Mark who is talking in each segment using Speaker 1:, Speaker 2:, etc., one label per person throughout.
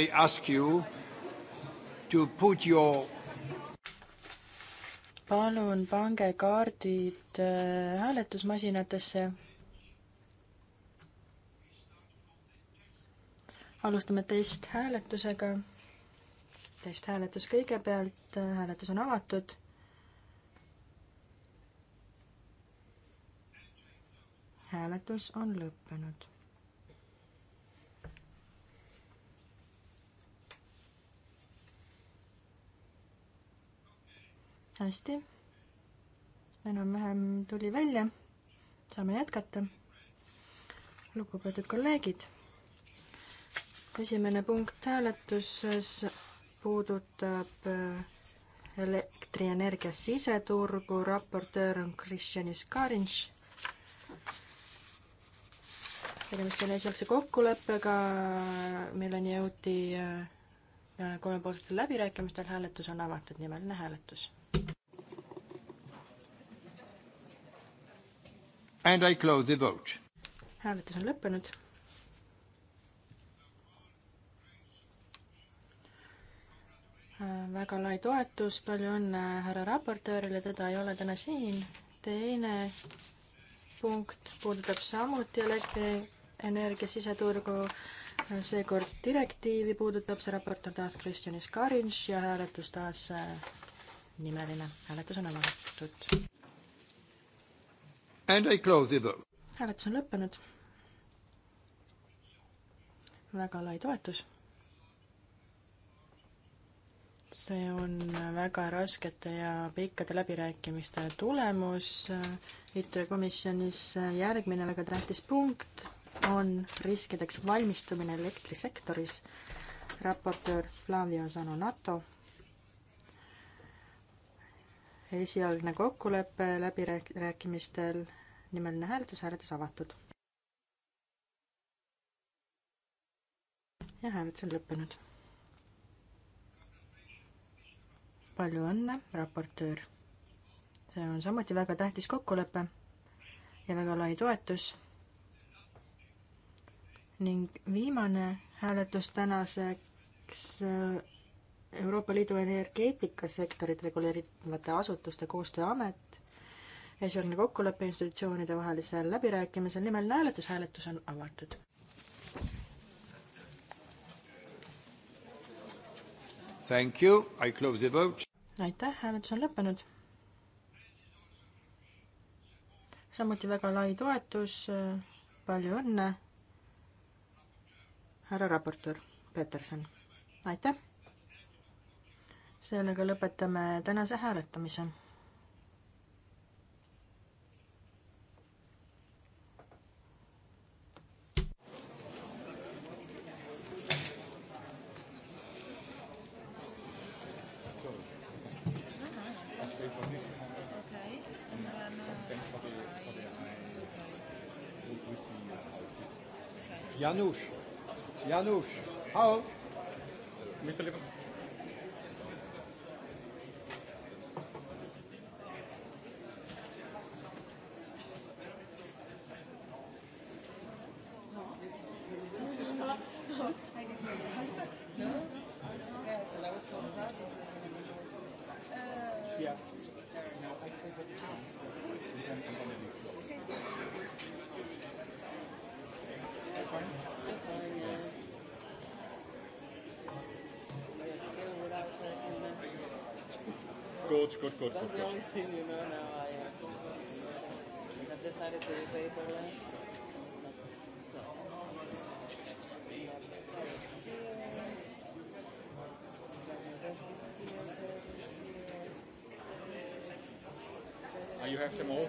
Speaker 1: may ask you to put your palun pange kaardid äh, hääletusmasinatesse. alustame testhääletusega. testhääletus kõigepealt, äh, hääletus on avatud. hääletus on lõppenud. hästi, enam-vähem tuli välja, saame jätkata. lugupeetud kolleegid, esimene punkt hääletuses puudutab äh, elektrienergia siseturgu, raportöör on Kristjan Iskarinš tegemist oli esialgse kokkuleppega, milleni jõuti äh, kolmepoolsetel läbirääkimistel, hääletus on avatud, nimeline hääletus And I close the vote. hääletus on lõppenud. Äh, väga lai toetus, palju õnne härra raportöörile, teda ei ole täna siin. teine punkt puudutab samuti elektrienergia siseturgu. Äh, seekord direktiivi puudutab see raport on taas Kristjanis Karins ja hääletus taas äh, nimeline. hääletus on avatud. And I close the vote. hääletus on lõppenud. väga lai toetus. see on väga raskete ja pikkade läbirääkimiste tulemus. ITRE komisjonis järgmine väga tähtis punkt on riskideks valmistumine elektrisektoris. raportöör Flavio Zanonato esialgne kokkulepe läbirääkimistel nimeline hääletus, hääletus avatud. ja hääletus on lõppenud. palju õnne, raportöör. see on samuti väga tähtis kokkulepe ja väga lai toetus. ning viimane hääletus tänaseks äh, Euroopa Liidu energeetikasektorit reguleerivate asutuste koostööamet esialgne kokkulepe institutsioonide vahelisel läbirääkimisel, nimeline hääletus, hääletus on avatud. Thank you, I close the vote. aitäh, hääletus on lõppenud. samuti väga lai toetus, palju õnne, härra raportöör Peterson, aitäh! sellega lõpetame tänase hääletamise Janusz. Janusz. How?
Speaker 2: Mr. Lippert.
Speaker 3: good. That's good, the good. only thing you know now. I, uh, I have decided to be paperless. So. Oh, you have them all?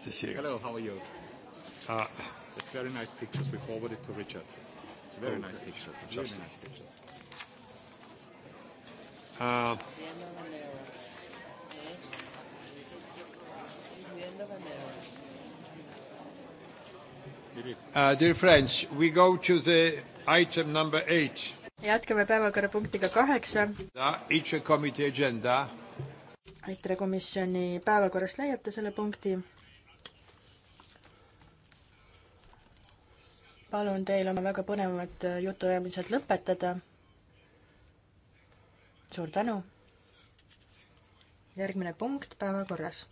Speaker 2: 谢谢。Hello, how are you? Ah, it's very nice pictures. We forwarded to Richard.
Speaker 3: It's very nice pictures. Just very nice pictures. Uh, Uh, dear friends, we go to the item number eight.
Speaker 1: jätkame päevakorrapunktiga kaheksa.
Speaker 3: Each committee agenda.
Speaker 1: ITRE komisjoni päevakorrast leiate selle punkti. palun teil oma väga põnevad äh, jutuajamised lõpetada. suur tänu. järgmine punkt päevakorras.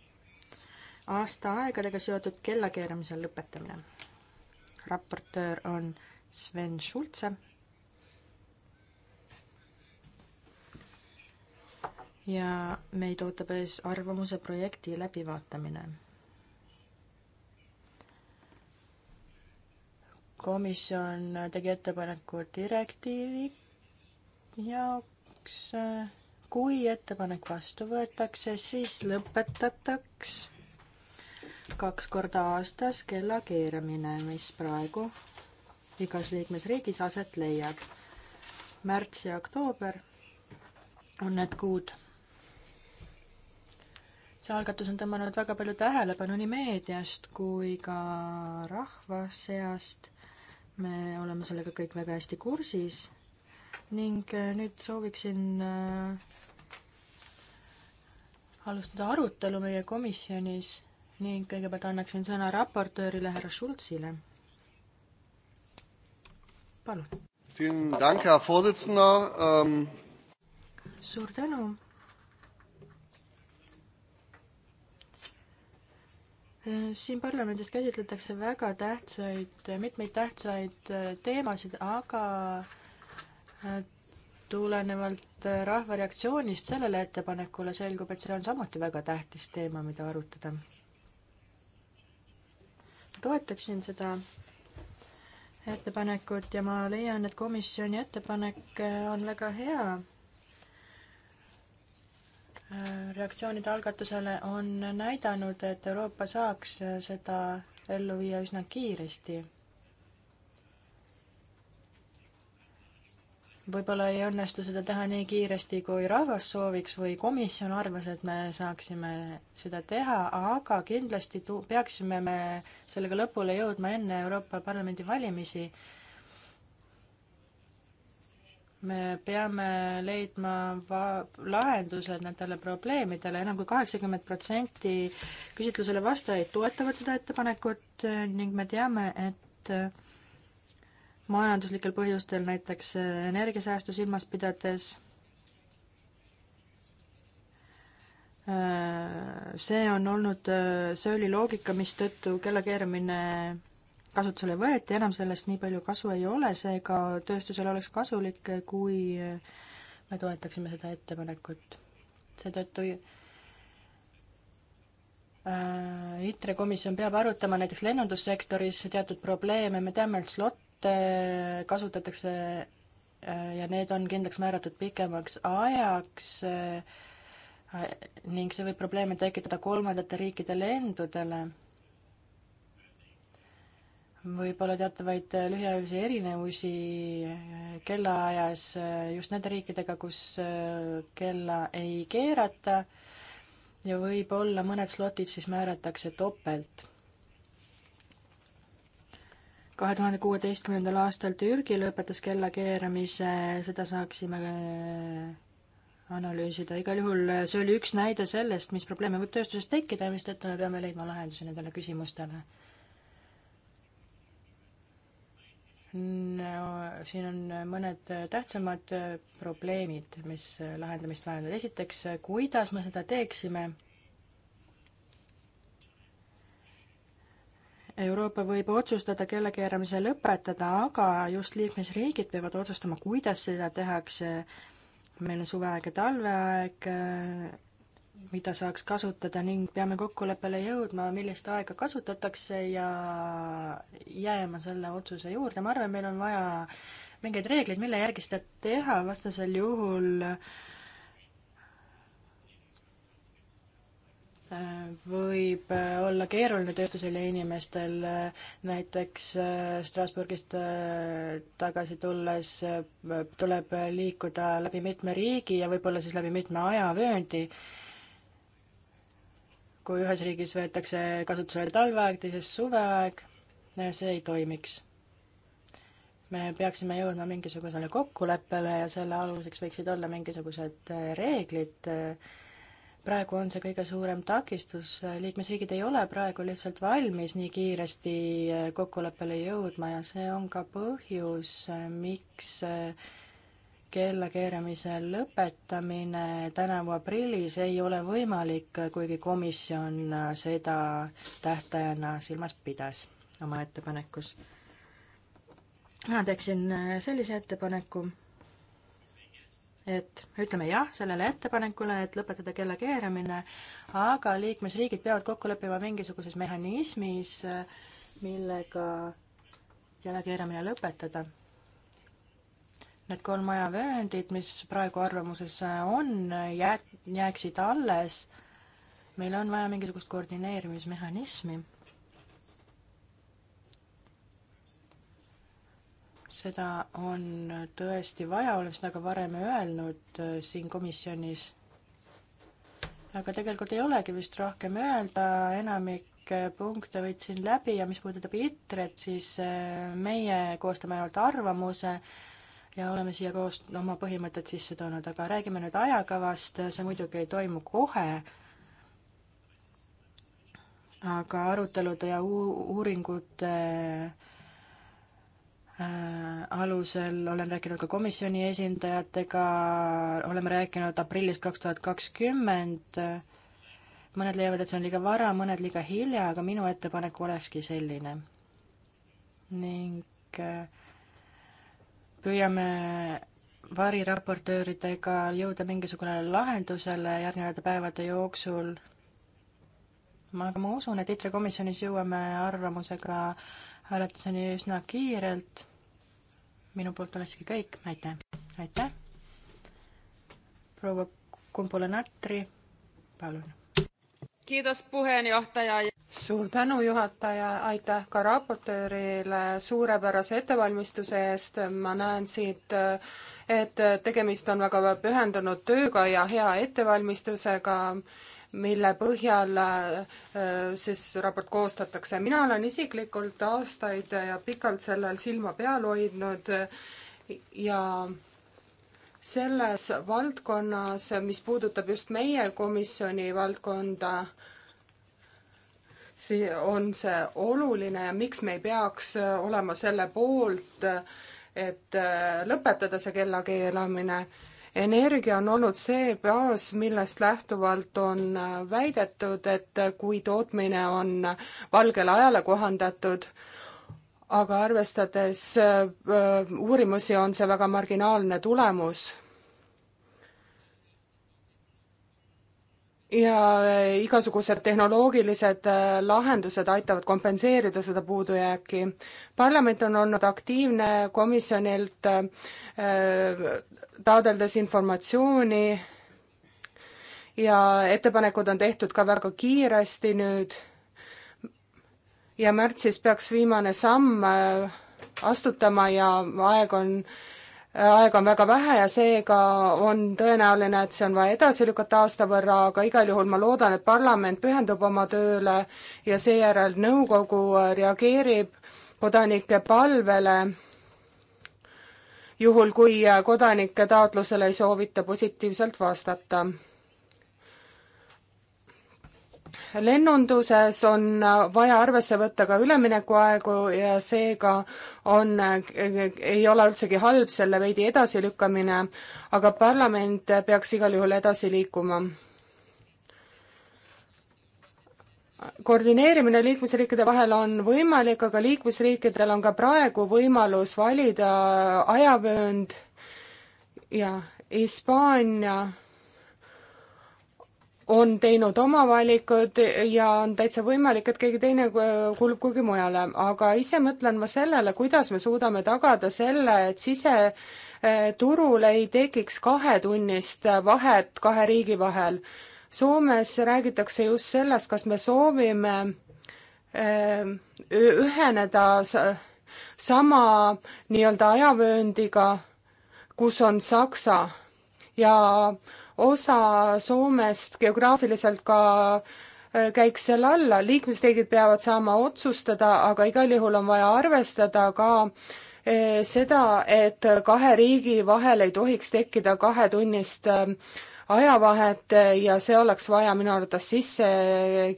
Speaker 1: aastaaegadega seotud kellakeeramise lõpetamine. raportöör on Sven Schulze. ja meid ootab ees arvamuse projekti läbivaatamine komisjon tegi ettepaneku direktiivi jaoks. kui ettepanek vastu võetakse, siis lõpetataks kaks korda aastas kella keeramine, mis praegu igas liikmesriigis aset leiab. märts ja oktoober on need kuud. see algatus on tõmmanud väga palju tähelepanu nii meediast kui ka rahva seast me oleme sellega kõik väga hästi kursis ning äh, nüüd sooviksin äh, alustada arutelu meie komisjonis ning kõigepealt annaksin sõna raportöörile härra Schulzile. palun.
Speaker 2: Ähm, suur
Speaker 1: tänu siin parlamendis käsitletakse väga tähtsaid, mitmeid tähtsaid äh, teemasid, aga äh, tulenevalt äh, rahva reaktsioonist sellele ettepanekule selgub, et see on samuti väga tähtis teema, mida arutada. toetaksin seda ettepanekut ja ma leian, et komisjoni ettepanek on väga hea reaktsioonide algatusele on näidanud, et Euroopa saaks seda ellu viia üsna kiiresti. võib-olla ei õnnestu seda teha nii kiiresti, kui rahvas sooviks või komisjon arvas, et me saaksime seda teha, aga kindlasti tu-, peaksime me sellega lõpule jõudma enne Euroopa Parlamendi valimisi me peame leidma va-, lahendused nendele probleemidele, enam kui kaheksakümmend protsenti küsitlusele vastajaid toetavad seda ettepanekut eh, ning me teame, et eh, majanduslikel põhjustel, näiteks eh, energiasäästu silmas pidades, see on olnud, see oli loogika, mistõttu kella keeramine kasutusele võeti, enam sellest nii palju kasu ei ole, seega tööstusel oleks kasulik, kui me toetaksime seda ettepanekut. seetõttu äh, ITRE komisjon peab arutama näiteks lennundussektoris teatud probleeme, me teame, et slotte kasutatakse äh, ja need on kindlaks määratud pikemaks ajaks äh, ning see võib probleeme tekitada kolmandate riikide lendudele võib-olla teatavaid äh, lühiajalisi erinevusi äh, kellaajas äh, just nende riikidega, kus kella ei keerata ja võib-olla mõned slotid siis määratakse topelt. kahe tuhande kuueteistkümnendal aastal Türgi lõpetas kella keeramise, seda saaksime analüüsida, igal juhul see oli üks näide sellest, mis probleeme võib tööstuses tekkida ja mistõttu me peame leidma lahendusi nendele küsimustele no siin on mõned tähtsamad probleemid, mis lahendamist vajavad. esiteks, kuidas me seda teeksime? Euroopa võib otsustada kellakeeramise lõpetada, aga just liikmesriigid peavad otsustama, kuidas seda tehakse. meil on suveaeg ja talveaeg mida saaks kasutada ning peame kokkuleppele jõudma, millist aega kasutatakse ja jääma selle otsuse juurde, ma arvan, meil on vaja mingeid reegleid, mille järgi seda teha, vastasel juhul äh, võib äh, olla keeruline töötusel ja inimestel äh, näiteks Strasbourgist tagasi tulles tuleb liikuda läbi mitme riigi ja võib-olla siis läbi mitme ajavööndi kui ühes riigis võetakse kasutusele talveaeg, teises suveaeg, see ei toimiks. me peaksime jõudma mingisugusele kokkuleppele ja selle aluseks võiksid olla mingisugused reeglid, praegu on see kõige suurem takistus, liikmesriigid ei ole praegu lihtsalt valmis nii kiiresti kokkuleppele jõudma ja see on ka põhjus, miks kellakeeramise lõpetamine tänavu aprillis ei ole võimalik, kuigi komisjon seda tähtajana silmas pidas oma ettepanekus. mina teeksin äh, sellise ettepaneku, et ütleme jah sellele ettepanekule, et lõpetada kellakeeramine, aga liikmesriigid peavad kokku leppima mingisuguses mehhanismis, äh, millega kellakeeramine lõpetada Need kolm majavööndit, mis praegu arvamuses on, jää, jääksid alles. meil on vaja mingisugust koordineerimismehhanismi. seda on tõesti vaja, olen seda ka varem öelnud äh, siin komisjonis aga tegelikult ei olegi vist rohkem öelda, enamik äh, punkte võtsin läbi ja mis puudutab ITRE-t, siis äh, meie koostame ainult arvamuse ja oleme siia koos oma põhimõtted sisse toonud, aga räägime nüüd ajakavast, see muidugi ei toimu kohe, aga arutelude ja uuringute äh, alusel olen rääkinud ka komisjoni esindajatega, oleme rääkinud aprillist kaks tuhat kakskümmend, mõned leiavad, et see on liiga vara, mõned liiga hilja, aga minu ettepanek olekski selline. ning äh, püüame variraportööridega jõuda mingisugune lahendusele järgnevate päevade jooksul. ma, ma usun, et ITRE komisjonis jõuame arvamusega hääletuseni üsna kiirelt. minu poolt olekski kõik, aitäh. aitäh. proua Kumbula-Natri, palun.
Speaker 2: kiitos, puheenjohtaja suur tänu, juhataja, aitäh ka raportöörile suurepärase ettevalmistuse eest, ma näen siit, et tegemist on väga pühendunud tööga ja hea ettevalmistusega, mille põhjal äh, siis raport koostatakse. mina olen isiklikult aastaid ja pikalt sellel silma peal hoidnud ja selles valdkonnas, mis puudutab just meie komisjoni valdkonda, sii-, on see oluline ja miks me ei peaks äh, olema selle poolt, äh, et äh, lõpetada see kellakeelamine. energia on olnud see baas, millest lähtuvalt on väidetud, et kui tootmine on valgele ajale kohandatud, aga arvestades uurimusi, on see väga marginaalne tulemus ja e, igasugused tehnoloogilised e, lahendused aitavad kompenseerida seda puudujääki. parlament on olnud aktiivne komisjonilt e, taodeldes informatsiooni ja ettepanekud on tehtud ka väga kiiresti nüüd ja märtsis peaks viimane samm astutama ja aeg on aega on väga vähe ja seega on tõenäoline, et see on vaja edasi lükata aasta võrra, aga igal juhul ma loodan, et parlament pühendub oma tööle ja seejärel nõukogu reageerib kodanike palvele, juhul kui kodanike taotlusele ei soovita positiivselt vastata lennunduses on vaja arvesse võtta ka üleminekuaegu ja seega on, ei ole üldsegi halb selle veidi edasilükkamine, aga parlament peaks igal juhul edasi liikuma. koordineerimine liikmesriikide vahel on võimalik, aga liikmesriikidel on ka praegu võimalus valida ajavöönd ja Hispaania on teinud oma valikud ja on täitsa võimalik, et keegi teine kuulub kuhugi mujale, aga ise mõtlen ma sellele, kuidas me suudame tagada selle, et siseturul ei tekiks kahetunnist vahet kahe riigi vahel. Soomes räägitakse just sellest, kas me soovime ähm, üheneda sama nii-öelda ajavööndiga, kus on Saksa ja osa Soomest geograafiliselt ka äh, käiks selle alla, liikmesriigid peavad saama otsustada, aga igal juhul on vaja arvestada ka äh, seda, et kahe riigi vahel ei tohiks tekkida kahetunnist äh, ajavahet ja see oleks vaja minu arvates sisse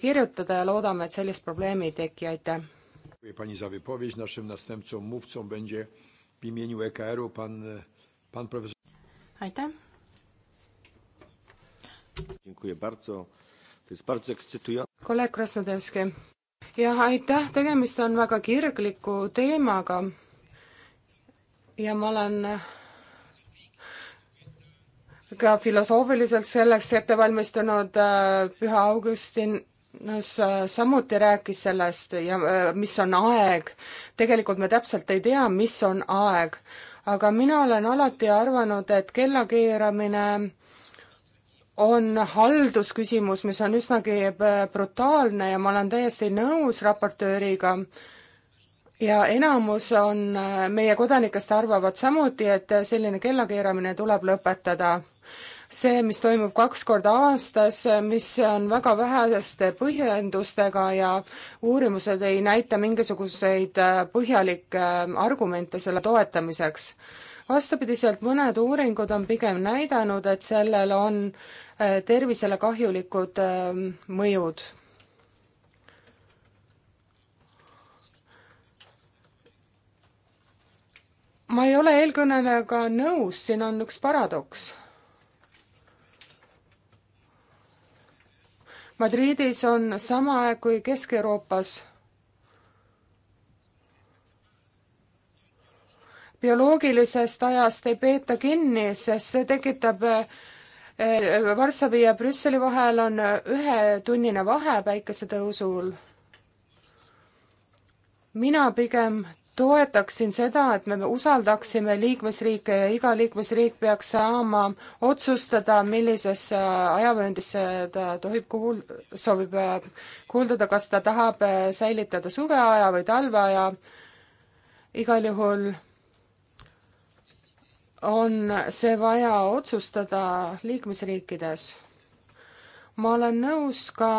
Speaker 2: kirjutada ja loodame, et sellist probleemi ei teki, aitäh.
Speaker 1: Pani za wypowiedź. Naszym następcą mówcą będzie w imieniu EKR-u pan, pan profesor.
Speaker 2: Aitäh kolleeg Krasnodevski. jah, aitäh, tegemist on väga kirgliku teemaga. ja ma olen ka filosoofiliselt selleks ette valmistunud Püha Augustin no sa samuti rääkis sellest ja mis on aeg. tegelikult me täpselt ei tea, mis on aeg, aga mina olen alati arvanud, et kellakeeramine on haldusküsimus, mis on üsnagi äh, brutaalne ja ma olen täiesti nõus raportööriga, ja enamus on, äh, meie kodanikest arvavad samuti, et selline kellakeeramine tuleb lõpetada. see, mis toimub kaks korda aastas, äh, mis on väga väheste põhjendustega ja uurimused ei näita mingisuguseid põhjalikke argumente selle toetamiseks vastupidiselt mõned uuringud on pigem näidanud, et sellel on Äh, tervisele kahjulikud äh, mõjud. ma ei ole eelkõnelejaga nõus, siin on üks paradoks Madridis on sama aeg kui Kesk-Euroopas. bioloogilisest ajast ei peeta kinni, sest see tekitab äh, Eh, Varssavi ja Brüsseli vahel on ühetunnine vahe päikesetõusul. mina pigem toetaksin seda, et me usaldaksime liikmesriike ja iga liikmesriik peaks saama otsustada, millisesse ajavööndisse ta tohib kuul-, soovib eh, kuulduda, kas ta tahab eh, säilitada suveaja või talveaja. igal juhul on see vaja otsustada liikmesriikides. ma olen nõus ka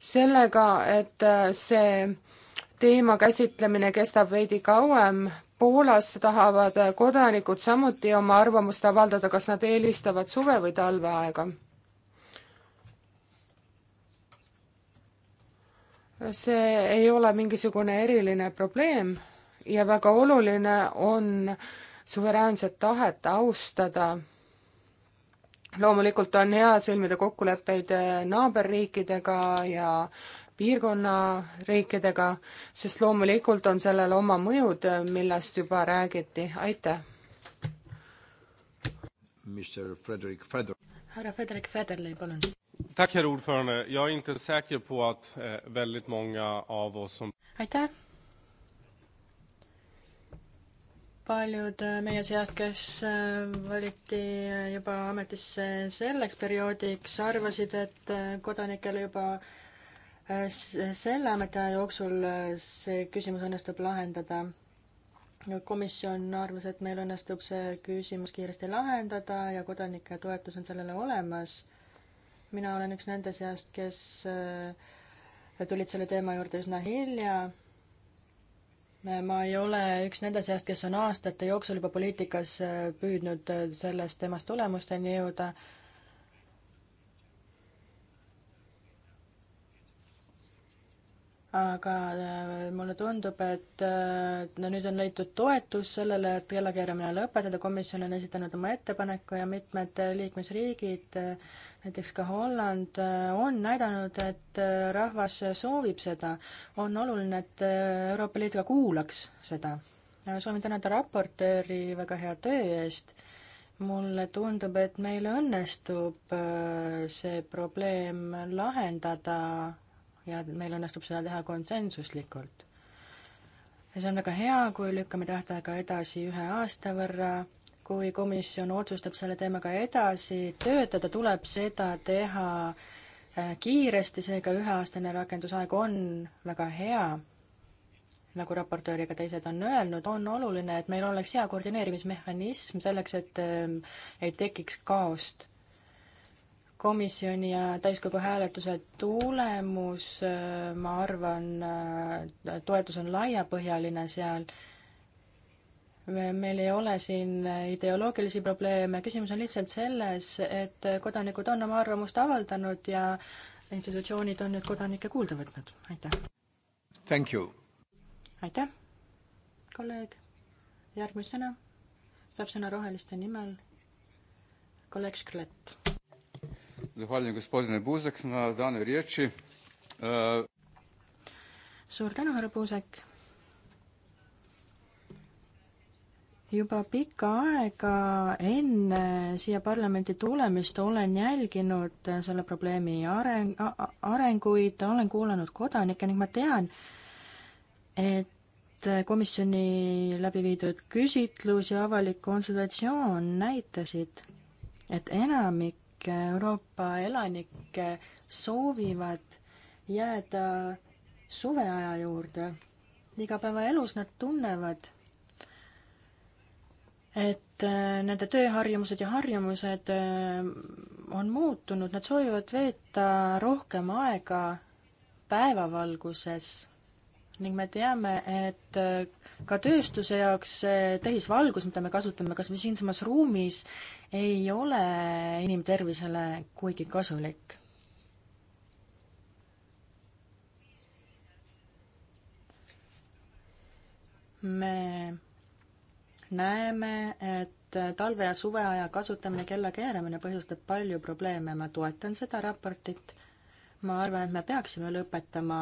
Speaker 2: sellega, et see teema käsitlemine kestab veidi kauem. Poolas tahavad kodanikud samuti oma arvamust avaldada, kas nad eelistavad suve- või talveaega see ei ole mingisugune eriline probleem ja väga oluline on suveräänset tahet austada. loomulikult on hea sõlmida kokkuleppeid eh, naaberriikidega ja piirkonna riikidega, sest loomulikult on sellel oma mõjud, millest juba räägiti, aitäh. härra Frederik Federley, palun. Tack, herr ordförande. Jag är inte säker på att eh,
Speaker 3: väldigt många av oss som...
Speaker 1: Aitäh, paljud äh, meie seast, kes äh, valiti äh, juba ametisse selleks perioodiks, arvasid, et kodanikele juba selle ametiaja jooksul see küsimus õnnestub lahendada. komisjon arvas, et meil õnnestub see küsimus kiiresti lahendada ja kodanike toetus on sellele olemas. mina olen üks nende seast, kes tulid selle teema juurde üsna hilja ma ei ole üks nende seast, kes on aastate jooksul juba poliitikas äh, püüdnud äh, sellest temast tulemusteni jõuda. aga äh, mulle tundub, et no nüüd on leitud toetus sellele, et kellakeeramine lõpetada, komisjon on esitanud oma ettepaneku ja mitmed liikmesriigid näiteks ka Holland äh, on näidanud, et äh, rahvas soovib seda. on oluline, et äh, Euroopa Liit ka kuulaks seda. soovin tänada raportööri väga hea töö eest. mulle tundub, et meil õnnestub see probleem lahendada ja meil õnnestub seda teha konsensuslikult. ja see on väga hea, kui lükkame tähtaega edasi ühe aasta võrra kui komisjon otsustab selle teemaga edasi töötada, tuleb seda teha äh, kiiresti, seega üheaastane rakendusaeg on väga hea, nagu raportöör ja ka teised on öelnud, on oluline, et meil oleks hea koordineerimismehhanism selleks, et ähm, ei tekiks kaost. komisjoni ja täiskogu hääletuse tulemus, äh, ma arvan, äh, toetus on laiapõhjaline seal meil ei ole siin ideoloogilisi probleeme, küsimus on lihtsalt selles, et kodanikud on oma arvamust avaldanud ja institutsioonid on nüüd kodanikke kuulda võtnud, aitäh. Thank you. aitäh, kolleeg. järgmisena saab sõna roheliste nimel kolleeg Šklet. suur tänu, härra Puusek juba pikka aega enne siia parlamenti tulemist olen jälginud selle probleemi areng, arenguid, olen kuulanud kodanikke ning ma tean, et komisjoni läbi viidud küsitlus ja avalik konsultatsioon näitasid, et enamik Euroopa elanikke soovivad jääda suveaja juurde. igapäevaelus nad tunnevad et äh, nende tööharjumused ja harjumused äh, on muutunud, nad soovivad veeta rohkem aega päevavalguses ning me teame, et äh, ka tööstuse jaoks see tehisvalgus, mida me kasutame kas või siinsamas ruumis, ei ole inimtervisele kuigi kasulik me näeme, et talve- ja suveaja kasutamine, kella keeramine põhjustab palju probleeme, ma toetan seda raportit, ma arvan, et me peaksime lõpetama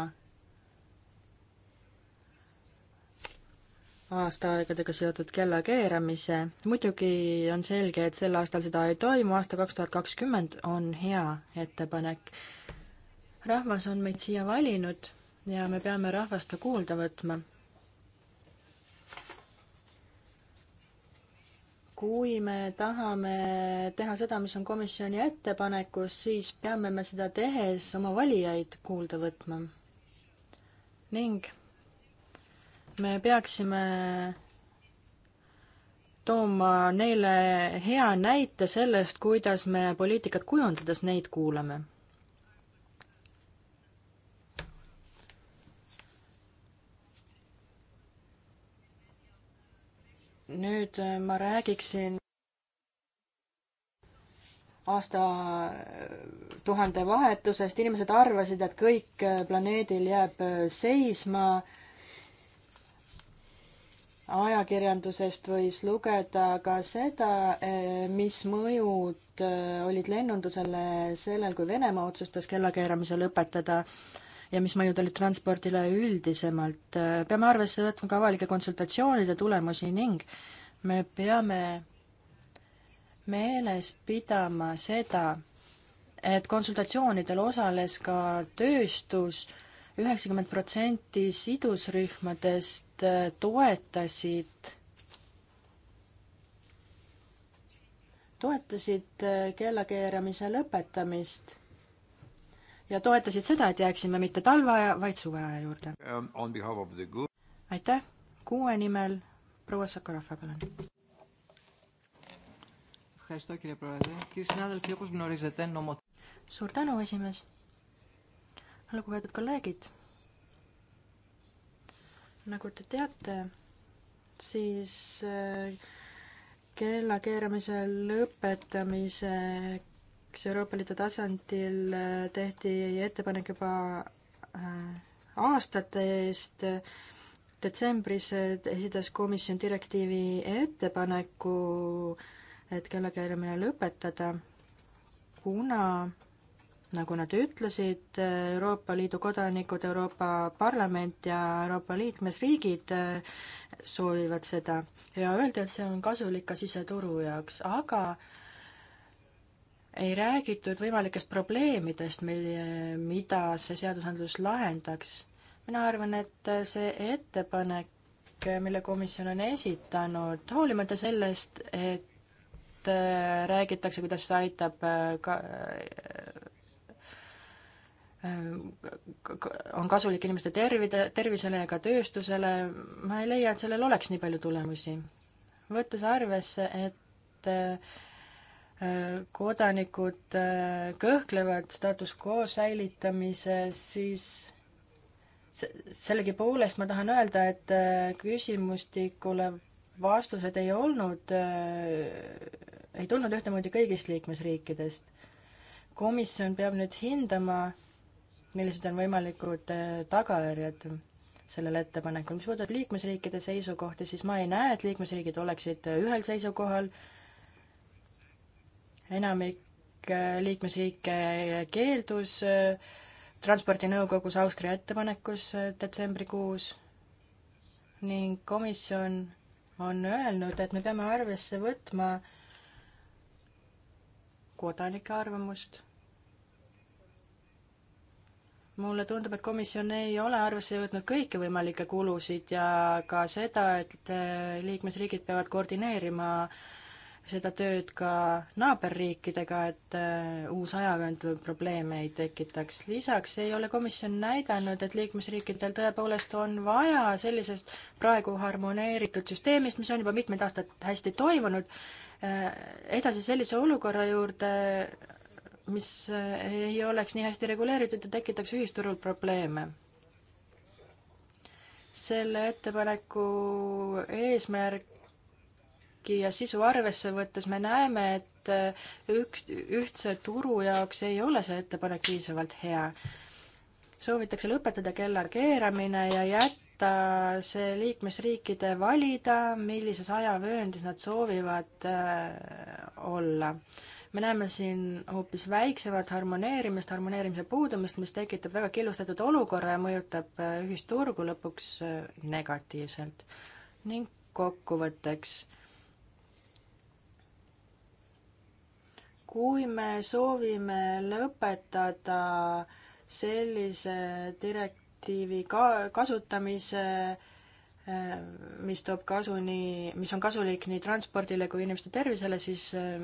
Speaker 1: aastaaegadega seotud kella keeramise, muidugi on selge, et sel aastal seda ei toimu, aasta kaks tuhat kakskümmend on hea ettepanek. rahvas on meid siia valinud ja me peame rahvast ka kuulda võtma kui me tahame teha seda, mis on komisjoni ettepanekus, siis peame me seda tehes oma valijaid kuulda võtma. ning me peaksime tooma neile hea näite sellest, kuidas me poliitikat kujundades neid kuulame nüüd äh, ma räägiksin aasta äh, tuhande vahetusest, inimesed arvasid, et kõik äh, planeedil jääb seisma. ajakirjandusest võis lugeda ka seda, mis mõjud olid lennundusele sellel, kui Venemaa otsustas kellakeeramise lõpetada ja mis mõjud olid transpordile üldisemalt. peame arvesse võtma ka avalike konsultatsioonide tulemusi ning me peame meeles pidama seda, et konsultatsioonidel osales ka tööstus, üheksakümmend protsenti sidusrühmadest toetasid, toetasid kellakeeramise lõpetamist ja toetasid seda, et jääksime mitte talveaja, vaid suveaja juurde um,. aitäh, kuue nimel proua Sakarafa, palun. suur tänu, esimees. lugupeetud kolleegid. nagu te teate, siis äh, kella keeramise lõpetamisega kaks Euroopa Liidu tasandil äh, tehti ettepanek juba äh, aastate eest, detsembris äh, esitas komisjon direktiivi ettepaneku, et kellakeeramine lõpetada, kuna nagu nad ütlesid, Euroopa Liidu kodanikud, Euroopa Parlament ja Euroopa liikmesriigid soovivad seda ja öeldi, et see on kasulik ka siseturu jaoks, aga ei räägitud võimalikest probleemidest, mille, mida see seadusandlus lahendaks. mina arvan, et see ettepanek, mille komisjon on esitanud, hoolimata sellest, et räägitakse, kuidas see aitab ka on kasulik inimeste tervide, tervisele ja ka tööstusele, ma ei leia, et sellel oleks nii palju tulemusi. võttes arvesse, et kodanikud äh, kõhklevad status quo säilitamises, siis sellegipoolest ma tahan öelda, et äh, küsimustikule vastused ei olnud, äh, ei tulnud ühtemoodi kõigist liikmesriikidest. komisjon peab nüüd hindama, millised on võimalikud tagajärjed sellel ettepanekul. mis puudutab liikmesriikide seisukohti, siis ma ei näe, et liikmesriigid oleksid ühel seisukohal enamik äh, liikmesriike keeldus äh, transpordinõukogus Austria ettepanekus äh, detsembrikuus ning komisjon on öelnud, et me peame arvesse võtma kodanike arvamust. mulle tundub, et komisjon ei ole arvesse võtnud kõiki võimalikke kulusid ja ka seda, et liikmesriigid peavad koordineerima äh, seda tööd ka naaberriikidega, et äh, uus ajakond probleeme ei tekitaks. lisaks ei ole komisjon näidanud, et liikmesriikidel tõepoolest on vaja sellisest praegu harmoneeritud süsteemist, mis on juba mitmeid aastaid hästi toimunud, äh, edasi sellise olukorra juurde, mis äh, ei oleks nii hästi reguleeritud ja tekitaks ühisturul probleeme selle ettepaneku eesmärk eesmärki ja sisu arvesse võttes me näeme, et äh, üks, ühtse turu jaoks ei ole see ettepanek piisavalt hea. soovitakse lõpetada kella keeramine ja jätta see liikmesriikide valida, millises ajavööndis nad soovivad äh, olla me näeme siin hoopis väiksemat harmoneerimist, harmoneerimise puudumist, mis tekitab väga killustatud olukorra ja mõjutab äh, ühisturgu lõpuks negatiivselt. ning kokkuvõtteks, kui me soovime lõpetada sellise direktiivi ka-, kasutamise, eh, mis toob kasu nii, mis on kasulik nii transpordile kui inimeste tervisele, siis eh,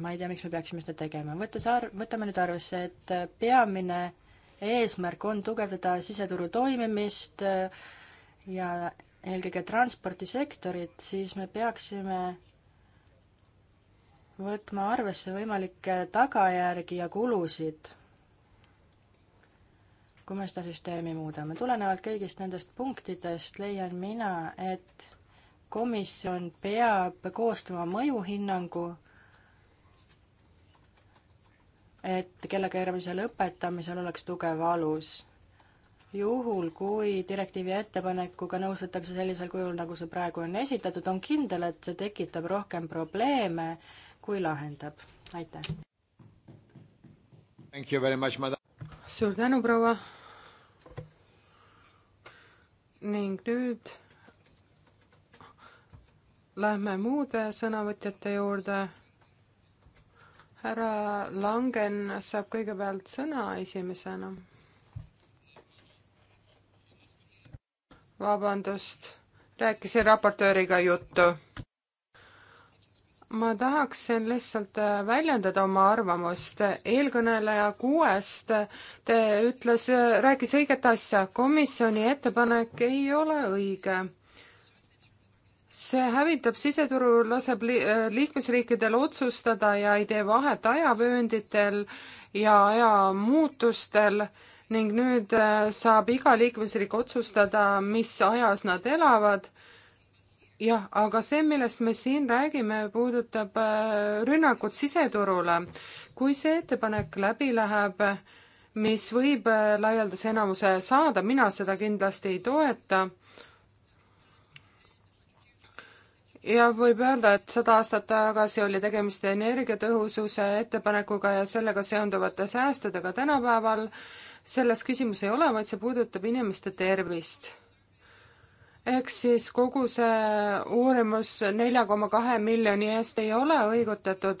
Speaker 1: ma ei tea, miks me peaksime seda tegema. võttes ar-, võtame nüüd arvesse, et peamine eesmärk on tugevdada siseturu toimimist eh, ja eelkõige transpordisektorit, siis me peaksime võtma arvesse võimalikke tagajärgi ja kulusid, kui me seda süsteemi muudame. tulenevalt kõigist nendest punktidest leian mina, et komisjon peab koostama mõjuhinnangu, et kellakeeramise lõpetamisel oleks tugev alus juhul, kui direktiivi ettepanekuga nõustutakse sellisel kujul, nagu see praegu on esitatud, on kindel, et see tekitab rohkem probleeme kui lahendab, aitäh.
Speaker 2: suur tänu, proua. ning nüüd lähme muude sõnavõtjate juurde. härra Langen saab kõigepealt sõna esimesena vabandust, rääkisin raportööriga juttu ma tahaksin lihtsalt äh, väljendada oma arvamust. eelkõneleja kuuest, äh, te ütles, äh, rääkis õiget asja, komisjoni ettepanek ei ole õige. see hävitab siseturu, laseb li liikmesriikidel otsustada ja ei tee vahet ajavöönditel ja aja muutustel ning nüüd saab iga liikmesriik otsustada, mis ajas nad elavad jah, aga see, millest me siin räägime, puudutab äh, rünnakut siseturule. kui see ettepanek läbi läheb, mis võib äh, laialdase enamuse saada, mina seda kindlasti ei toeta. ja võib öelda, et sada aastat tagasi oli tegemist energiatõhususe ettepanekuga ja sellega seonduvate säästudega tänapäeval selles küsimus ei ole, vaid see puudutab inimeste tervist ehk siis kogu see uurimus nelja koma kahe miljoni eest ei ole õigutatud.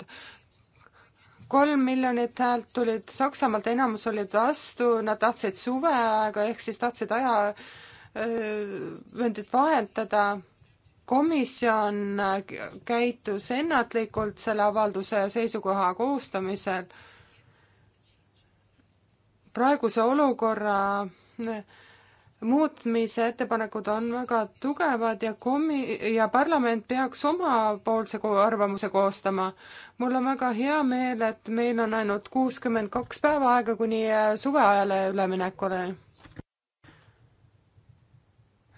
Speaker 2: kolm miljonit häält tulid Saksamaalt, enamus olid vastu, nad tahtsid suveaega ehk siis tahtsid ajavööndit vahetada. komisjon käitus ennatlikult selle avalduse seisukoha koostamisel. praeguse olukorra muutmise ettepanekud on väga tugevad ja komi- ja parlament peaks omapoolse ko arvamuse koostama. mul on väga hea meel, et meil on ainult kuuskümmend kaks päeva aega kuni äh, suveajale üleminekule.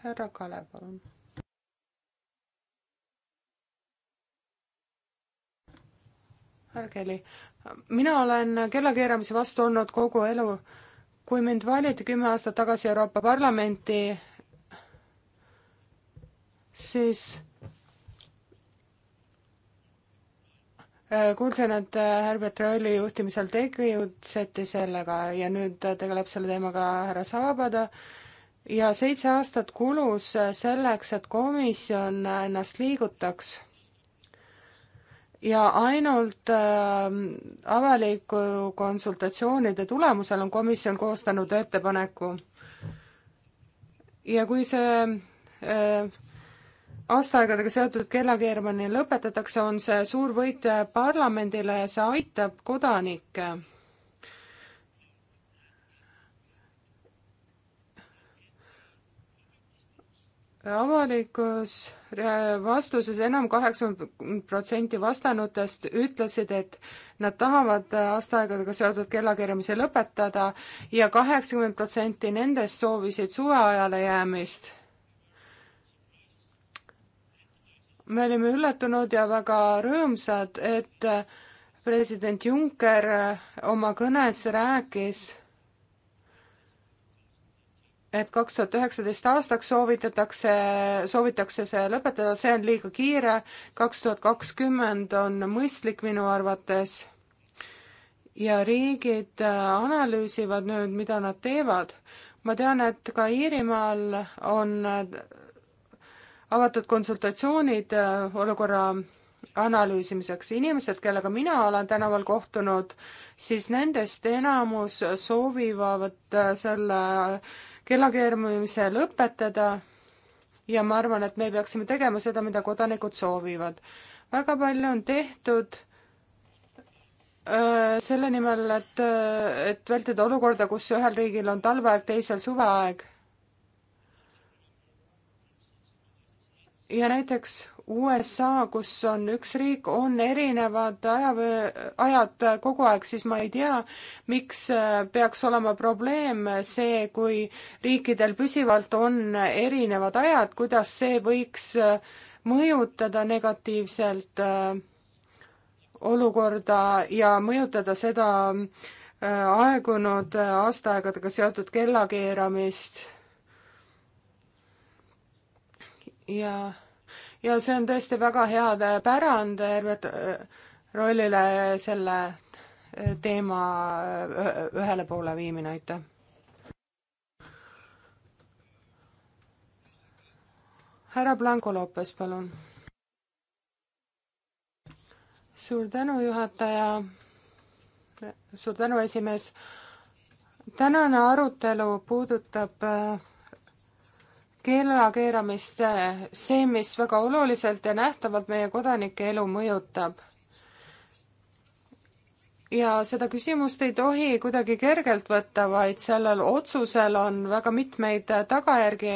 Speaker 2: härra Kalev, palun. härra Kelly, mina olen kellakeeramise vastu olnud kogu elu kui mind valiti kümme aastat tagasi Euroopa Parlamenti, siis äh, kuulsin, et äh, Herbert Rolli juhtimisel tegutseti sellega ja nüüd äh, tegeleb selle teemaga härra Saabada ja seitse aastat kulus selleks, et komisjon ennast liigutaks ja ainult äh, avaliku konsultatsioonide tulemusel on komisjon koostanud ettepaneku. ja kui see äh, aastaaegadega seotud kellakeeramine lõpetatakse, on see suur võit äh, parlamendile ja see aitab kodanikke avalikus äh, vastuses enam kaheksakümmend protsenti vastanutest ütlesid, et nad tahavad äh, aastaaegadega seotud kellakeeramise lõpetada ja kaheksakümmend protsenti nendest soovisid suveajale jäämist. me olime üllatunud ja väga rõõmsad, et äh, president Juncker oma kõnes rääkis et kaks tuhat üheksateist aastaks soovitatakse, soovitakse see lõpetada, see on liiga kiire, kaks tuhat kakskümmend on mõistlik minu arvates ja riigid äh, analüüsivad nüüd, mida nad teevad. ma tean, et ka Iirimaal on äh, avatud konsultatsioonid äh, olukorra analüüsimiseks. inimesed, kellega mina olen tänaval kohtunud, siis nendest enamus soovivad selle kellakeeramise lõpetada ja ma arvan, et me peaksime tegema seda, mida kodanikud soovivad. väga palju on tehtud öö, äh, selle nimel, et, äh, et vältida olukorda, kus ühel riigil on talveaeg, teisel suveaeg. ja näiteks USA, kus on üks riik, on erinevad ajavöö, ajad kogu aeg, siis ma ei tea, miks äh, peaks olema probleem see, kui riikidel püsivalt on erinevad ajad, kuidas see võiks äh, mõjutada negatiivselt äh, olukorda ja mõjutada seda aegunud aastaaegadega seotud kellakeeramist ja ja see on tõesti väga hea äh, pärand äh, Herbert äh, Rollile selle teema ühele poole viimine, aitäh! härra Blanco Lopes, palun! suur tänu, juhataja! suur tänu, esimees! tänane arutelu puudutab kellakeeramist see, mis väga oluliselt ja nähtavalt meie kodanike elu mõjutab. ja seda küsimust ei tohi kuidagi kergelt võtta, vaid sellel otsusel on väga mitmeid tagajärgi,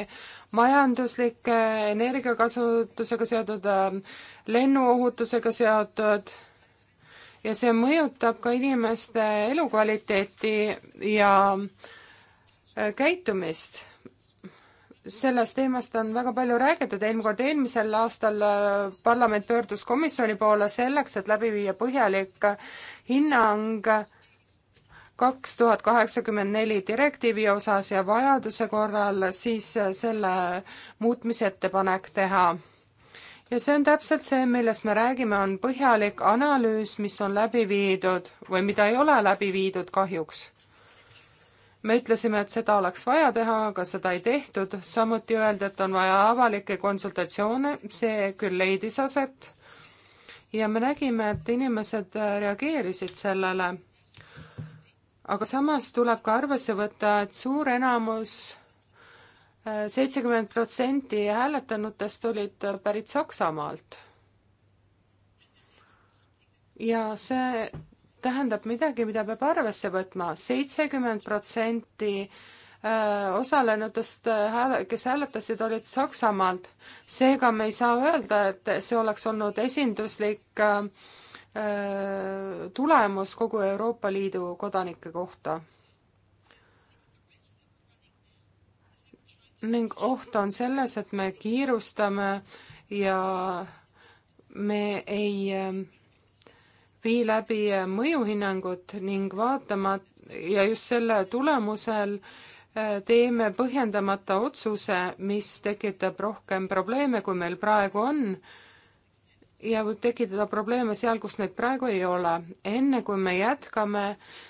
Speaker 2: majanduslikke, energiakasutusega seotud, lennuohutusega seotud ja see mõjutab ka inimeste elukvaliteeti ja käitumist sellest teemast on väga palju räägitud, eelmine kord eelmisel aastal äh, parlament pöördus komisjoni poole selleks, et läbi viia põhjalik äh, hinnang kaks tuhat kaheksakümmend neli direktiivi osas ja vajaduse korral siis äh, selle muutmise ettepanek teha. ja see on täpselt see, millest me räägime, on põhjalik analüüs, mis on läbi viidud või mida ei ole läbi viidud kahjuks me ütlesime, et seda oleks vaja teha, aga seda ei tehtud, samuti öeldi, et on vaja avalikke konsultatsioone, see küll leidis aset ja me nägime, et inimesed reageerisid sellele. aga samas tuleb ka arvesse võtta, et suur enamus, eh, seitsekümmend protsenti hääletanutest olid pärit Saksamaalt. ja see tähendab midagi, mida peab arvesse võtma. seitsekümmend protsenti äh, osalenutest, äh, kes hääletasid, olid Saksamaalt. seega me ei saa öelda, et see oleks olnud esinduslik äh, tulemus kogu Euroopa Liidu kodanike kohta. ning oht on selles, et me kiirustame ja me ei äh, vii läbi mõjuhinnangut ning vaatama ja just selle tulemusel äh, teeme põhjendamata otsuse, mis tekitab rohkem probleeme, kui meil praegu on ja võib tekitada probleeme seal, kus neid praegu ei ole. enne kui me jätkame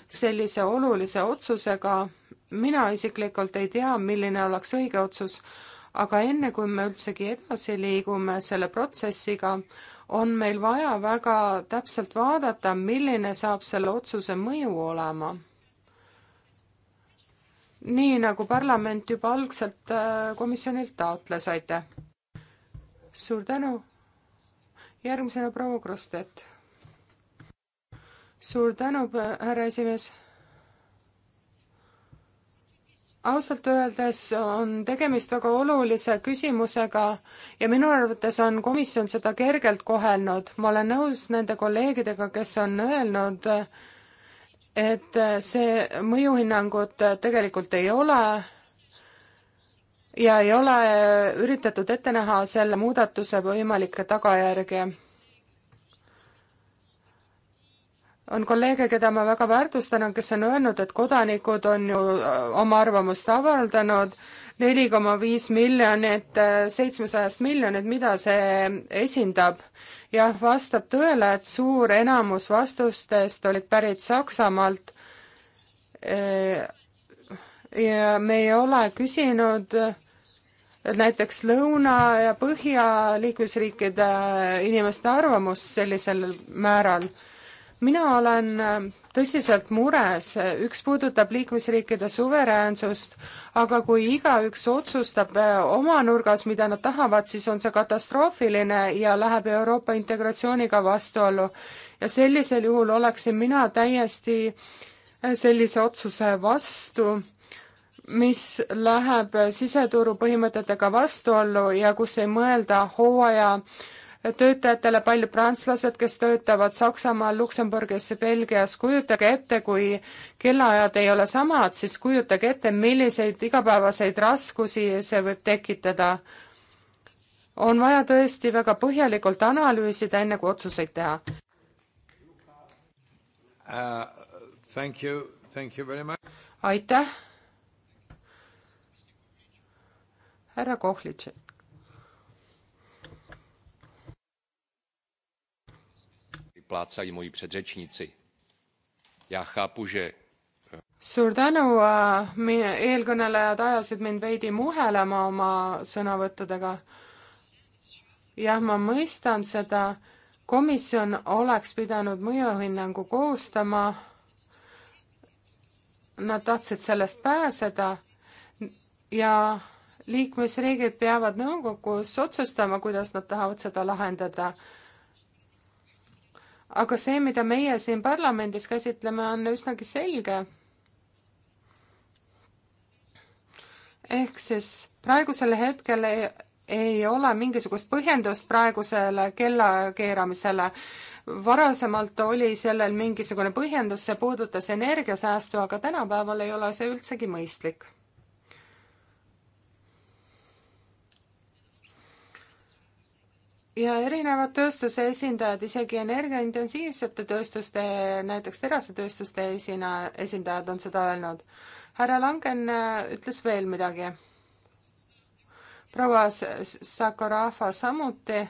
Speaker 2: sellise olulise otsusega, mina isiklikult ei tea, milline oleks õige otsus, aga enne kui me üldsegi edasi liigume selle protsessiga, on meil vaja väga täpselt vaadata, milline saab selle otsuse mõju olema. nii nagu parlament juba algselt äh, komisjonilt taotles, aitäh. suur tänu. järgmisena proua Krostet. suur tänu, härra esimees ausalt öeldes on tegemist väga olulise küsimusega ja minu arvates on komisjon seda kergelt kohelnud. ma olen nõus nende kolleegidega, kes on öelnud, et see mõjuhinnangut tegelikult ei ole ja ei ole üritatud ette näha selle muudatuse võimalikke tagajärgi on kolleege, keda ma väga väärtustan, kes on öelnud, et kodanikud on ju äh, oma arvamust avaldanud, neli koma viis miljonit äh, seitsmesajast miljonit, mida see esindab? jah, vastab tõele, et suur enamus vastustest olid pärit Saksamaalt. Äh, ja me ei ole küsinud näiteks Lõuna- ja Põhja liikmesriikide inimeste arvamust sellisel määral mina olen ähm, tõsiselt mures, üks puudutab liikmesriikide suveräänsust, aga kui igaüks otsustab äh, oma nurgas, mida nad tahavad, siis on see katastroofiline ja läheb Euroopa integratsiooniga vastuollu. ja sellisel juhul oleksin mina täiesti äh, sellise otsuse vastu mis läheb siseturu põhimõtetega vastuollu ja kus ei mõelda hooaja töötajatele, paljud prantslased, kes töötavad Saksamaal, Luksemburgis, Belgias, kujutage ette, kui kellaajad ei ole samad, siis kujutage ette, milliseid igapäevaseid raskusi see võib tekitada. on vaja tõesti väga põhjalikult analüüsida, enne kui otsuseid teha uh,. Thank you, thank you very much. aitäh. härra Kohlitšek.
Speaker 1: plácají moji předřečníci. Já chápu, že
Speaker 2: eh, suur tänu, äh, eelkõnelejad ajasid mind veidi muhelema oma sõnavõttudega. jah, ma mõistan seda, komisjon oleks pidanud mõjuhinnangu koostama. Nad tahtsid sellest pääseda ja liikmesriigid peavad nõukogus otsustama, kuidas nad tahavad seda lahendada aga see, mida meie siin parlamendis käsitleme, on üsnagi selge. ehk siis praegusel hetkel ei, ei ole mingisugust põhjendust praegusele kella keeramisele. varasemalt oli sellel mingisugune põhjendus, see puudutas energiasäästu, aga tänapäeval ei ole see üldsegi mõistlik ja erinevad tööstuse esindajad, isegi energiaintensiivsete tööstuste, näiteks terasetööstuste esina-, esindajad on seda öelnud. härra Langen äh, ütles veel midagi. proua Sakorafa samuti.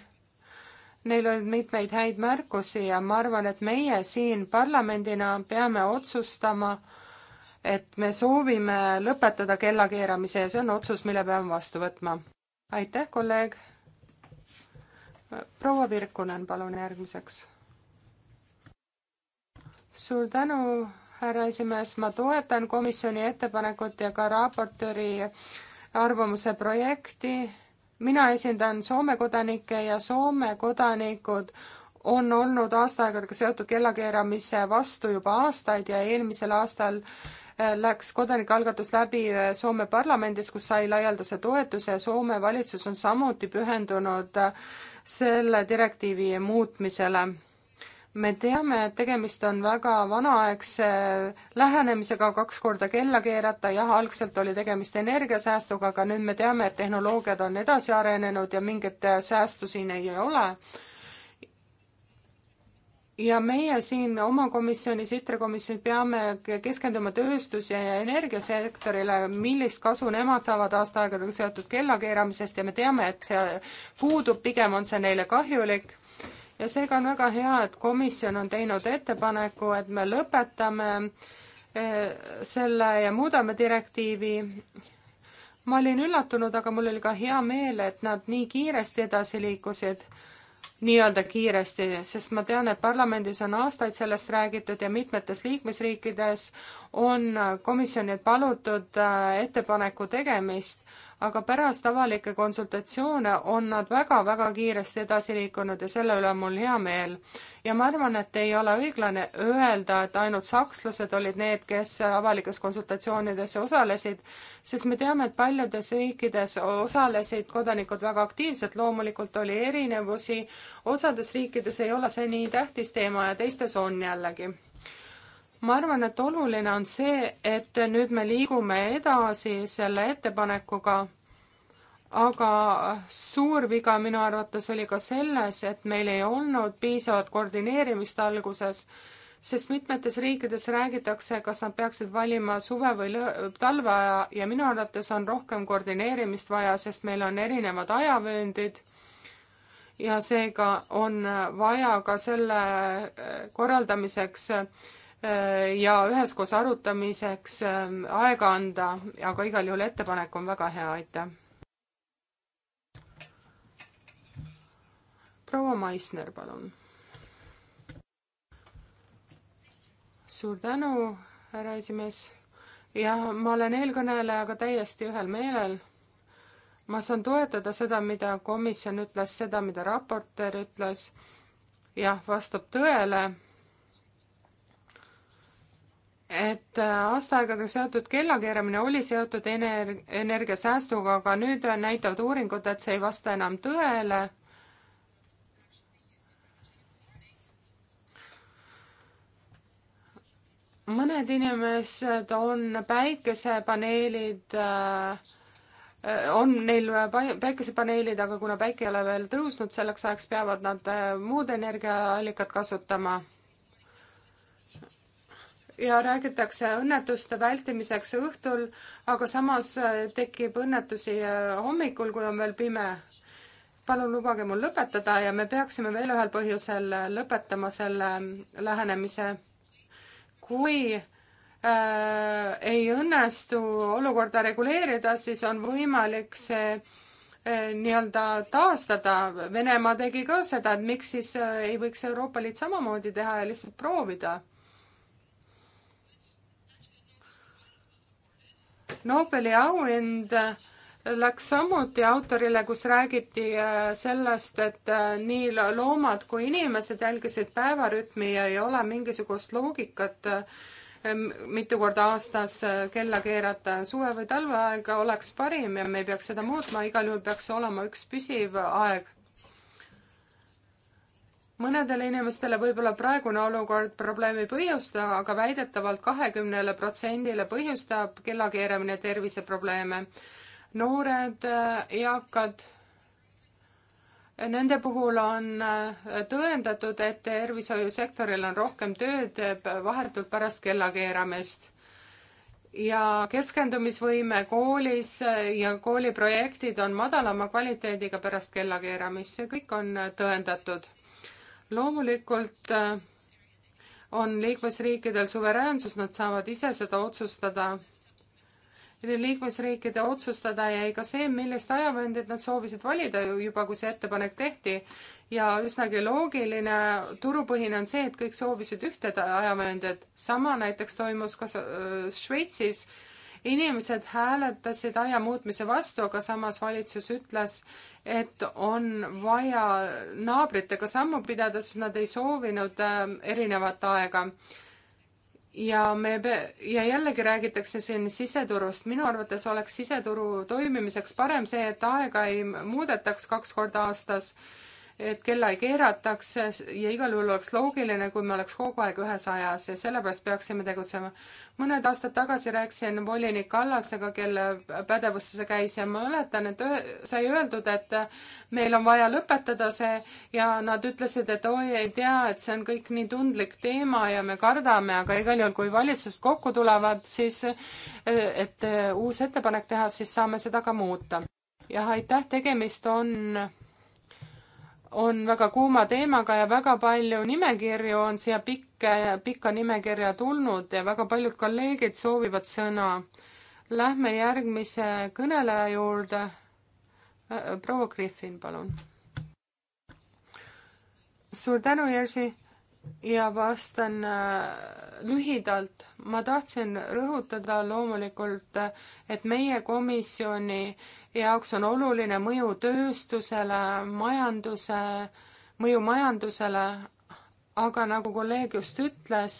Speaker 2: Neil on mitmeid häid märkusi ja ma arvan, et meie siin parlamendina peame otsustama, et me soovime lõpetada kellakeeramise ja see on otsus, mille peame vastu võtma. aitäh, kolleeg proua Virkunen, palun järgmiseks. suur tänu, härra esimees, ma toetan komisjoni ettepanekut ja ka raportööri arvamuse projekti. mina esindan Soome kodanikke ja Soome kodanikud on olnud aasta aegadega seotud kellakeeramise vastu juba aastaid ja eelmisel aastal äh, läks kodanikualgatus läbi äh, Soome parlamendis, kus sai laialdase toetuse ja Soome valitsus on samuti pühendunud äh, selle direktiivi muutmisele. me teame, et tegemist on väga vanaaegse lähenemisega, kaks korda kella keerata, jah, algselt oli tegemist energiasäästuga, aga nüüd me teame, et tehnoloogiad on edasi arenenud ja mingit säästu siin ei ole ja meie siin oma komisjonis, ITRE komisjonis peame keskenduma tööstus- ja energiasektorile, millist kasu nemad saavad aastaaegadega seotud kellakeeramisest ja me teame, et see puudub, pigem on see neile kahjulik. ja seega on väga hea, et komisjon on teinud ettepaneku, et me lõpetame eh, selle ja muudame direktiivi. ma olin üllatunud, aga mul oli ka hea meel, et nad nii kiiresti edasi liikusid nii-öelda kiiresti, sest ma tean, et parlamendis on aastaid sellest räägitud ja mitmetes liikmesriikides on komisjonil palutud äh, ettepaneku tegemist, aga pärast avalikke konsultatsioone on nad väga-väga kiiresti edasi liikunud ja selle üle on mul hea meel. ja ma arvan, et ei ole õiglane öelda, et ainult sakslased olid need, kes avalikes konsultatsioonides osalesid, sest me teame, et paljudes riikides osalesid kodanikud väga aktiivselt, loomulikult oli erinevusi, osades riikides ei ole see nii tähtis teema ja teistes on jällegi ma arvan, et oluline on see, et nüüd me liigume edasi selle ettepanekuga, aga suur viga minu arvates oli ka selles, et meil ei olnud piisavat koordineerimist alguses, sest mitmetes riikides räägitakse, kas nad peaksid valima suve või talveaja ja minu arvates on rohkem koordineerimist vaja, sest meil on erinevad ajavööndid ja seega on vaja ka selle eh, korraldamiseks äh, Äh, ja üheskoos arutamiseks ähm, aega anda, aga igal juhul ettepanek on väga hea, aitäh. proua Maisner, palun. suur tänu, härra esimees. jah, ma olen eelkõnelejaga täiesti ühel meelel. ma saan toetada seda, mida komisjon ütles, seda, mida raportöör ütles. jah, vastab tõele et äh, aastaaegadega seotud kellakeeramine oli seotud ener-, energiasäästuga, aga nüüd näitavad uuringud, et see ei vasta enam tõele. mõned inimesed on päikesepaneelid äh, on neil päikesepaneelid, aga kuna päike ei ole veel tõusnud, selleks ajaks peavad nad äh, muud energiaallikat kasutama ja räägitakse õnnetuste vältimiseks õhtul, aga samas äh, tekib õnnetusi äh, hommikul, kui on veel pime. palun lubage mul lõpetada ja me peaksime veel ühel põhjusel äh, lõpetama selle mm, lähenemise. kui äh, ei õnnestu olukorda reguleerida, siis on võimalik see äh, nii-öelda taastada. Venemaa tegi ka seda, et miks siis äh, ei võiks Euroopa Liit samamoodi teha ja lihtsalt proovida Nobeli auhind läks samuti autorile, kus räägiti äh, sellest, et äh, nii loomad kui inimesed jälgisid päevarütmi ja ei ole mingisugust loogikat äh, mitu korda aastas kella keerata. suve või talveaega oleks parim ja me ei peaks seda muutma, igal juhul peaks olema üks püsiv aeg mõnedele inimestele võib-olla praegune olukord probleemi ei põhjusta, aga väidetavalt kahekümnele protsendile põhjustab kellakeeramine terviseprobleeme. noored, äh, eakad, nende puhul on äh, tõendatud, et tervishoiusektoril on rohkem tööd vahetult pärast kellakeeramist ja keskendumisvõime koolis äh, ja kooliprojektid on madalama kvaliteediga pärast kellakeeramist, see kõik on tõendatud loomulikult äh, on liikmesriikidel suveräänsus, nad saavad ise seda otsustada. liikmesriikide otsustada jäi ka see, millist ajavõndit nad soovisid valida juba, kui see ettepanek tehti. ja üsnagi loogiline, turupõhine on see, et kõik soovisid ühte ajavööndit. sama näiteks toimus ka Šveitsis äh, inimesed hääletasid aia muutmise vastu, aga samas valitsus ütles, et on vaja naabritega sammu pidada, sest nad ei soovinud ähm, erinevat aega ja me pe-, ja jällegi räägitakse siin siseturust, minu arvates oleks siseturu toimimiseks parem see, et aega ei muudetaks kaks korda aastas et kella ei keerataks ja igal juhul oleks loogiline, kui me oleks kogu aeg ühes ajas ja sellepärast peaksime tegutsema. mõned aastad tagasi rääkisin volinik Kallasega, kelle pädevusse see käis ja ma mäletan, et öö, sai öeldud, et meil on vaja lõpetada see ja nad ütlesid, et oi, ei tea, et see on kõik nii tundlik teema ja me kardame, aga igal juhul, kui valitsused kokku tulevad, siis et uus ettepanek teha, siis saame seda ka muuta. jah, aitäh, tegemist on on väga kuuma teemaga ja väga palju nimekirju on siia pikka, pikka nimekirja tulnud ja väga paljud kolleegid soovivad sõna. Lähme järgmise kõneleja juurde. Äh, äh, proua Griffin, palun. suur tänu, Jerzy ja vastan äh, lühidalt. ma tahtsin rõhutada loomulikult, äh, et meie komisjoni jaoks on oluline mõju tööstusele, majanduse, mõju majandusele, aga nagu kolleeg just ütles,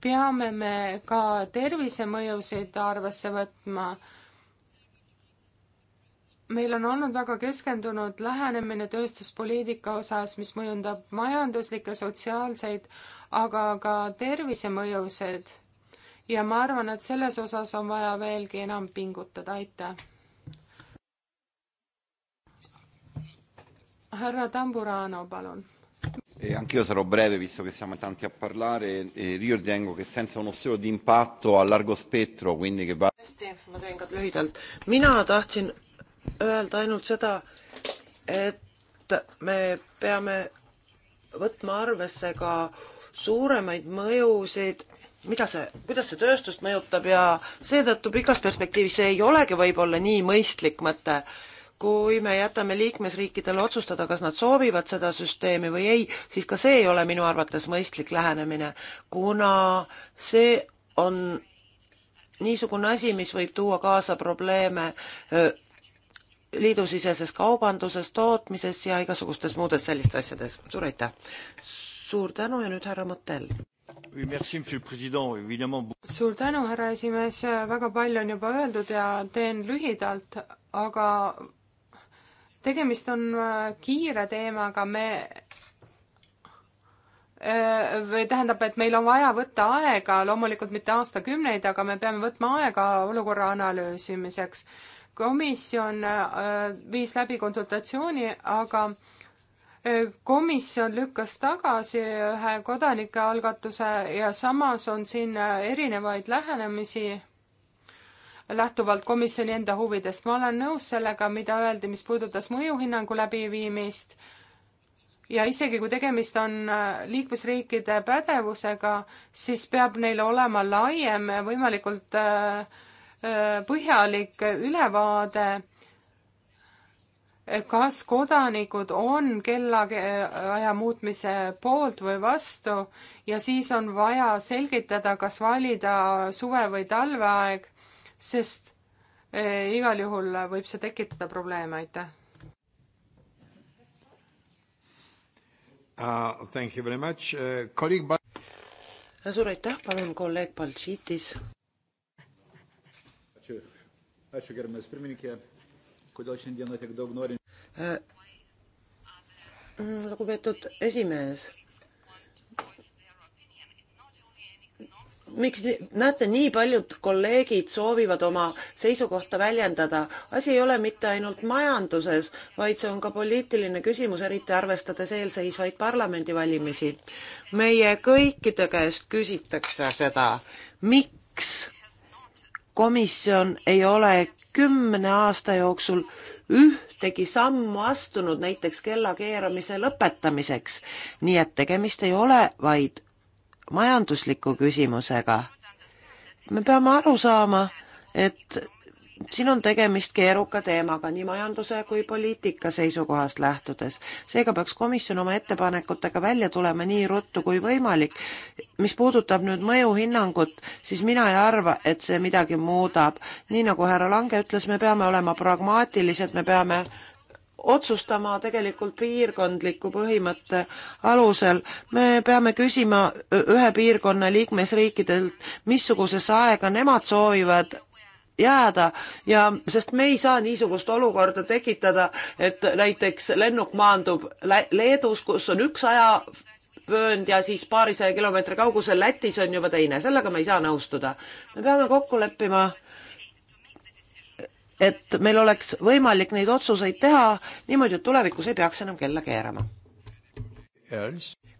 Speaker 2: peame me ka tervisemõjusid arvesse võtma meil on olnud väga keskendunud lähenemine tööstuspoliitika osas, mis mõjundab majanduslikke, sotsiaalseid, aga ka tervisemõjusid. ja ma arvan, et selles osas on vaja veelgi enam pingutada, aitäh. härra Tamburano, palun. E anch'io sarò breve visto che siamo tanti a parlare e io ritengo che senza uno studio di impatto a largo spettro quindi che va... Hästi,
Speaker 3: ma teen ka lühidalt. mina tahtsin öelda ainult seda, et me peame võtma arvesse ka suuremaid mõjusid, mida see, kuidas see tööstust mõjutab ja seetõttu pikas perspektiivis see ei olegi võib-olla nii mõistlik mõte. kui me jätame liikmesriikidele otsustada, kas nad soovivad seda süsteemi või ei, siis ka see ei ole minu arvates mõistlik lähenemine, kuna see on niisugune asi, mis võib tuua kaasa probleeme liidusiseses kaubanduses, tootmises ja igasugustes muudes sellistes asjades. suur aitäh! suur tänu ja nüüd härra Mattel.
Speaker 2: suur tänu, härra esimees, väga palju on juba öeldud ja teen lühidalt, aga tegemist on äh, kiire teemaga, me äh, või tähendab, et meil on vaja võtta aega, loomulikult mitte aastakümneid, aga me peame võtma aega olukorra analüüsimiseks komisjon äh, viis läbi konsultatsiooni, aga äh, komisjon lükkas tagasi ühe kodanikealgatuse ja samas on siin äh, erinevaid lähenemisi lähtuvalt komisjoni enda huvidest. ma olen nõus sellega, mida öeldi, mis puudutas mõjuhinnangu läbiviimist ja isegi kui tegemist on liikmesriikide pädevusega, siis peab neil olema laiem, võimalikult äh, põhjalik ülevaade, kas kodanikud on kellaaja muutmise poolt või vastu ja siis on vaja selgitada, kas valida suve- või talveaeg, sest eh, igal juhul võib see tekitada probleeme, aitäh.
Speaker 3: Uh, thank you very much uh,. Colleague... suur aitäh, palun kolleeg Baltšiitis. Ačiū gerbiamas pirmininkė, kodėl šiandieną tiek daug norim. E, mm, lugupeetud esimees, miks näete, nii paljud kolleegid soovivad oma seisukohta väljendada. asi ei ole mitte ainult majanduses, vaid see on ka poliitiline küsimus, eriti arvestades eelseisvaid parlamendivalimisi. meie kõikide käest küsitakse seda, miks komisjon ei ole kümne aasta jooksul ühtegi sammu astunud näiteks kella keeramise lõpetamiseks, nii et tegemist ei ole vaid majandusliku küsimusega. me peame aru saama, et siin on tegemist keeruka teemaga nii majanduse kui poliitika seisukohast lähtudes. seega peaks komisjon oma ettepanekutega välja tulema nii ruttu kui võimalik. mis puudutab nüüd mõjuhinnangut, siis mina ei arva, et see midagi muudab. nii nagu härra Lange ütles, me peame olema pragmaatilised, me peame otsustama tegelikult piirkondliku põhimõtte alusel. me peame küsima ühe piirkonna liikmesriikidelt, missuguses aega nemad soovivad jääda ja sest me ei saa niisugust olukorda tekitada, et näiteks lennuk maandub Leedus, kus on üks ajavöönd ja siis paarisaja kilomeetri kaugusel Lätis on juba teine, sellega me ei saa nõustuda. me peame kokku leppima, et meil oleks võimalik neid otsuseid teha niimoodi, et tulevikus ei peaks enam kella keerama.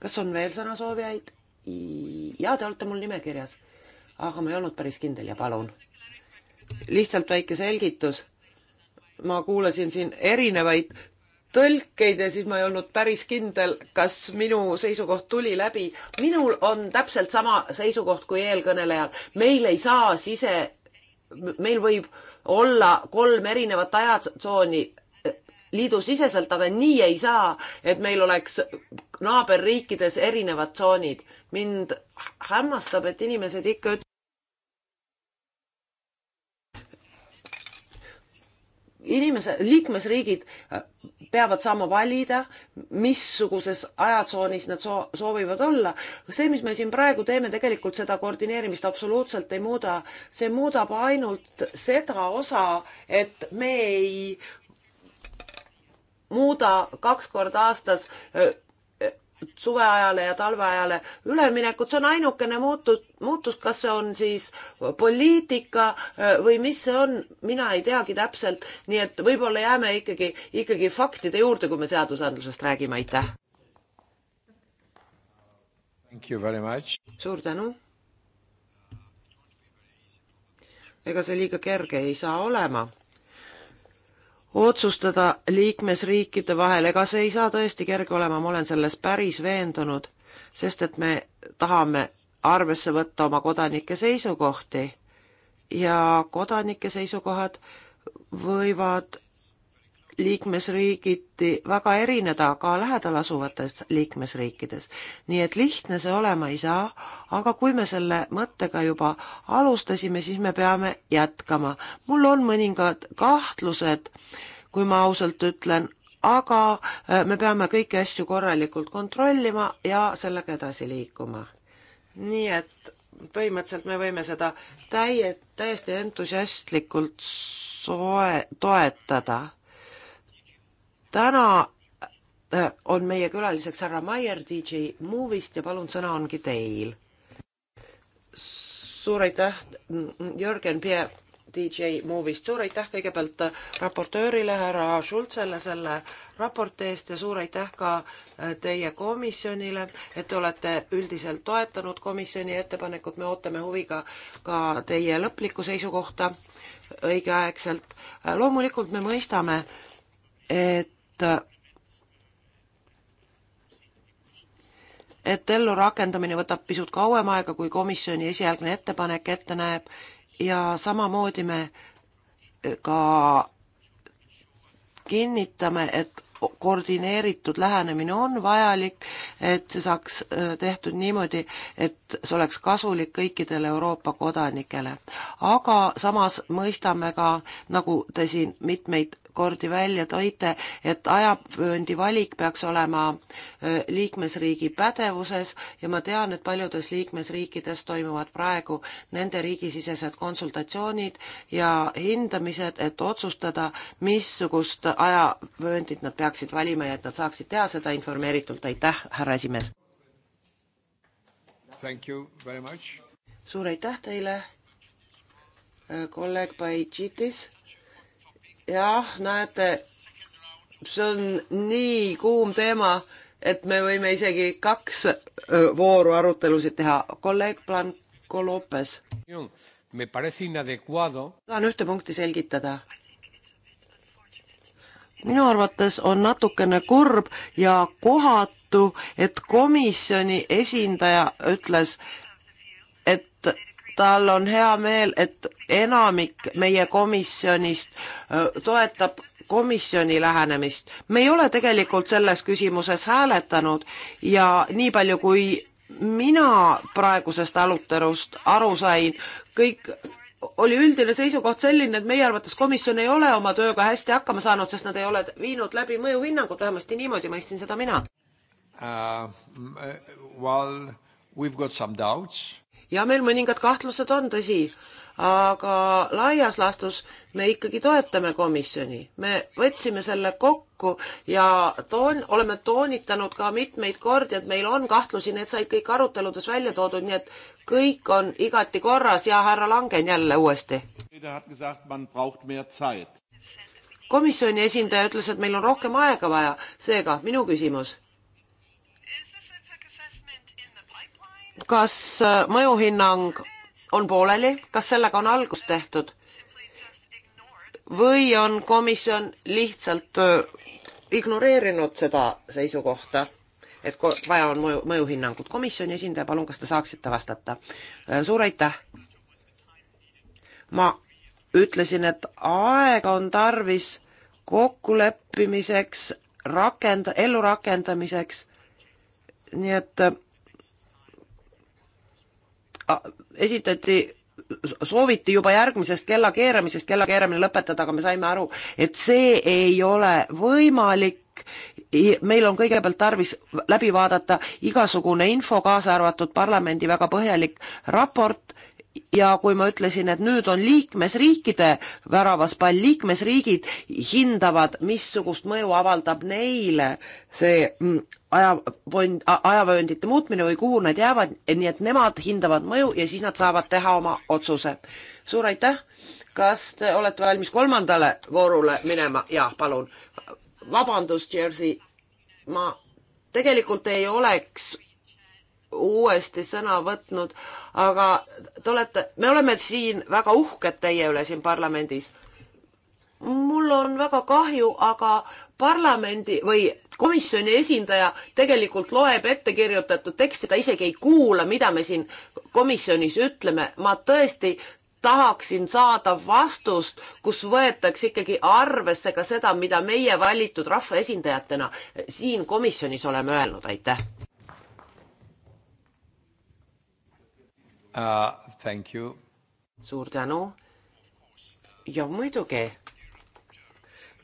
Speaker 3: kas on veel sõnasoovijaid? jaa, te olete mul nimekirjas, aga ma ei olnud päris kindel ja palun lihtsalt väike selgitus. ma kuulasin siin erinevaid tõlkeid ja siis ma ei olnud päris kindel, kas minu seisukoht tuli läbi. minul on täpselt sama seisukoht kui eelkõnelejal. meil ei saa sise, meil võib olla kolm erinevat ajatsooni liidusiseselt, aga nii ei saa, et meil oleks naaberriikides erinevad tsoonid. mind hämmastab, et inimesed ikka üt-. inimese, liikmesriigid äh, peavad saama valida, missuguses ajatsoonis nad soo-, soovivad olla. see, mis me siin praegu teeme, tegelikult seda koordineerimist absoluutselt ei muuda. see muudab ainult seda osa, et me ei muuda kaks korda aastas äh, suveajale ja talveajale üleminekut, see on ainukene muutus, muutus, kas see on siis poliitika äh, või mis see on, mina ei teagi täpselt, nii et võib-olla jääme ikkagi, ikkagi faktide juurde, kui me seadusandlusest räägime, aitäh. suur tänu. ega see liiga kerge ei saa olema otsustada liikmesriikide vahel, ega see ei saa tõesti kerge olema, ma olen selles päris veendunud, sest et me tahame arvesse võtta oma kodanike seisukohti ja kodanike seisukohad võivad liikmesriigiti väga erineda ka lähedal asuvates liikmesriikides. nii et lihtne see olema ei saa, aga kui me selle mõttega juba alustasime, siis me peame jätkama. mul on mõningad kahtlused, kui ma ausalt ütlen, aga äh, me peame kõiki asju korralikult kontrollima ja sellega edasi liikuma. nii et põhimõtteliselt me võime seda täie, täiesti entusiastlikult soe, toetada täna äh, on meie külaliseks härra Maier DJ Movist ja palun, sõna ongi teil. suur aitäh, mm, Jörgen Pie DJ Movist, suur aitäh kõigepealt äh, raportöörile härra Schultzele selle raporti eest ja suur aitäh ka äh, teie komisjonile, et te olete üldiselt toetanud komisjoni ettepanekut, me ootame huviga ka teie lõplikku seisukohta õigeaegselt. loomulikult me mõistame, et et ellurakendamine võtab pisut kauem aega, kui komisjoni esialgne ettepanek ette näeb ja samamoodi me ka kinnitame, et koordineeritud lähenemine on vajalik, et see saaks äh, tehtud niimoodi, et see oleks kasulik kõikidele Euroopa kodanikele. aga samas mõistame ka, nagu te siin mitmeid kordi välja tõite, et ajavööndi valik peaks olema liikmesriigi pädevuses ja ma tean, et paljudes liikmesriikides toimuvad praegu nende riigisisesed konsultatsioonid ja hindamised, et otsustada, missugust ajavööndit nad peaksid valima ja et nad saaksid teha seda informeeritult. aitäh, härra esimees! suur aitäh teile, kolleeg Baidžitis! jah, näete, see on nii kuum teema, et me võime isegi kaks vooru arutelusid teha. kolleeg Blanco Lopez. tahan ühte punkti selgitada. minu arvates on natukene kurb ja kohatu, et komisjoni esindaja ütles, tal on hea meel, et enamik meie komisjonist toetab komisjoni lähenemist. me ei ole tegelikult selles küsimuses hääletanud ja nii palju, kui mina praegusest arutelust aru sain, kõik oli üldine seisukoht selline, et meie arvates komisjon ei ole oma tööga hästi hakkama saanud, sest nad ei ole viinud läbi mõjuhinnangut, vähemasti niimoodi mõistsin seda mina uh,. Eh, well, we've got some doubts ja meil mõningad kahtlused on, tõsi, aga laias laastus me ikkagi toetame komisjoni. me võtsime selle kokku ja toon, oleme toonitanud ka mitmeid kordi, et meil on kahtlusi, need said kõik aruteludes välja toodud, nii et kõik on igati korras ja härra Langen jälle uuesti. komisjoni esindaja ütles, et meil on rohkem aega vaja, seega minu küsimus kas äh, mõjuhinnang on pooleli, kas sellega on algust tehtud või on komisjon lihtsalt äh, ignoreerinud seda seisukohta, et vaja on mõju, mõjuhinnangut. komisjoni esindaja, palun, kas te saaksite vastata? Äh, suur aitäh! ma ütlesin, et aega on tarvis kokkuleppimiseks, rakend-, ellurakendamiseks, nii et esitati sooviti juba järgmisest kella keeramisest kella keeramine lõpetada, aga me saime aru, et see ei ole võimalik. meil on kõigepealt tarvis läbi vaadata igasugune info, kaasa arvatud parlamendi väga põhjalik raport ja kui ma ütlesin, et nüüd on liikmesriikide väravas pall, liikmesriigid hindavad, missugust mõju avaldab neile see mm, ajavöönd, ajavööndite muutmine või kuhu nad jäävad, nii et nemad hindavad mõju ja siis nad saavad teha oma otsuse. suur aitäh, kas te olete valmis kolmandale voorule minema? jah, palun. vabandust, Jersey, ma tegelikult ei oleks uuesti sõna võtnud, aga te olete, me oleme siin väga uhked teie üle siin parlamendis mul on väga kahju, aga parlamendi või komisjoni esindaja tegelikult loeb ettekirjutatud teksti, ta isegi ei kuula, mida me siin komisjonis ütleme. ma tõesti tahaksin saada vastust, kus võetakse ikkagi arvesse ka seda, mida meie valitud rahvaesindajatena siin komisjonis oleme öelnud, aitäh uh,. suur tänu. ja muidugi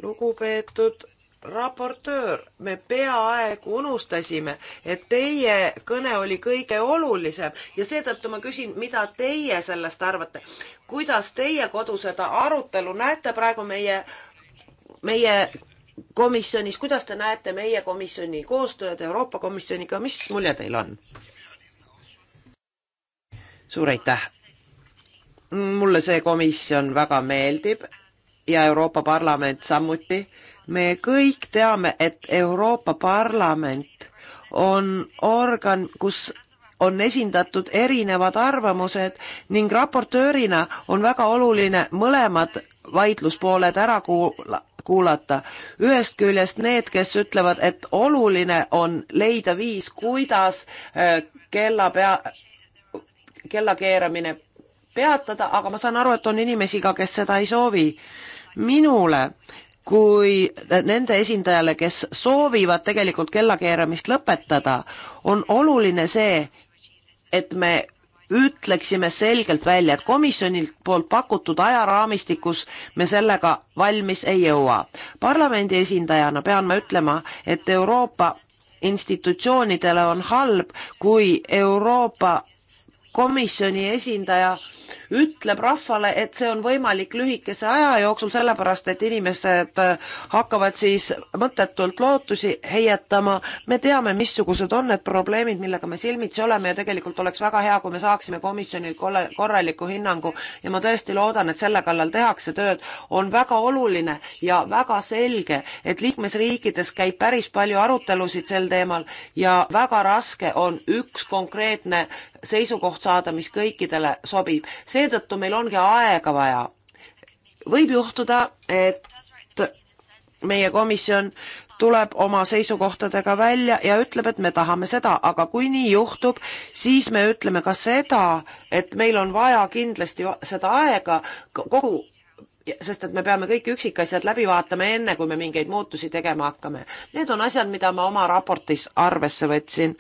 Speaker 3: lugupeetud raportöör, me peaaegu unustasime, et teie kõne oli kõige olulisem ja seetõttu ma küsin, mida teie sellest arvate. kuidas teie kodu seda arutelu näete praegu meie, meie komisjonis, kuidas te näete meie komisjoni koostööd Euroopa Komisjoniga, mis mulje teil on? suur aitäh! mulle see komisjon väga meeldib ja Euroopa Parlament samuti. me kõik teame, et Euroopa Parlament on organ, kus on esindatud erinevad arvamused ning raportöörina on väga oluline mõlemad vaidluspooled ära kuula, kuulata. ühest küljest need, kes ütlevad, et oluline on leida viis, kuidas äh, kella pea, kella keeramine peatada, aga ma saan aru, et on inimesi ka, kes seda ei soovi minule kui nende esindajale, kes soovivad tegelikult kellakeeramist lõpetada, on oluline see, et me ütleksime selgelt välja, et komisjonilt poolt pakutud ajaraamistikus me sellega valmis ei jõua. parlamendi esindajana pean ma ütlema, et Euroopa institutsioonidele on halb, kui Euroopa Komisjoni esindaja äh, ütleb rahvale, et see on võimalik lühikese aja jooksul, sellepärast et inimesed äh, hakkavad siis mõttetult lootusi heietama. me teame, missugused on need probleemid, millega me silmitsi oleme ja tegelikult oleks väga hea, kui me saaksime komisjonilt korraliku hinnangu ja ma tõesti loodan, et selle kallal tehakse tööd. on väga oluline ja väga selge, et liikmesriikides käib päris palju arutelusid sel teemal ja väga raske on üks konkreetne seisukoht saada, mis kõikidele sobib. see seetõttu meil ongi aega vaja. võib juhtuda, et meie komisjon tuleb oma seisukohtadega välja ja ütleb, et me tahame seda, aga kui nii juhtub, siis me ütleme ka seda, et meil on vaja kindlasti seda aega kogu sest et me peame kõik üksikasjad läbi vaatama enne, kui me mingeid muutusi tegema hakkame. Need on asjad, mida ma oma raportis arvesse võtsin.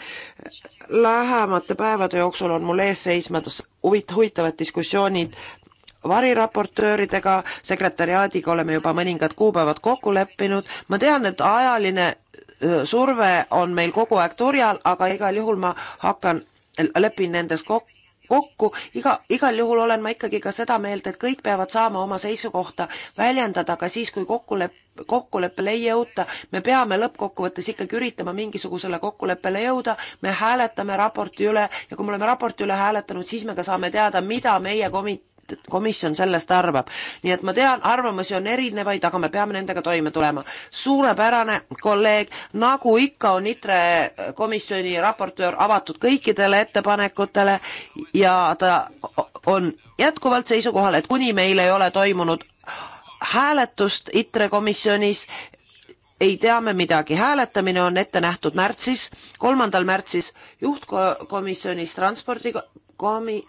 Speaker 3: Lähemate päevade jooksul on mul ees seisma huvit-, huvitavad diskussioonid variraportööridega, sekretäriaadiga oleme juba mõningad kuupäevad kokku leppinud, ma tean, et ajaline surve on meil kogu aeg turjal, aga igal juhul ma hakkan, lepin nendes kokku kokku, iga, igal juhul olen ma ikkagi ka seda meelt, et kõik peavad saama oma seisukohta väljendada ka siis, kui kokkulepe, kokkuleppele ei jõuta. me peame lõppkokkuvõttes ikkagi üritama mingisugusele kokkuleppele jõuda, me hääletame raporti üle ja kui me oleme raporti üle hääletanud, siis me ka saame teada, mida meie komitee komisjon sellest arvab. nii et ma tean, arvamusi on erinevaid, aga me peame nendega toime tulema. suurepärane kolleeg, nagu ikka, on ITRE komisjoni raportöör avatud kõikidele ettepanekutele ja ta on jätkuvalt seisukohal, et kuni meil ei ole toimunud hääletust ITRE komisjonis, ei tea me midagi, hääletamine on ette nähtud märtsis, kolmandal märtsis juhtkomisjonis transpordi komi-,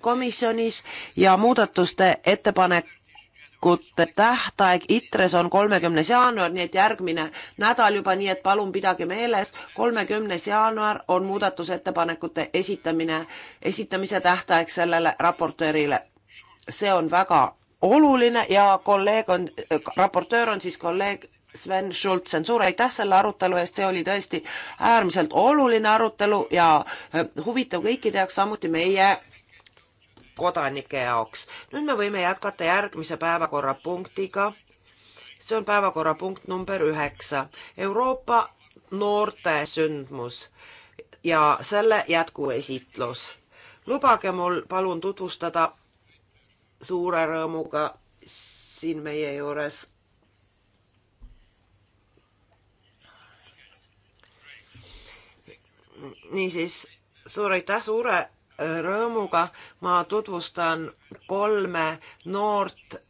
Speaker 3: komisjonis ja muudatuste ettepanekute tähtaeg ITRES on kolmekümnes jaanuar, nii et järgmine nädal juba, nii et palun pidage meeles, kolmekümnes jaanuar on muudatusettepanekute esitamine, esitamise tähtaeg sellele raportöörile. see on väga oluline ja kolleeg on, raportöör on siis kolleeg Sven Schultzen, suur aitäh selle arutelu eest, see oli tõesti äärmiselt oluline arutelu ja huvitav kõikide jaoks, samuti meie kodanike jaoks. nüüd me võime jätkata järgmise päevakorrapunktiga. see on päevakorrapunkt number üheksa, Euroopa noortesündmus ja selle jätkuesitlus. lubage mul palun tutvustada suure rõõmuga siin meie juures niisiis suur aitäh suure rõõmuga ma tutvustan kolme noort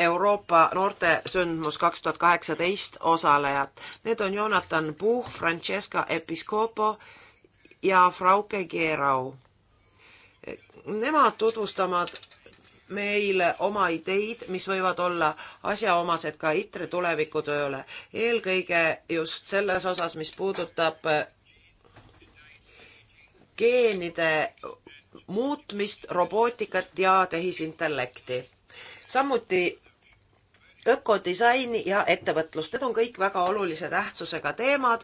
Speaker 3: Euroopa noortesündmus kaks tuhat kaheksateist osalejat. Need on Jonathan Puh, Francesca Episcopo ja Frauke Gerau. Nemad tutvustavad meile oma ideid, mis võivad olla asjaomased ka ITRE tulevikutööle. eelkõige just selles osas, mis puudutab geenide muutmist, robootikat ja tehisintellekti. samuti ökodisaini ja ettevõtlust, need on kõik väga olulise tähtsusega teemad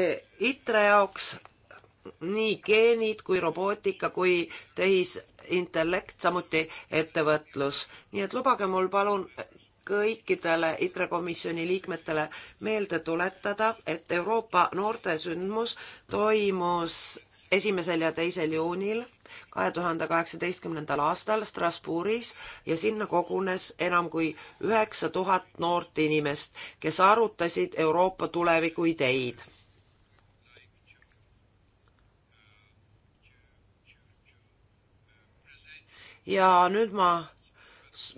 Speaker 3: e, ITRE jaoks nii geenid kui robootika kui tehisintellekt, samuti ettevõtlus. nii et lubage mul palun kõikidele ITRE komisjoni liikmetele meelde tuletada, et Euroopa noortesündmus toimus esimesel ja teisel juunil kahe tuhande kaheksateistkümnendal aastal Strasbourgis ja sinna kogunes enam kui üheksa tuhat noort inimest, kes arutasid Euroopa tuleviku ideid. ja nüüd ma,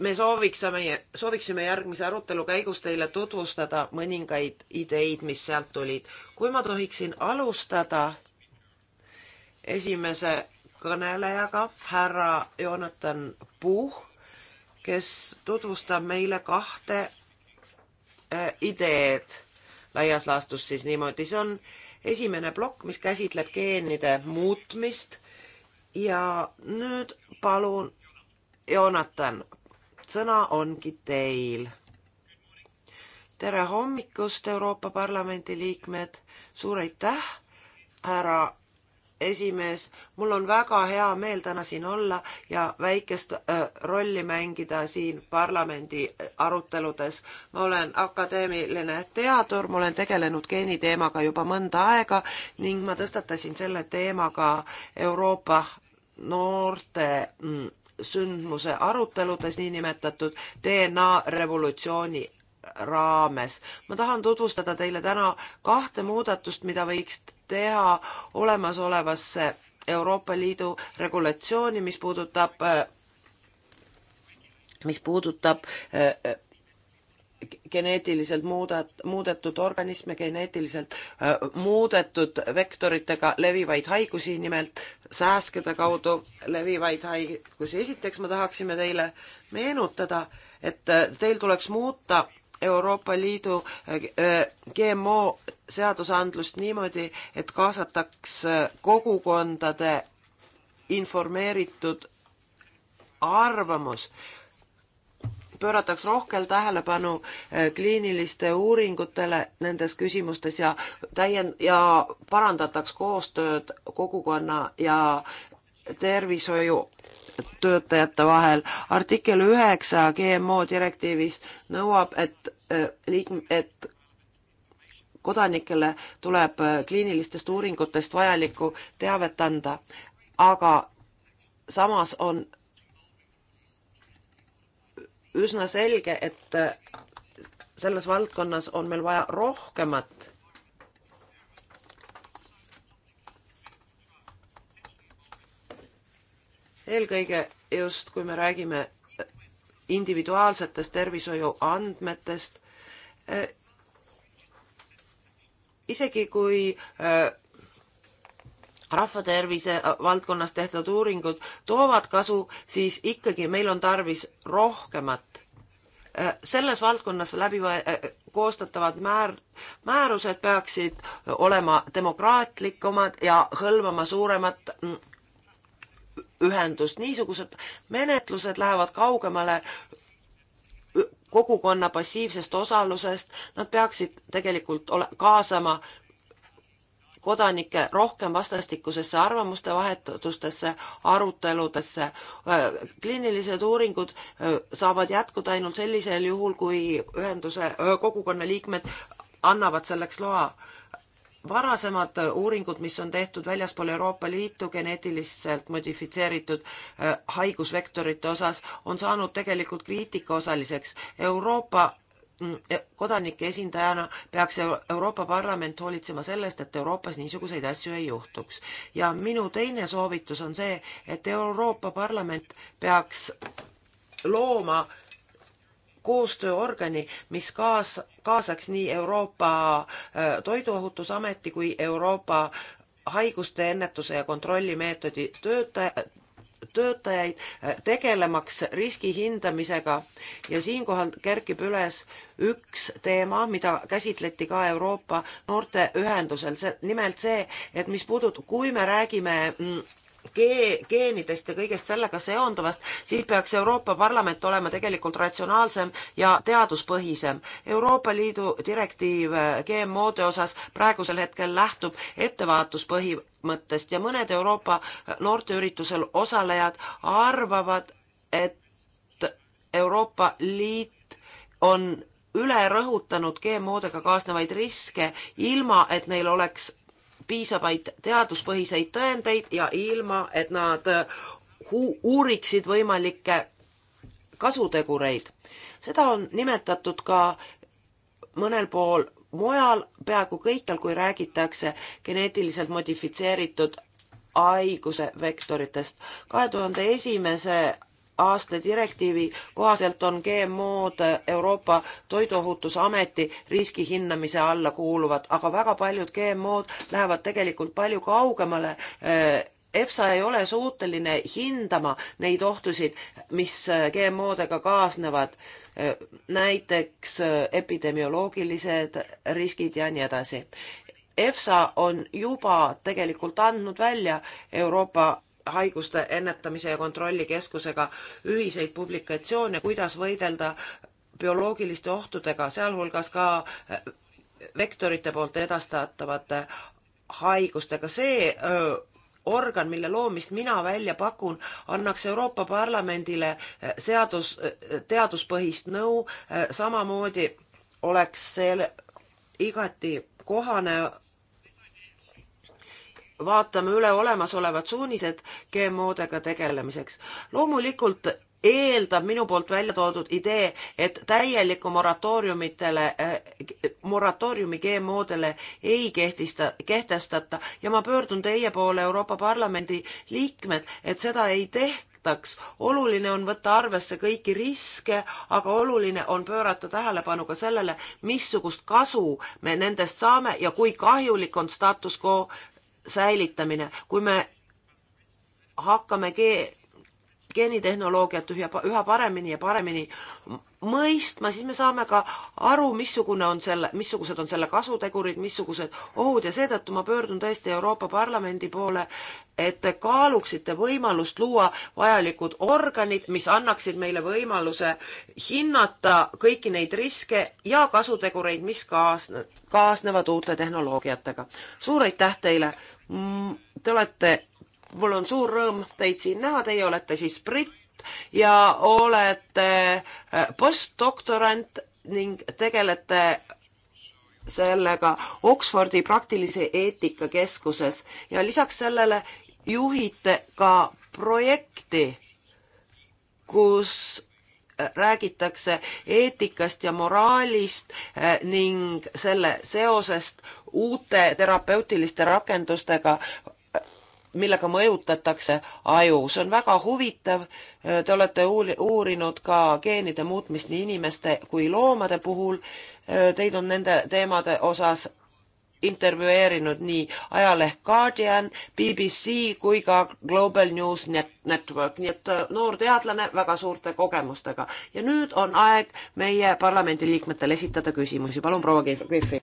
Speaker 3: me sooviksime, sooviksime järgmise arutelu käigus teile tutvustada mõningaid ideid, mis sealt tulid. kui ma tohiksin alustada esimese kõnelejaga, härra Jonathan Puh, kes tutvustab meile kahte eh, ideed laias laastus siis niimoodi. see on esimene plokk, mis käsitleb geenide muutmist ja nüüd palun, Jonathan, sõna ongi teil. tere hommikust, Euroopa Parlamendi liikmed, suur aitäh, härra esimees, mul on väga hea meel täna siin olla ja väikest äh, rolli mängida siin parlamendi äh, aruteludes. ma olen akadeemiline teadur, ma olen tegelenud geeniteemaga juba mõnda aega ning ma tõstatasin selle teemaga Euroopa noorte mm, sündmuse aruteludes niinimetatud DNA revolutsiooni raames. ma tahan tutvustada teile täna kahte muudatust, mida võiks teha olemasolevasse Euroopa Liidu regulatsiooni, mis puudutab, äh, mis puudutab äh, äh, geneetiliselt muudat-, muudetud organisme, geneetiliselt muudetud vektoritega levivaid haigusi, nimelt sääskede kaudu levivaid haigusi. esiteks me tahaksime teile meenutada, et teil tuleks muuta Euroopa Liidu eh, eh, GMO seadusandlust niimoodi, et kaasataks eh, kogukondade informeeritud arvamus, pöörataks rohkem tähelepanu kliiniliste uuringutele nendes küsimustes ja täien- ja parandataks koostööd kogukonna ja tervishoiu töötajate vahel. artikkel üheksa GMO direktiivis nõuab, et eh, liik-, et kodanikele tuleb eh, kliinilistest uuringutest vajalikku teavet anda, aga samas on üsna selge, et eh, selles valdkonnas on meil vaja rohkemat eelkõige just, kui me räägime individuaalsetest tervishoiuandmetest, e, isegi kui e, rahvatervise valdkonnas tehtud uuringud toovad kasu, siis ikkagi meil on tarvis rohkemat. E, selles valdkonnas läbi koostatavad määr, määrused peaksid olema demokraatlikumad ja hõlmama suuremat ühendust, niisugused menetlused lähevad kaugemale kogukonna passiivsest osalusest, nad peaksid tegelikult ole, kaasama kodanikke rohkem vastastikusesse arvamuste vahetustesse, aruteludesse. kliinilised uuringud saavad jätkuda ainult sellisel juhul, kui ühenduse, kogukonna liikmed annavad selleks loa varasemad uuringud, mis on tehtud väljaspool Euroopa Liitu geneetiliselt modifitseeritud äh, haigusvektorite osas, on saanud tegelikult kriitika osaliseks. Euroopa mm, e, kodanike esindajana peaks Euroopa Parlament hoolitsema sellest, et Euroopas niisuguseid asju ei juhtuks. ja minu teine soovitus on see, et Euroopa Parlament peaks looma äh, koostööorgani, mis kaas, kaasaks nii Euroopa äh, Toiduohutusameti kui Euroopa haiguste ennetuse ja kontrolli meetodi töötaja, töötajaid äh, tegelemaks riski hindamisega ja siinkohal kerkib üles üks teema, mida käsitleti ka Euroopa noorteühendusel, see, nimelt see, et mis puudut-, kui me räägime mm, geenidest ja kõigest sellega seonduvast, siis peaks Euroopa Parlament olema tegelikult ratsionaalsem ja teaduspõhisem. Euroopa Liidu direktiiv äh, GMO-de osas praegusel hetkel lähtub ettevaatuspõhimõttest ja mõned Euroopa äh, noorteüritusel osalejad arvavad, et Euroopa Liit on üle rõhutanud GMO-dega kaasnevaid riske, ilma et neil oleks piisavaid teaduspõhiseid tõendeid ja ilma, et nad äh, uuriksid võimalikke kasutegureid. seda on nimetatud ka mõnel pool mujal, peaaegu kõikjal, kui räägitakse geneetiliselt modifitseeritud haiguse vektoritest. kahe tuhande esimese aasta direktiivi kohaselt on GMO-d Euroopa Toiduohutusameti riski hinnamise alla kuuluvad, aga väga paljud GMO-d lähevad tegelikult palju kaugemale EFSA ei ole suuteline hindama neid ohtusid, mis GMO-dega kaasnevad, näiteks epidemioloogilised riskid ja nii edasi. EFSA on juba tegelikult andnud välja Euroopa haiguste ennetamise ja kontrollikeskusega ühiseid publikatsioone, kuidas võidelda bioloogiliste ohtudega, sealhulgas ka äh, vektorite poolt edastatavate haigustega. see öö, äh, organ, mille loomist mina välja pakun, annaks Euroopa Parlamendile äh, seadus, teaduspõhist nõu, samamoodi oleks see igati kohane vaatame üle olemasolevad suunised GMO-dega tegelemiseks. loomulikult eeldab minu poolt välja toodud idee, et täielikku moratooriumitele, eh, moratooriumi GMO-dele ei kehtista, kehtestata ja ma pöördun teie poole, Euroopa Parlamendi liikmed, et seda ei tehta tehtaks. oluline on võtta arvesse kõiki riske, aga oluline on pöörata tähelepanu ka sellele, missugust kasu me nendest saame ja kui kahjulik on status quo säilitamine, kui me hakkame ge-, geenitehnoloogiat üha, üha paremini ja paremini mõistma, siis me saame ka aru, missugune on selle, missugused on selle kasutegurid, missugused ohud ja seetõttu ma pöördun tõesti Euroopa Parlamendi poole, et te kaaluksite võimalust luua vajalikud organid, mis annaksid meile võimaluse hinnata kõiki neid riske ja kasutegureid, mis kaasne-, kaasnevad uute tehnoloogiatega. suur aitäh teile! Mm, te olete, mul on suur rõõm teid siin näha, teie olete siis britt ja olete äh, postdoktorant ning tegelete sellega Oxfordi praktilise eetika keskuses ja lisaks sellele juhite ka projekti, kus äh, räägitakse eetikast ja moraalist äh, ning selle seosest uute terapeutiliste rakendustega, millega mõjutatakse aju. see on väga huvitav. Te olete uurinud ka geenide muutmist nii inimeste kui loomade puhul. Teid on nende teemade osas intervjueerinud nii ajaleht Guardian, BBC kui ka Global News Net Network, nii et äh, noor teadlane väga suurte kogemustega. ja nüüd on aeg meie parlamendiliikmetel esitada küsimusi, palun proua Griffin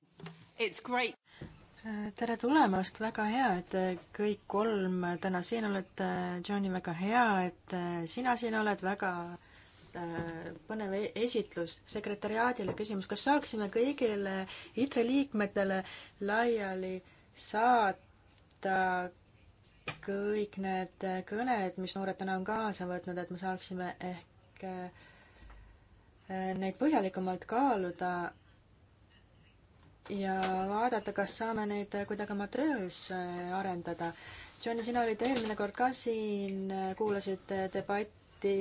Speaker 1: tere tulemast, väga hea, et kõik kolm täna siin olete. Johnny, väga hea, et sina siin oled, väga äh, põnev e-, esitlus sekretäriaadile küsimus, kas saaksime kõigile ITRE liikmetele laiali saata kõik need kõned, mis noored täna on kaasa võtnud, et me saaksime ehk äh, neid põhjalikumalt kaaluda ja vaadata, kas saame neid kuidagi oma töös äh, arendada. Johnny, sina olid eelmine kord ka siin, äh, kuulasid debatti,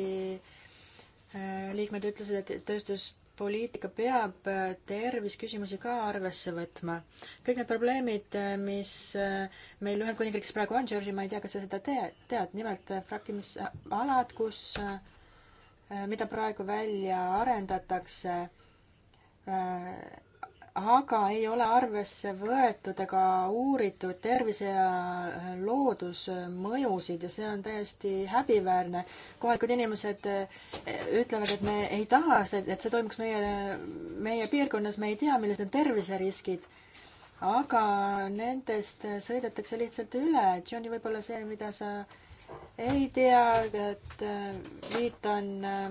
Speaker 1: äh, liikmed ütlesid, et tööstuspoliitika peab terviseküsimusi ka arvesse võtma. kõik need probleemid, mis meil Ühendkuningriigis praegu on, Georgi, ma ei tea, kas sa seda tead, tead, nimelt frakkimisalad, kus, mida praegu välja arendatakse, aga ei ole arvesse võetud ega uuritud tervise ja loodusmõjusid ja see on täiesti häbiväärne. kohalikud inimesed eh, ütlevad, et me ei taha, et see toimuks meie, meie piirkonnas, me ei tea, millised on terviseriskid. aga nendest sõidetakse lihtsalt üle. Johnny, võib-olla see, mida sa ei tea, et eh, viitan eh,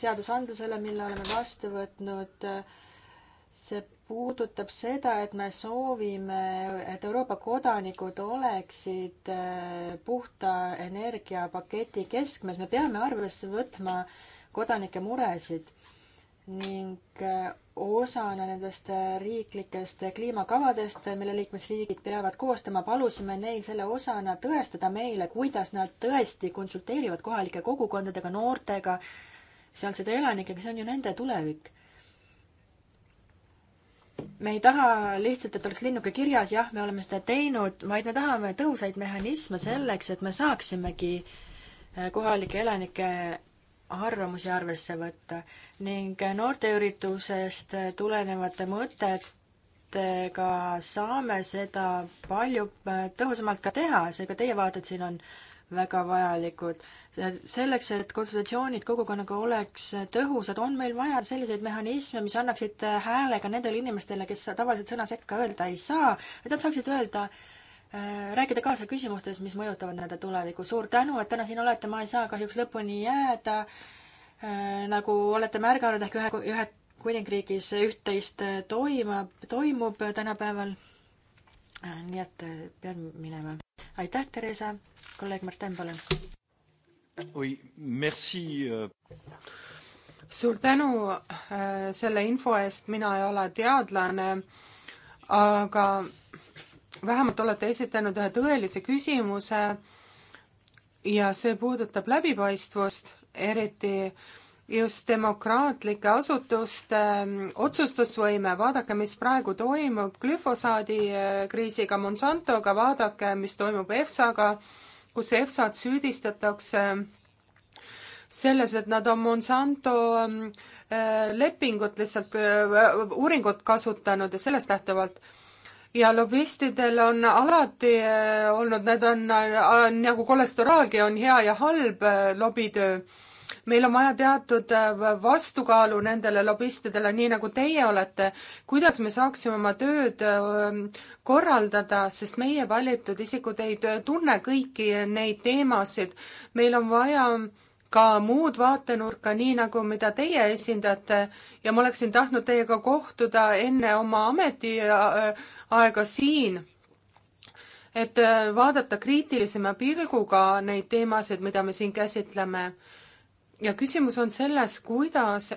Speaker 1: seadusandlusele, mille oleme vastu võtnud äh, see puudutab seda, et me soovime, et Euroopa kodanikud oleksid äh, puhta energiapaketi keskmes, me peame arvesse võtma kodanike muresid ning äh, osana nendest äh, riiklikest kliimakavadest, mille liikmesriigid peavad koostama, palusime neil selle osana tõestada meile, kuidas nad tõesti konsulteerivad kohalike kogukondadega, noortega, sealsete elanikega, see on ju nende tulevik me ei taha lihtsalt, et oleks linnuke kirjas, jah, me oleme seda teinud, vaid me tahame tõhusaid mehhanisme selleks, et me saaksimegi äh, kohalike elanike arvamusi arvesse võtta ning äh, noorteüritusest äh, tulenevate mõtetega saame seda palju tõhusamalt ka teha, seega teie vaated siin on väga vajalikud. selleks, et konsultatsioonid kogukonnaga oleks tõhusad, on meil vaja selliseid mehhanisme, mis annaksid hääle ka nendele inimestele, kes tavaliselt sõna sekka öelda ei saa, et nad saaksid öelda, äh, rääkida kaasa küsimustes, mis mõjutavad nende tulevikku. suur tänu, et täna siin olete, ma ei saa kahjuks lõpuni jääda. Äh, nagu olete märganud, ehk ühe, ühe kuningriigis üht-teist toimub, toimub tänapäeval nii et äh, pean
Speaker 2: minema. aitäh, Theresa, kolleeg Martin, palun.
Speaker 1: oi, merci. Äh.
Speaker 2: suur tänu äh, selle info eest, mina ei ole teadlane, aga vähemalt olete esitanud ühe tõelise küsimuse ja see puudutab läbipaistvust, eriti äh, just demokraatlike asutuste ähm, otsustusvõime, vaadake, mis praegu toimub glüfosaadi äh, kriisiga, Monsantoga, vaadake, mis toimub EFSA-ga, kus EFSA-d süüdistatakse selles, et nad on Monsanto ähm, äh, lepingut lihtsalt, äh, uuringut kasutanud ja sellest lähtuvalt ja lobistidel on alati olnud, need on nagu kolesteraalgi, on hea ja halb lobitöö meil on vaja teatud äh, vastukaalu nendele lobistidele, nii nagu teie olete. kuidas me saaksime oma tööd ähm, korraldada, sest meie valitud isikud ei tunne kõiki neid teemasid. meil on vaja ka muud vaatenurka, nii nagu mida teie esindate ja ma oleksin tahtnud teiega kohtuda enne oma ametiaega äh, siin. et äh, vaadata kriitilisema pilguga neid teemasid, mida me siin käsitleme ja küsimus on selles, kuidas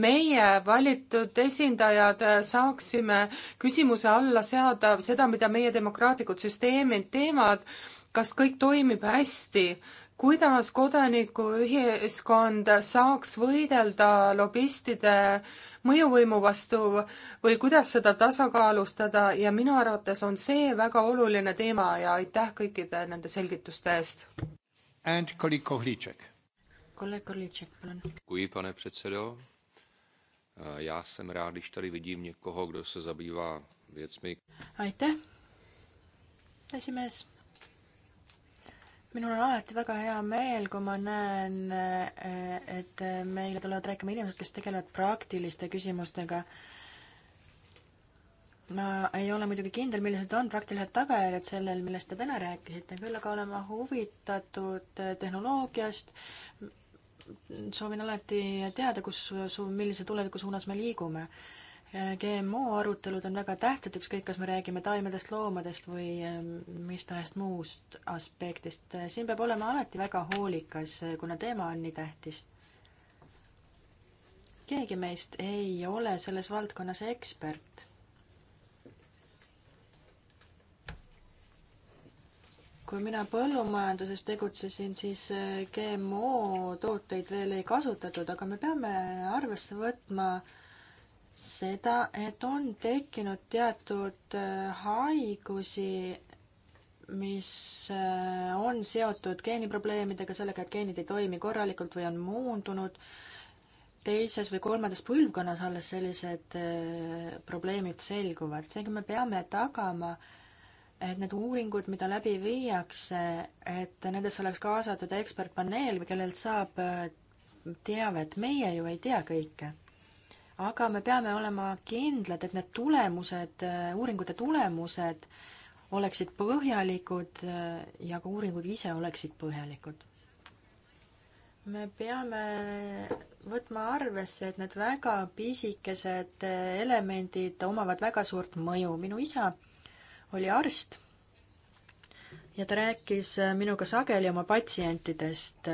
Speaker 2: meie valitud esindajad saaksime küsimuse alla seada seda, mida meie demokraatlikud süsteemid teevad, kas kõik toimib hästi, kuidas kodanikuühiskond saaks võidelda lobistide mõjuvõimu vastu või kuidas seda tasakaalustada ja minu arvates on see väga oluline teema ja aitäh kõikide nende selgituste eest.
Speaker 1: And kolleeg Kohlitšek
Speaker 2: kolleeg Korlitšek, palun.
Speaker 1: kui, pane pretsedo. Já jsem rád, když tady vidím někoho, kdo se zabývá věcmi. Aitäh, esimees. minul on alati väga hea meel, kui ma näen, et meile tulevad rääkima inimesed, kes tegelevad praktiliste küsimustega. ma ei ole muidugi kindel, millised on praktilised tagajärjed sellel, millest te täna rääkisite, küll aga olen ma huvitatud tehnoloogiast, soovin alati teada, kus, millise tuleviku suunas me liigume. GMO arutelud on väga tähtsad, ükskõik, kas me räägime taimedest, loomadest või ehm, mis tahes muust aspektist. siin peab olema alati väga hoolikas, kuna teema on nii tähtis. keegi meist ei ole selles valdkonnas ekspert kui mina põllumajanduses tegutsesin, siis äh, GMO tooteid veel ei kasutatud, aga me peame arvesse võtma seda, et on tekkinud teatud äh, haigusi, mis äh, on seotud geeniprobleemidega, sellega, et geenid ei toimi korralikult või on muundunud. teises või kolmandas põlvkonnas alles sellised probleemid selguvad, seega me peame tagama äh, et need uuringud, mida läbi viiakse, et nendesse oleks kaasatud ekspertpaneel, kellelt saab äh, teavet, meie ju ei tea kõike. aga me peame olema kindlad, et need tulemused, äh, uuringute tulemused oleksid põhjalikud äh, ja ka uuringud ise oleksid põhjalikud. me peame võtma arvesse, et need väga pisikesed elemendid omavad väga suurt mõju. minu isa oli arst ja ta rääkis minuga sageli oma patsientidest.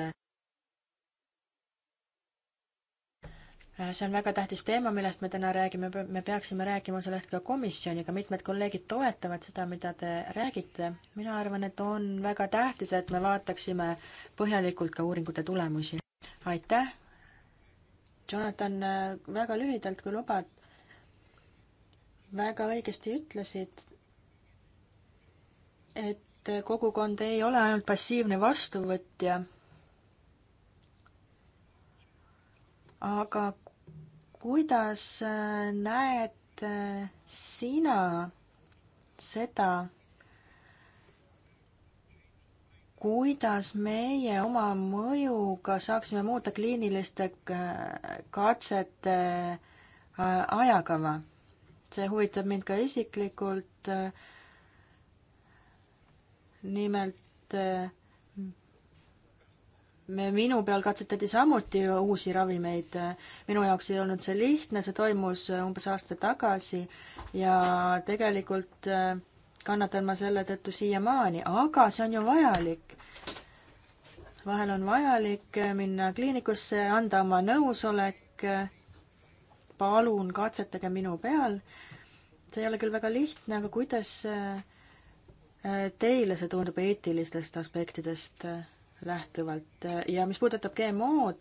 Speaker 1: see on väga tähtis teema, millest me täna räägime, me peaksime rääkima sellest ka komisjoniga, mitmed kolleegid toetavad seda, mida te räägite. mina arvan, et on väga tähtis, et me vaataksime põhjalikult ka uuringute tulemusi. aitäh! Jonathan, väga lühidalt, kui lubad, väga õigesti ütlesid et kogukond ei ole ainult passiivne vastuvõtja, aga kuidas äh, näed äh, sina seda, kuidas meie oma mõjuga saaksime muuta kliiniliste äh, katsete ajakava? see huvitab mind ka isiklikult äh, nimelt eh, me, minu peal katsetati samuti uusi ravimeid. minu jaoks ei olnud see lihtne, see toimus umbes aasta tagasi ja tegelikult eh, kannatan ma selle tõttu siiamaani, aga see on ju vajalik. vahel on vajalik eh, minna kliinikusse, anda oma nõusolek, palun katsetage minu peal. see ei ole küll väga lihtne, aga kuidas äh, Teile see tundub eetilistest aspektidest äh, lähtuvalt äh, ja mis puudutab GMO-d,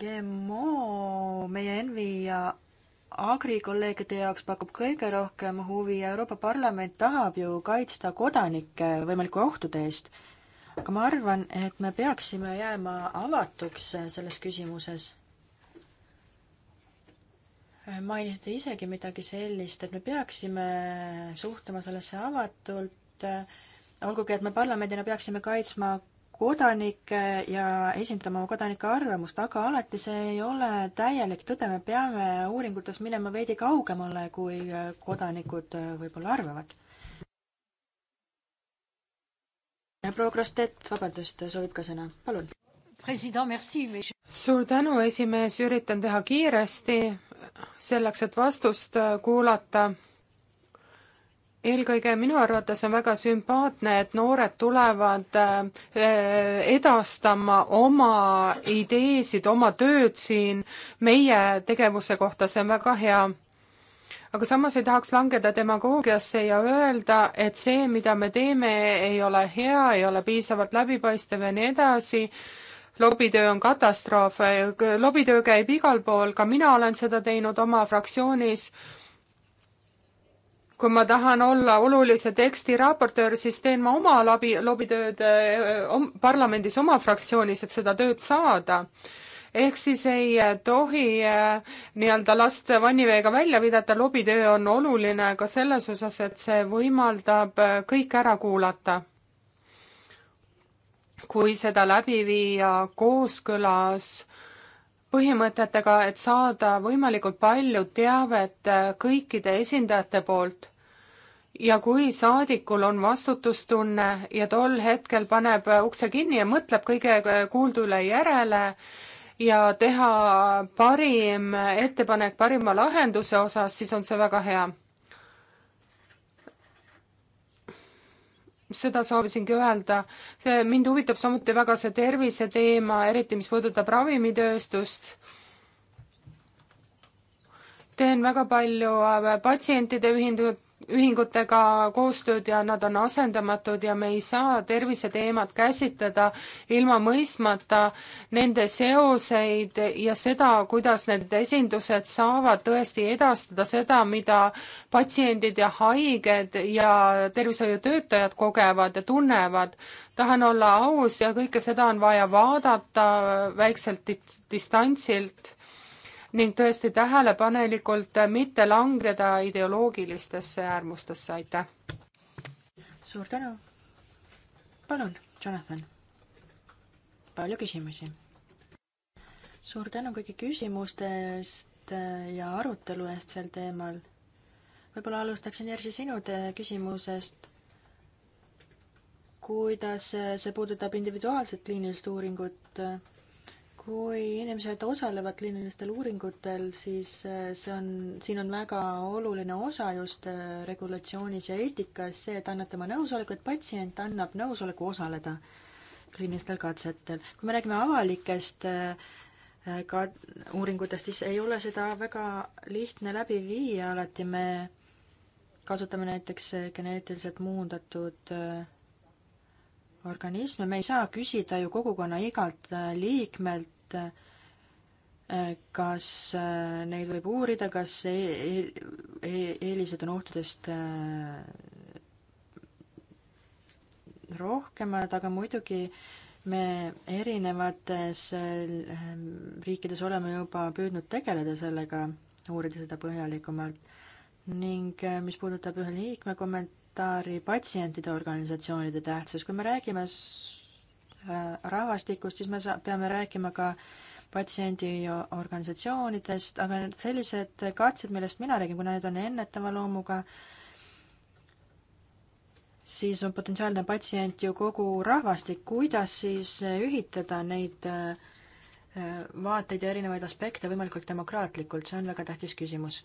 Speaker 1: GMO meie Envi ja Agri kolleegide jaoks pakub kõige rohkem huvi ja Euroopa Parlament tahab ju kaitsta kodanikke võimalike ohtude eest. aga ma arvan, et me peaksime jääma avatuks selles küsimuses mainisite isegi midagi sellist, et me peaksime suhtuma sellesse avatult, olgugi et me parlamendina peaksime kaitsma kodanikke ja esindama kodanike arvamust, aga alati see ei ole täielik tõde, me peame uuringutes minema veidi kaugemale, kui kodanikud võib-olla arvavad.
Speaker 2: proua Krostet, vabandust, soovib ka sõna, palun. suur tänu, esimees, üritan teha kiiresti, selleks, et vastust äh, kuulata. eelkõige minu arvates on väga sümpaatne, et noored tulevad äh, äh, edastama oma ideesid, oma tööd siin meie tegevuse kohta, see on väga hea aga samas ei tahaks langeda demagoogiasse ja öelda, et see, mida me teeme, ei ole hea, ei ole piisavalt läbipaistev ja nii edasi lobitöö on katastroof, lobitöö käib igal pool, ka mina olen seda teinud oma fraktsioonis. kui ma tahan olla olulise teksti raportöör, siis teen ma oma lobi, lobitööd eh, om, parlamendis oma fraktsioonis, et seda tööd saada ehk siis ei eh, tohi eh, nii-öelda last vanniveega välja pidada, lobitöö on oluline ka selles osas, et see võimaldab kõik ära kuulata kui seda läbi viia kooskõlas põhimõtetega, et saada võimalikult palju teavet äh, kõikide esindajate poolt ja kui saadikul on vastutustunne ja tol hetkel paneb äh, ukse kinni ja mõtleb kõige äh, kuuldule järele ja teha parim ettepanek parima lahenduse osas, siis on see väga hea. seda soovisingi öelda. see, mind huvitab samuti väga see terviseteema, eriti mis puudutab ravimitööstust. teen väga palju äh, patsientide ühindu-, ühingutega koostööd ja nad on asendamatud ja me ei saa terviseteemat käsitleda ilma mõistmata nende seoseid ja seda, kuidas need esindused saavad tõesti edastada seda, mida patsiendid ja haiged ja tervishoiutöötajad kogevad ja tunnevad. tahan olla aus ja kõike seda on vaja vaadata väikselt distantsilt ning tõesti tähelepanelikult mitte langeda ideoloogilistesse äärmustesse, aitäh! suur tänu!
Speaker 1: palun, Jonathan!
Speaker 2: palju küsimusi?
Speaker 1: suur tänu kõigi küsimuste eest ja arutelu eest sel teemal. võib-olla alustaksin Jerzy sinu küsimusest. kuidas see puudutab individuaalset kliinilist uuringut? kui inimesed osalevad kliinilistel uuringutel, siis äh, see on, siin on väga oluline osa just äh, regulatsioonis ja eetikas see, et annate oma nõusoleku, et patsient annab nõusoleku osaleda kliinilistel katsetel. kui me räägime avalikest äh, ka uuringutest, siis ei ole seda väga lihtne läbi viia, alati me kasutame näiteks geneetiliselt muundatud organisme, me ei saa küsida ju kogukonna igalt liikmelt et kas neid võib uurida, kas eelised on ohtudest rohkemad, aga muidugi me erinevates riikides oleme juba püüdnud tegeleda sellega, uurida seda põhjalikumalt. ning mis puudutab ühe liikme kommentaari patsientide organisatsioonide tähtsus, kui me räägime Äh, rahvastikust, siis me saa-, peame rääkima ka patsiendiorganisatsioonidest, aga need sellised katsed, millest mina räägin, kuna need on ennetava loomuga, siis on potentsiaalne patsient ju kogu rahvastik, kuidas siis ühitada neid äh, vaateid ja erinevaid aspekte võimalikult demokraatlikult, see on väga tähtis küsimus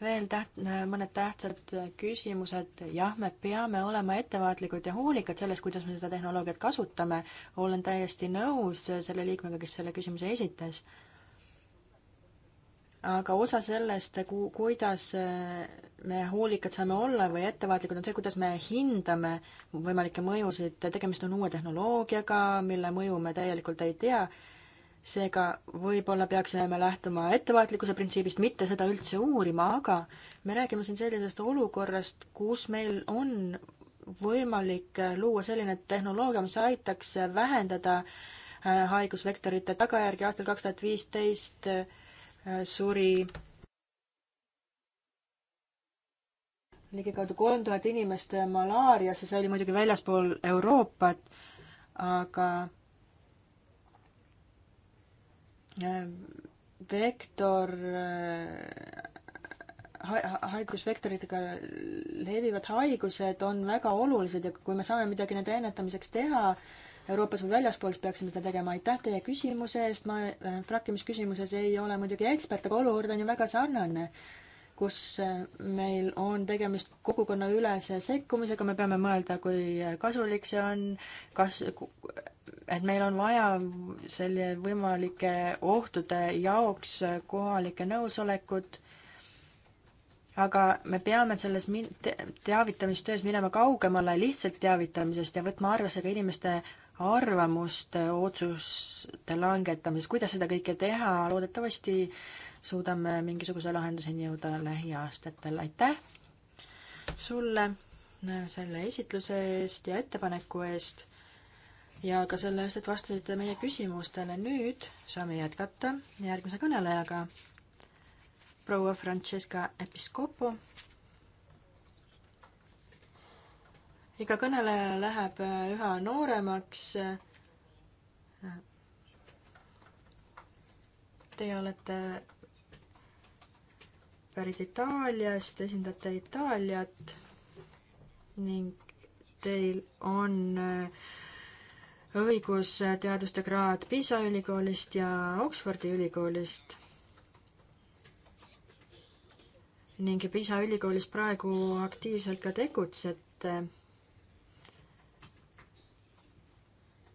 Speaker 1: veel täht-, mõned tähtsad küsimused, jah, me peame olema ettevaatlikud ja hoolikad selles, kuidas me seda tehnoloogiat kasutame, olen täiesti nõus selle liikmega, kes selle küsimuse esitas. aga osa sellest, ku-, kuidas me hoolikad saame olla või ettevaatlikud, on see, kuidas me hindame võimalikke mõjusid, tegemist on uue tehnoloogiaga, mille mõju me täielikult ei tea seega võib-olla peaksime lähtuma ettevaatlikkuse printsiibist, mitte seda üldse uurima, aga me räägime siin sellisest olukorrast, kus meil on võimalik luua selline tehnoloogia, mis aitaks vähendada äh, haigusvektorite tagajärgi. aastal kaks tuhat viisteist äh, suri ligikaudu kolm tuhat inimest malaariasse, see oli muidugi väljaspool Euroopat, aga vektor äh, ha-, haigusvektoritega levivad haigused on väga olulised ja kui me saame midagi nende ennetamiseks teha, Euroopas või väljaspool, siis peaksime seda tegema. aitäh teie küsimuse eest, ma äh, frakkimisküsimuses ei ole muidugi ekspert, aga olukord on ju väga sarnane, kus äh, meil on tegemist kogukonnaülese sekkumisega, me peame mõelda, kui kasulik see on, kas et meil on vaja selle võimalike ohtude jaoks kohalike nõusolekut, aga me peame selles min-, teavitamistöös minema kaugemale lihtsalt teavitamisest ja võtma arvesse ka inimeste arvamust otsuste langetamises, kuidas seda kõike teha, loodetavasti suudame mingisuguse lahenduseni jõuda lähiaastatel, aitäh sulle selle esitluse eest ja ettepaneku eest ja ka selle eest, et vastasite meie küsimustele. nüüd saame jätkata järgmise kõnelejaga, proua Francesca Episcopo. iga kõneleja läheb äh, üha nooremaks. Teie olete pärit Itaaliast, esindate Itaaliat ning teil on äh, õigusteaduste kraad Pisa ülikoolist ja Oxfordi ülikoolist. ning Pisa ülikoolis praegu aktiivselt ka tegutsete.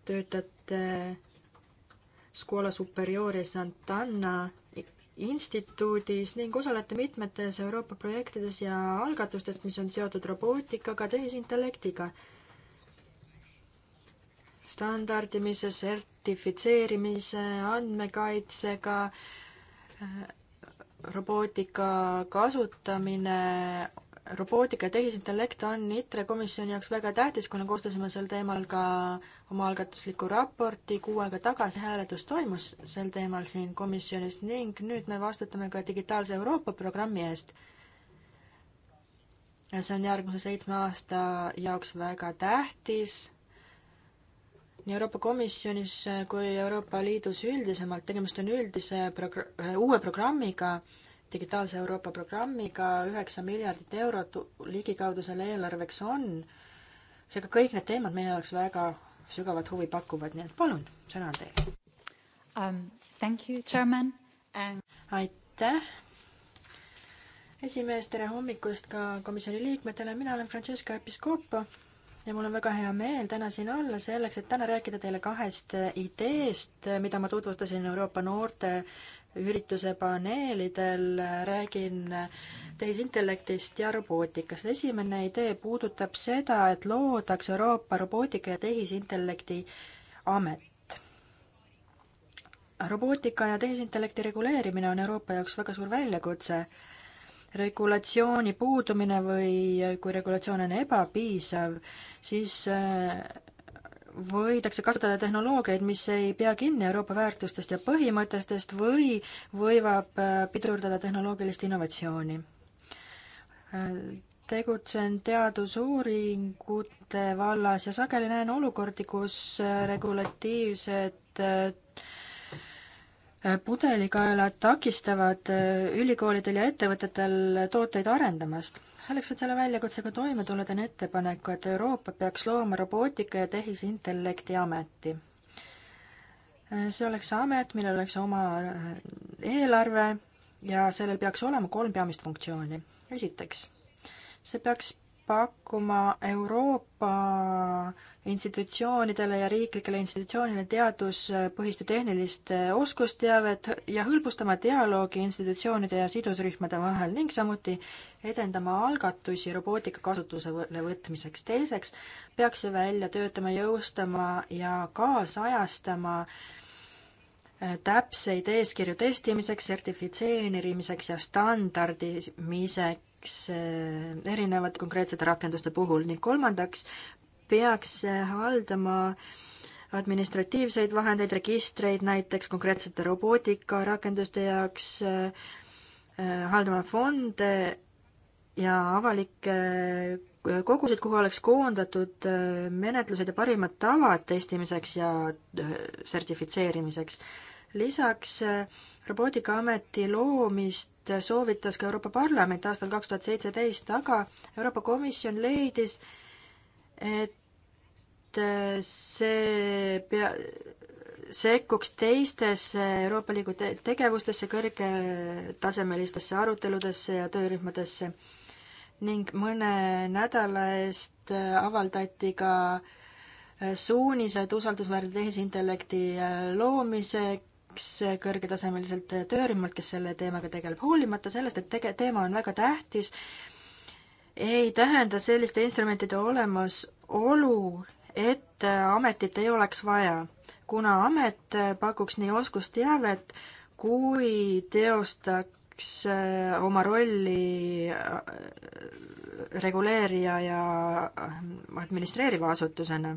Speaker 1: töötate Scuola Superiore Sant'Anna instituudis ning osalete mitmetes Euroopa projektides ja algatustes, mis on seotud robootikaga, tehisintellektiga standardimise, sertifitseerimise, andmekaitsega, robootika kasutamine, robootika ja tehisintellekt on ITRE komisjoni jaoks väga tähtis, kuna koostasime sel teemal ka omaalgatusliku raporti, kuu aega tagasi hääletus toimus sel teemal siin komisjonis ning nüüd me vastutame ka Digitaalse Euroopa programmi eest. see on järgmise seitsme aasta jaoks väga tähtis nii Euroopa Komisjonis eh, kui Euroopa Liidus üldisemalt, tegemist on üldise progr-, eh, uue programmiga, digitaalse Euroopa programmiga, üheksa miljardit eurot ligikaudu selle eelarveks on, seega kõik need teemad meie jaoks väga sügavat huvi pakuvad, nii et palun, sõna on teil um,. Thank you, chairman and.... aitäh, esimees, tere hommikust ka komisjoni liikmetele, mina olen Francesca Episcopo ja mul on väga hea meel täna siin olla selleks, et täna rääkida teile kahest ideest, mida ma tutvustasin Euroopa noorte ürituse paneelidel, räägin tehisintellektist ja robootikast. esimene idee puudutab seda, et loodaks Euroopa robootika ja tehisintellekti amet robootika ja tehisintellekti reguleerimine on Euroopa jaoks väga suur väljakutse regulatsiooni puudumine või kui regulatsioon on ebapiisav, siis äh, võidakse kasutada tehnoloogiaid, mis ei pea kinni Euroopa väärtustest ja põhimõtetest või võivad äh, pidurdada tehnoloogilist innovatsiooni. Äh, tegutsen teadusuuringute vallas ja sageli näen olukordi, kus regulatiivsed Äh, pudelikaelad takistavad äh, ülikoolidel ja ettevõtetel tooteid arendamast. selleks, et selle väljakutsega toime tulla, teen ettepaneku, et Euroopa peaks looma robootika ja tehisintellekti ameti. Äh, see oleks amet, millel oleks oma eelarve ja sellel peaks olema kolm peamist funktsiooni. esiteks, see peaks pakkuma Euroopa institutsioonidele ja riiklikele institutsioonidele teaduspõhiste tehniliste oskusteavet ja hõlbustama dialoogi institutsioonide ja sidusrühmade vahel ning samuti edendama algatusi robootika kasutusele võtmiseks. teiseks peaks see välja töötama, jõustama ja kaasajastama äh, täpseid eeskirju testimiseks, sertifitseerimiseks ja standardimiseks peaks eh, erinevate konkreetsete rakenduste puhul ning kolmandaks peaks haldama administratiivseid vahendeid, registreid näiteks konkreetsete robootikarakenduste jaoks, eh, eh, haldama fonde ja avalikke kogusid, kuhu oleks koondatud menetlused ja parimad tavad testimiseks ja sertifitseerimiseks. lisaks Robotikaameti loomist soovitas ka Euroopa Parlament aastal kaks tuhat seitseteist, aga Euroopa Komisjon leidis, et see pea, sekkuks teistesse Euroopa Liidu te-, tegevustesse, kõrgetasemelistesse aruteludesse ja töörühmadesse. ning mõne nädala eest avaldati ka suunised usaldusväärse tehisintellekti loomiseks, kaks kõrgetasemeliselt töörühmalt, kes selle teemaga tegeleb, hoolimata sellest, et tege-, teema on väga tähtis, ei tähenda selliste instrumentide olemasolu, et ametit ei oleks vaja, kuna amet pakuks nii oskusteavet kui teostaks äh, oma rolli äh, reguleerija ja äh, administreeriva asutusena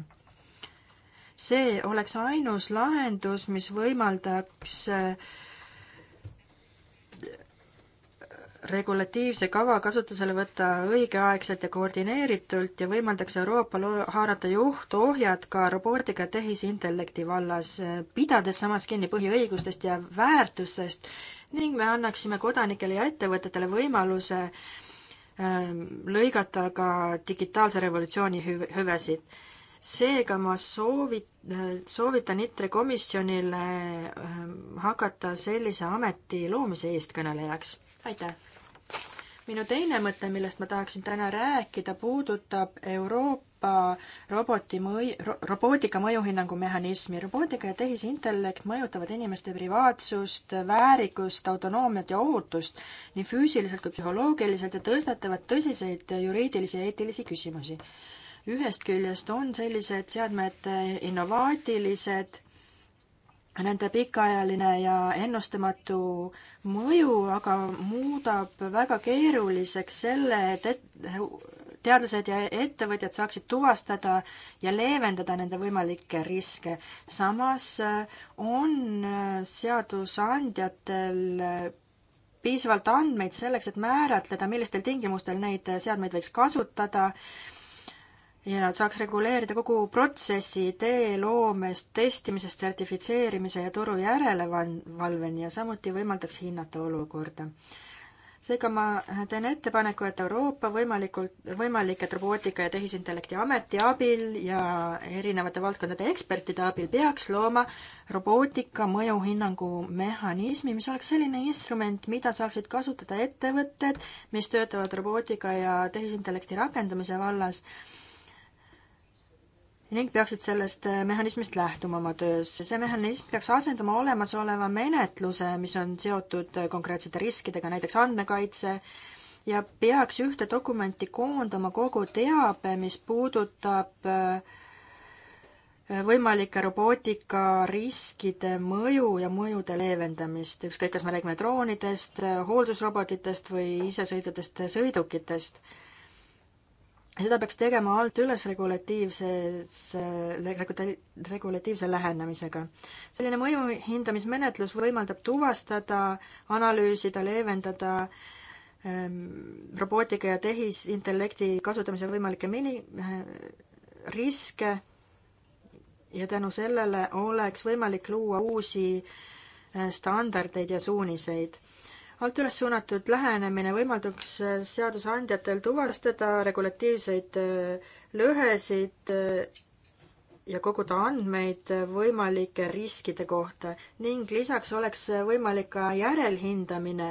Speaker 1: see oleks ainus lahendus, mis võimaldaks äh, regulatiivse kava kasutusele võtta õigeaegselt ja koordineeritult ja võimaldaks Euroopal haarata juhtohjad ka robootika tehisintellekti vallas, pidades samas kinni põhiõigustest ja väärtustest ning me annaksime kodanikele ja ettevõtetele võimaluse ähm, lõigata ka digitaalse revolutsiooni hüvesid seega ma soovit-, soovitan ITRE komisjonile ähm, hakata sellise ameti loomise eestkõnelejaks. aitäh! minu teine mõte, millest ma tahaksin täna rääkida, puudutab Euroopa roboti mõju, robootika mõjuhinnangu mehhanismi. robootika ja tehisintellekt mõjutavad inimeste privaatsust, väärikust, autonoomiat ja ohutust nii füüsiliselt kui psühholoogiliselt ja tõstatavad tõsiseid juriidilisi ja eetilisi küsimusi ühest küljest on sellised seadmed innovaatilised, nende pikaajaline ja ennustamatu mõju aga muudab väga keeruliseks selle, et, et teadlased ja ettevõtjad saaksid tuvastada ja leevendada nende võimalikke riske. samas äh, on äh, seadusandjatel äh, piisavalt andmeid selleks, et määratleda, millistel tingimustel neid seadmeid võiks kasutada ja nad saaks reguleerida kogu protsessi idee loomest, testimisest, sertifitseerimise ja turu järelevalveni ja samuti võimaldaks hinnata olukorda. seega ma teen ettepaneku, et Euroopa võimalikult, võimalik, et robootika ja tehisintellekti ameti abil ja erinevate valdkondade ekspertide abil peaks looma robootika mõjuhinnangu mehhanismi, mis oleks selline instrument, mida saaksid kasutada ettevõtted, mis töötavad robootika ja tehisintellekti rakendamise vallas ning peaksid sellest äh, mehhanismist lähtuma oma töös. see mehhanism peaks asendama olemasoleva menetluse, mis on seotud äh, konkreetsete riskidega, näiteks andmekaitse, ja peaks ühte dokumenti koondama kogu teabe, mis puudutab äh, võimalike robootika riskide mõju ja mõjude leevendamist, ükskõik, kas me räägime droonidest, hooldusrobotitest või isesõitvatest sõidukitest seda peaks tegema alt üles regulatiivses, regulatiivse lähenemisega. selline mõju hindamismenetlus võimaldab tuvastada, analüüsida, leevendada ähm, robootika ja tehisintellekti kasutamise võimalikke mini- äh,, riske ja tänu sellele oleks võimalik luua uusi äh, standardeid ja suuniseid alt üles suunatud lähenemine võimaldaks äh, seadusandjatel tuvastada regulatiivseid äh, lõhesid äh, ja koguda andmeid võimalike riskide kohta ning lisaks oleks võimalik ka järelhindamine,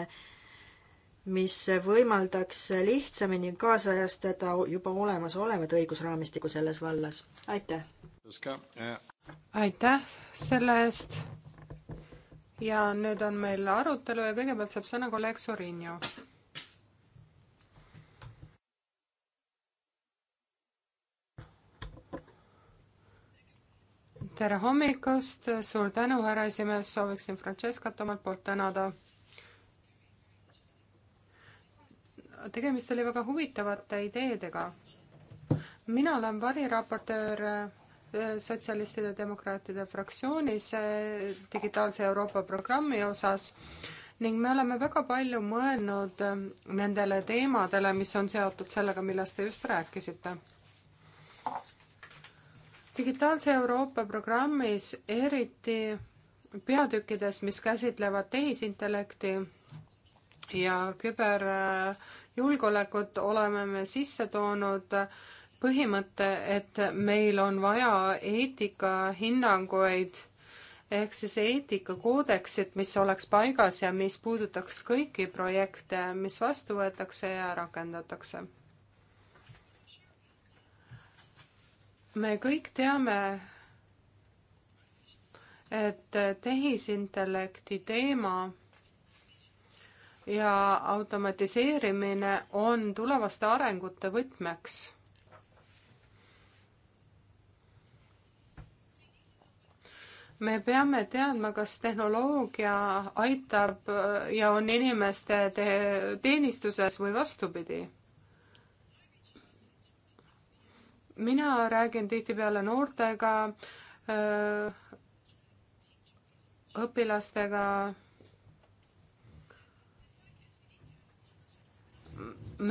Speaker 1: mis võimaldaks lihtsamini kaasajastada juba olemasolevat õigusraamistikku selles
Speaker 2: vallas. aitäh! aitäh selle eest! ja nüüd on meil arutelu ja kõigepealt saab sõna kolleeg Sorinio. tere hommikust, suur tänu, härra esimees, sooviksin Francescat omalt poolt tänada. tegemist oli väga huvitavate ideedega. mina olen variraportöör sotsialistide ja demokraatide fraktsioonis eh, digitaalse Euroopa programmi osas ning me oleme väga palju mõelnud eh, nendele teemadele, mis on seotud sellega, millest te just rääkisite. digitaalse Euroopa programmis eriti peatükkides, mis käsitlevad tehisintellekti ja küberjulgeolekut, oleme me sisse toonud äh, põhimõte, et meil on vaja eetikahinnanguid ehk siis eetikakoodeksit, mis oleks paigas ja mis puudutaks kõiki projekte, mis vastu võetakse ja rakendatakse. me kõik teame, et tehisintellekti teema ja automatiseerimine on tulevaste arengute võtmeks me peame teadma, kas tehnoloogia aitab äh, ja on inimeste te teenistuses või vastupidi. mina räägin tihtipeale noortega, äh, õpilastega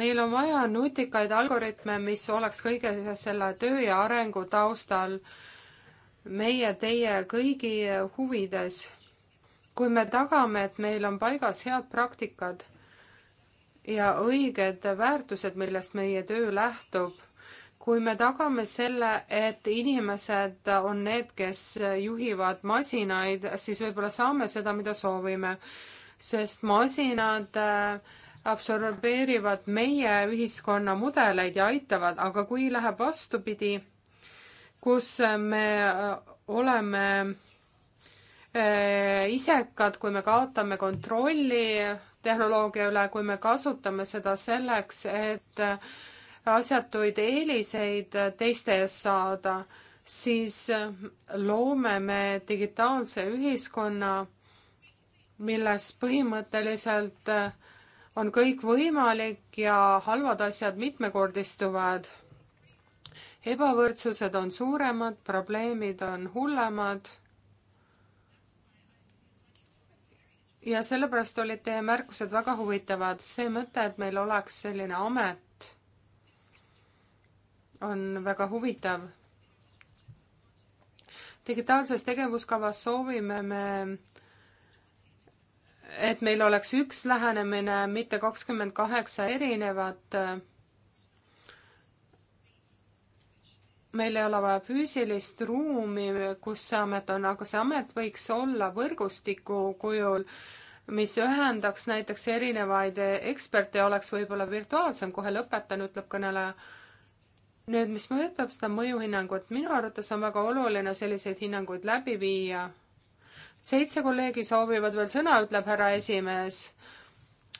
Speaker 2: meil on vaja nutikaid algoritme, mis oleks kõige selle töö ja arengu taustal meie, teie kõigi huvides, kui me tagame, et meil on paigas head praktikad ja õiged väärtused, millest meie töö lähtub, kui me tagame selle, et inimesed on need, kes juhivad masinaid, siis võib-olla saame seda, mida soovime, sest masinad äh, absorbeerivad meie ühiskonna mudeleid ja aitavad, aga kui läheb vastupidi, kus äh, me äh, oleme äh, isekad, kui me kaotame kontrolli tehnoloogia üle, kui me kasutame seda selleks, et asjatuid eeliseid teiste eest saada, siis loome me digitaalse ühiskonna, milles põhimõtteliselt on kõik võimalik ja halvad asjad mitmekordistuvad ebavõrdsused on suuremad, probleemid on hullemad. ja sellepärast olid teie märkused väga huvitavad. see mõte, et meil oleks selline amet, on väga huvitav. digitaalses tegevuskavas soovime me et meil oleks üks lähenemine, mitte kakskümmend kaheksa erinevat meil ei ole vaja füüsilist ruumi, kus see amet on, aga see amet võiks olla võrgustiku kujul, mis ühendaks näiteks erinevaid eksperte ja oleks võib-olla virtuaalsem, kohe lõpetan, ütleb kõneleja. nüüd, mis mõjutab seda mõjuhinnangut, minu arvates on väga oluline selliseid hinnanguid läbi viia. seitse kolleegi soovivad veel sõna, ütleb härra esimees.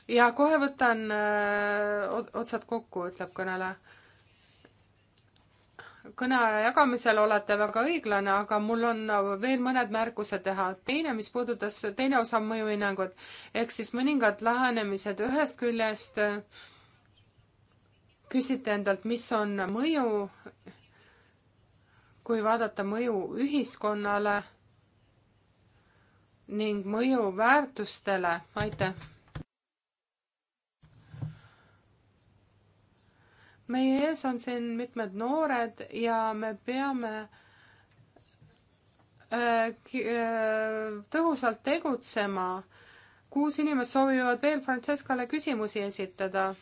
Speaker 2: ja kohe võtan öö, äh, otsad kokku, ütleb kõneleja kõneaja jagamisel olete väga õiglane, aga mul on veel mõned märkused teha. teine, mis puudutas, teine osa mõjuhinnangut, ehk siis mõningad lähenemised ühest küljest küsite endalt, mis on mõju, kui vaadata mõju ühiskonnale ning mõju väärtustele, aitäh! meie ees on siin mitmed noored ja me peame äh, äh, tõhusalt tegutsema. kuus inimest soovivad veel Francescale küsimusi esitada.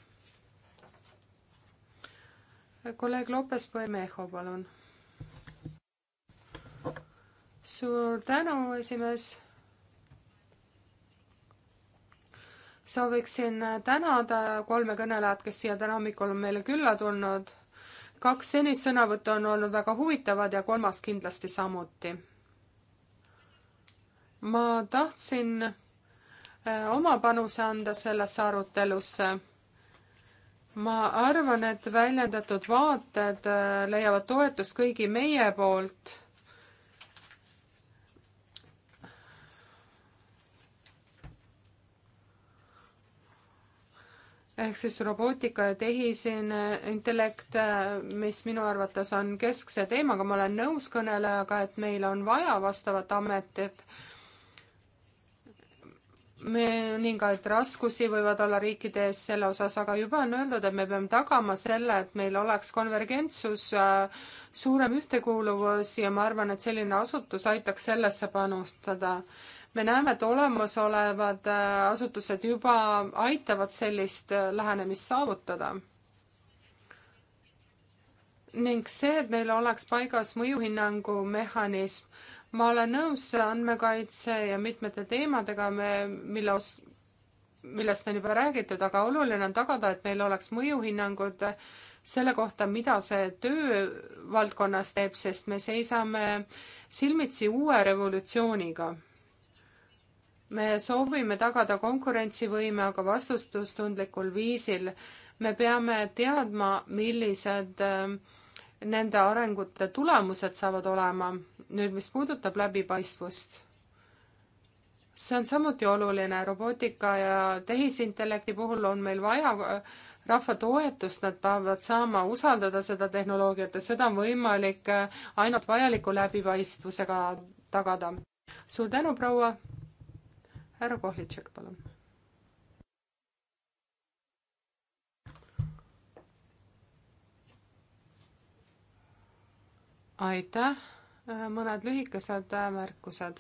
Speaker 2: kolleeg Lopes Põemeho, palun. suur tänu, esimees sooviksin tänada kolme kõnelejat, kes siia täna hommikul on meile külla tulnud. kaks senist sõnavõttu on olnud väga huvitavad ja kolmas kindlasti samuti. ma tahtsin eh, oma panuse anda sellesse arutelusse. ma arvan, et väljendatud vaated eh, leiavad toetust kõigi meie poolt ehk siis robootika ja tehisine intellekt, mis minu arvates on keskse teemaga, ma olen nõus kõnelejaga, et meil on vaja vastavat ametit. mõningaid raskusi võivad olla riikide ees selle osas, aga juba on öeldud, et me peame tagama selle, et meil oleks konvergentsus, äh, suurem ühtekuuluvus ja ma arvan, et selline asutus aitaks sellesse panustada me näeme, et olemasolevad äh, asutused juba aitavad sellist äh, lähenemist saavutada. ning see, et meil oleks paigas mõjuhinnangu mehhanism, ma olen nõus andmekaitse ja mitmete teemadega, me, mille os-, millest on juba räägitud, aga oluline on tagada, et meil oleks mõjuhinnangud selle kohta, mida see töövaldkonnas teeb, sest me seisame silmitsi uue revolutsiooniga me soovime tagada konkurentsivõime, aga vastutustundlikul viisil. me peame teadma, millised ähm, nende arengute tulemused saavad olema. nüüd, mis puudutab läbipaistvust, see on samuti oluline, robootika ja tehisintellekti puhul on meil vaja äh, rahva toetust, nad peavad saama usaldada seda tehnoloogiat ja seda on võimalik äh, ainult vajaliku läbipaistvusega tagada. suur tänu, proua! härra Kohlitšek, palun. aitäh, äh, mõned lühikesed äh, märkused.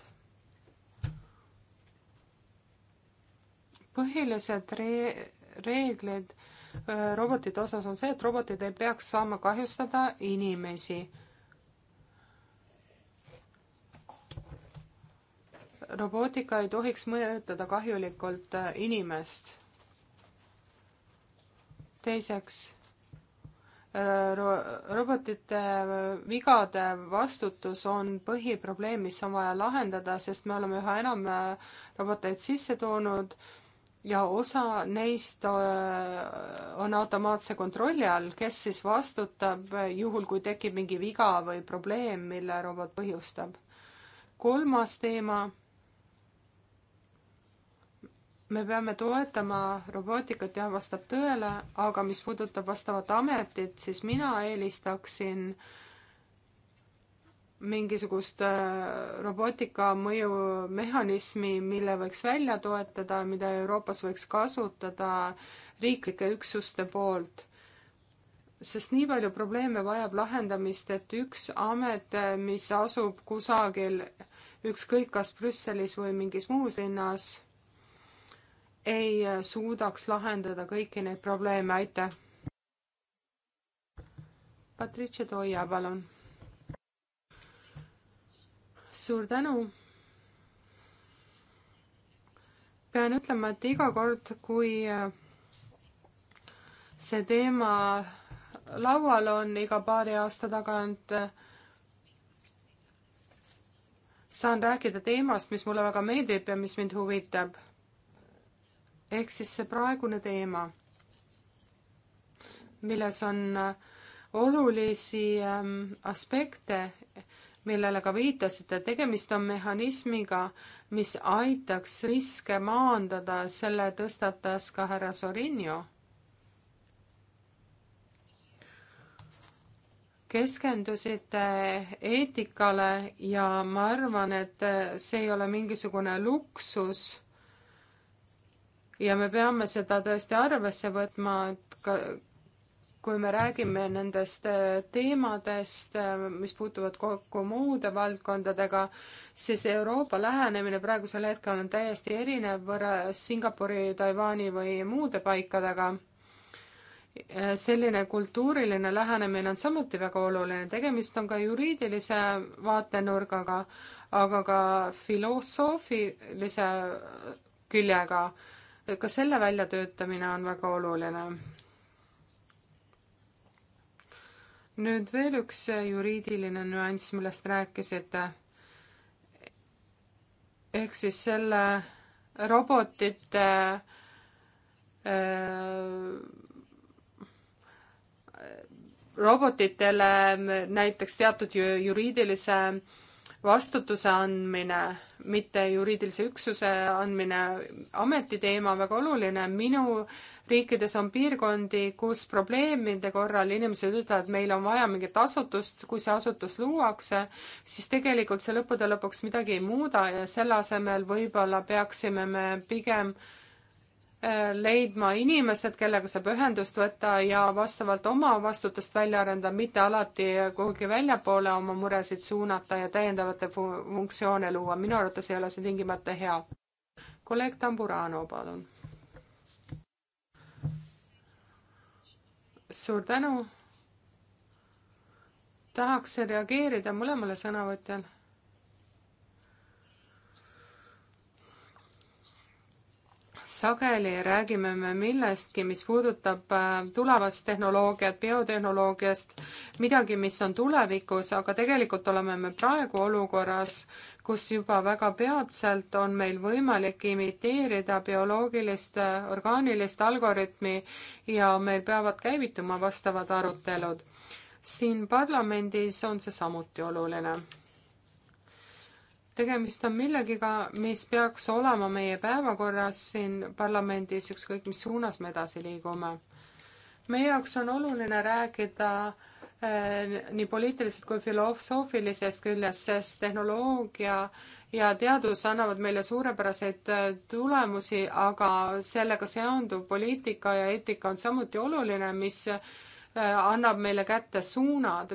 Speaker 2: põhilised re-, reeglid äh, robotite osas on see, et robotid ei peaks saama kahjustada inimesi robootika ei tohiks mõjutada kahjulikult äh, inimest. teiseks äh, ro, robotite äh, vigade vastutus on põhiprobleem, mis on vaja lahendada, sest me oleme üha enam roboteid sisse toonud ja osa neist on automaatse kontrolli all, kes siis vastutab juhul, kui tekib mingi viga või probleem, mille robot põhjustab. kolmas teema me peame toetama robootikat, jah, vastab tõele, aga mis puudutab vastavat ametit, siis mina eelistaksin mingisugust äh, robootika mõjumehhanismi, mille võiks välja toetada, mida Euroopas võiks kasutada riiklike üksuste poolt. sest nii palju probleeme vajab lahendamist, et üks amet, äh, mis asub kusagil ükskõik kas Brüsselis või mingis muus linnas ei suudaks lahendada kõiki neid probleeme, aitäh. Patricia Toia, palun. suur tänu. pean ütlema, et iga kord, kui äh, see teema laual on iga paari aasta tagant, äh, saan rääkida teemast, mis mulle väga meeldib ja mis mind huvitab ehk siis see praegune teema, milles on äh, olulisi ähm, aspekte, millele ka viitasite, tegemist on mehhanismiga, mis aitaks riske maandada, selle tõstatas ka härra Sorinio. keskendusite eetikale ja ma arvan, et see ei ole mingisugune luksus ja me peame seda tõesti arvesse võtma, et ka kui me räägime nendest äh, teemadest, äh, mis puutuvad kokku muude valdkondadega, siis Euroopa lähenemine praegusel hetkel on täiesti erinev võrreldes Singapuri, Taiwan'i või muude paikadega. Äh, selline kultuuriline lähenemine on samuti väga oluline, tegemist on ka juriidilise vaatenurgaga, aga ka filosoofilise küljega et ka selle väljatöötamine on väga oluline. nüüd veel üks juriidiline nüanss, millest rääkisite. ehk siis selle robotite äh, robotitele näiteks teatud juriidilise vastutuse andmine, mitte juriidilise üksuse andmine, ametiteema väga oluline, minu riikides on piirkondi, kus probleemide korral inimesed ütlevad, meil on vaja mingit asutust, kui see asutus luuakse, siis tegelikult see lõppude lõpuks midagi ei muuda ja selle asemel võib-olla peaksime me pigem äh, Äh, leidma inimesed, kellega saab ühendust võtta ja vastavalt oma vastutust välja arendada, mitte alati kuhugi väljapoole oma muresid suunata ja täiendavate funktsioone luua. minu arvates ei ole see tingimata hea. kolleeg Tamburano, palun. suur tänu. tahaks reageerida mõlemale sõnavõtjale sageli räägime me millestki, mis puudutab äh, tulevast tehnoloogiat, biotehnoloogiast, midagi, mis on tulevikus, aga tegelikult oleme me praegu olukorras, kus juba väga peatselt on meil võimalik imiteerida bioloogilist äh, orgaanilist algoritmi ja meil peavad käivituma vastavad arutelud. siin parlamendis on see samuti oluline tegemist on millegiga, mis peaks olema meie päevakorras siin parlamendis, ükskõik mis suunas me edasi liigume. meie jaoks on oluline rääkida eh, nii poliitiliselt kui filosoofilisest küljest, sest tehnoloogia ja teadus annavad meile suurepäraseid eh, tulemusi, aga sellega seonduv poliitika ja eetika on samuti oluline, mis eh, annab meile kätte suunad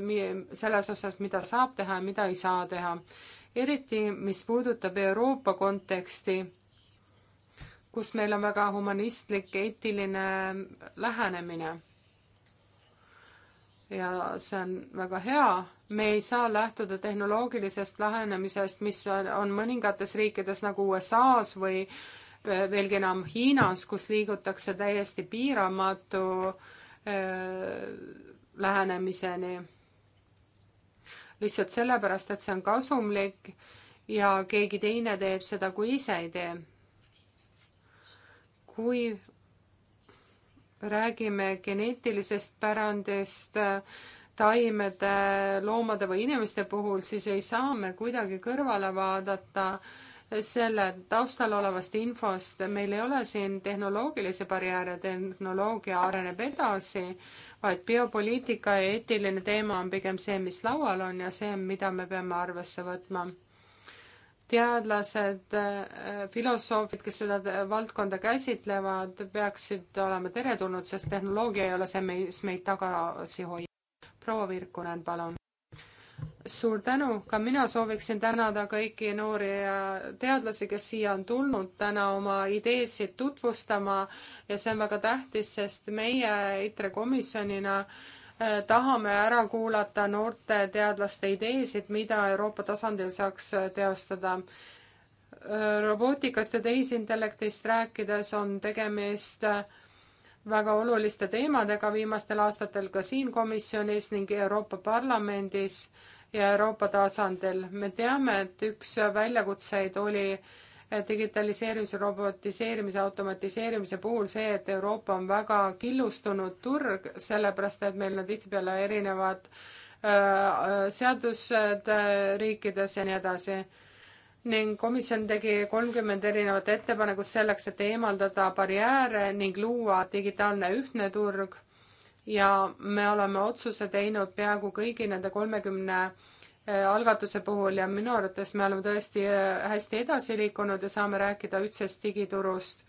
Speaker 2: selles osas, mida saab teha ja mida ei saa teha eriti mis puudutab Euroopa konteksti, kus meil on väga humanistlik eetiline lähenemine. ja see on väga hea, me ei saa lähtuda tehnoloogilisest lähenemisest, mis on mõningates riikides nagu USA-s või veelgi enam Hiinas, kus liigutakse täiesti piiramatu äh, lähenemiseni lihtsalt sellepärast, et see on kasumlik ja keegi teine teeb seda, kui ise ei tee. kui räägime geneetilisest pärandist taimede, loomade või inimeste puhul, siis ei saa me kuidagi kõrvale vaadata selle taustal olevast infost. meil ei ole siin tehnoloogilisi barjääre, tehnoloogia areneb edasi vaid biopoliitika ja eetiline teema on pigem see, mis laual on ja see, mida me peame arvesse võtma. teadlased, äh, filosoofid, kes seda valdkonda käsitlevad, peaksid olema teretulnud, sest tehnoloogia ei ole see, mis meid tagasi hoiab. proua Virkunen, palun suur tänu, ka mina sooviksin tänada kõiki noori teadlasi, kes siia on tulnud täna oma ideesid tutvustama ja see on väga tähtis, sest meie ITRE komisjonina äh, tahame ära kuulata noorte teadlaste ideesid, mida Euroopa tasandil saaks äh, teostada. Äh, robootikast ja tehisintellektist rääkides on tegemist väga oluliste teemadega viimastel aastatel ka siin komisjonis ning Euroopa Parlamendis ja Euroopa tasandil. me teame, et üks väljakutseid oli digitaliseerimise, robotiseerimise, automatiseerimise puhul see, et Euroopa on väga killustunud turg, sellepärast et meil on tihtipeale erinevad öö, äh, seadused äh, riikides ja nii edasi. ning komisjon tegi kolmkümmend erinevat ettepanekut selleks, et eemaldada barjääre ning luua digitaalne ühtne turg ja me oleme otsuse teinud peaaegu kõigi nende kolmekümne eh, algatuse puhul ja minu arvates me oleme tõesti eh, hästi edasi liikunud ja saame rääkida ühtsest digiturust.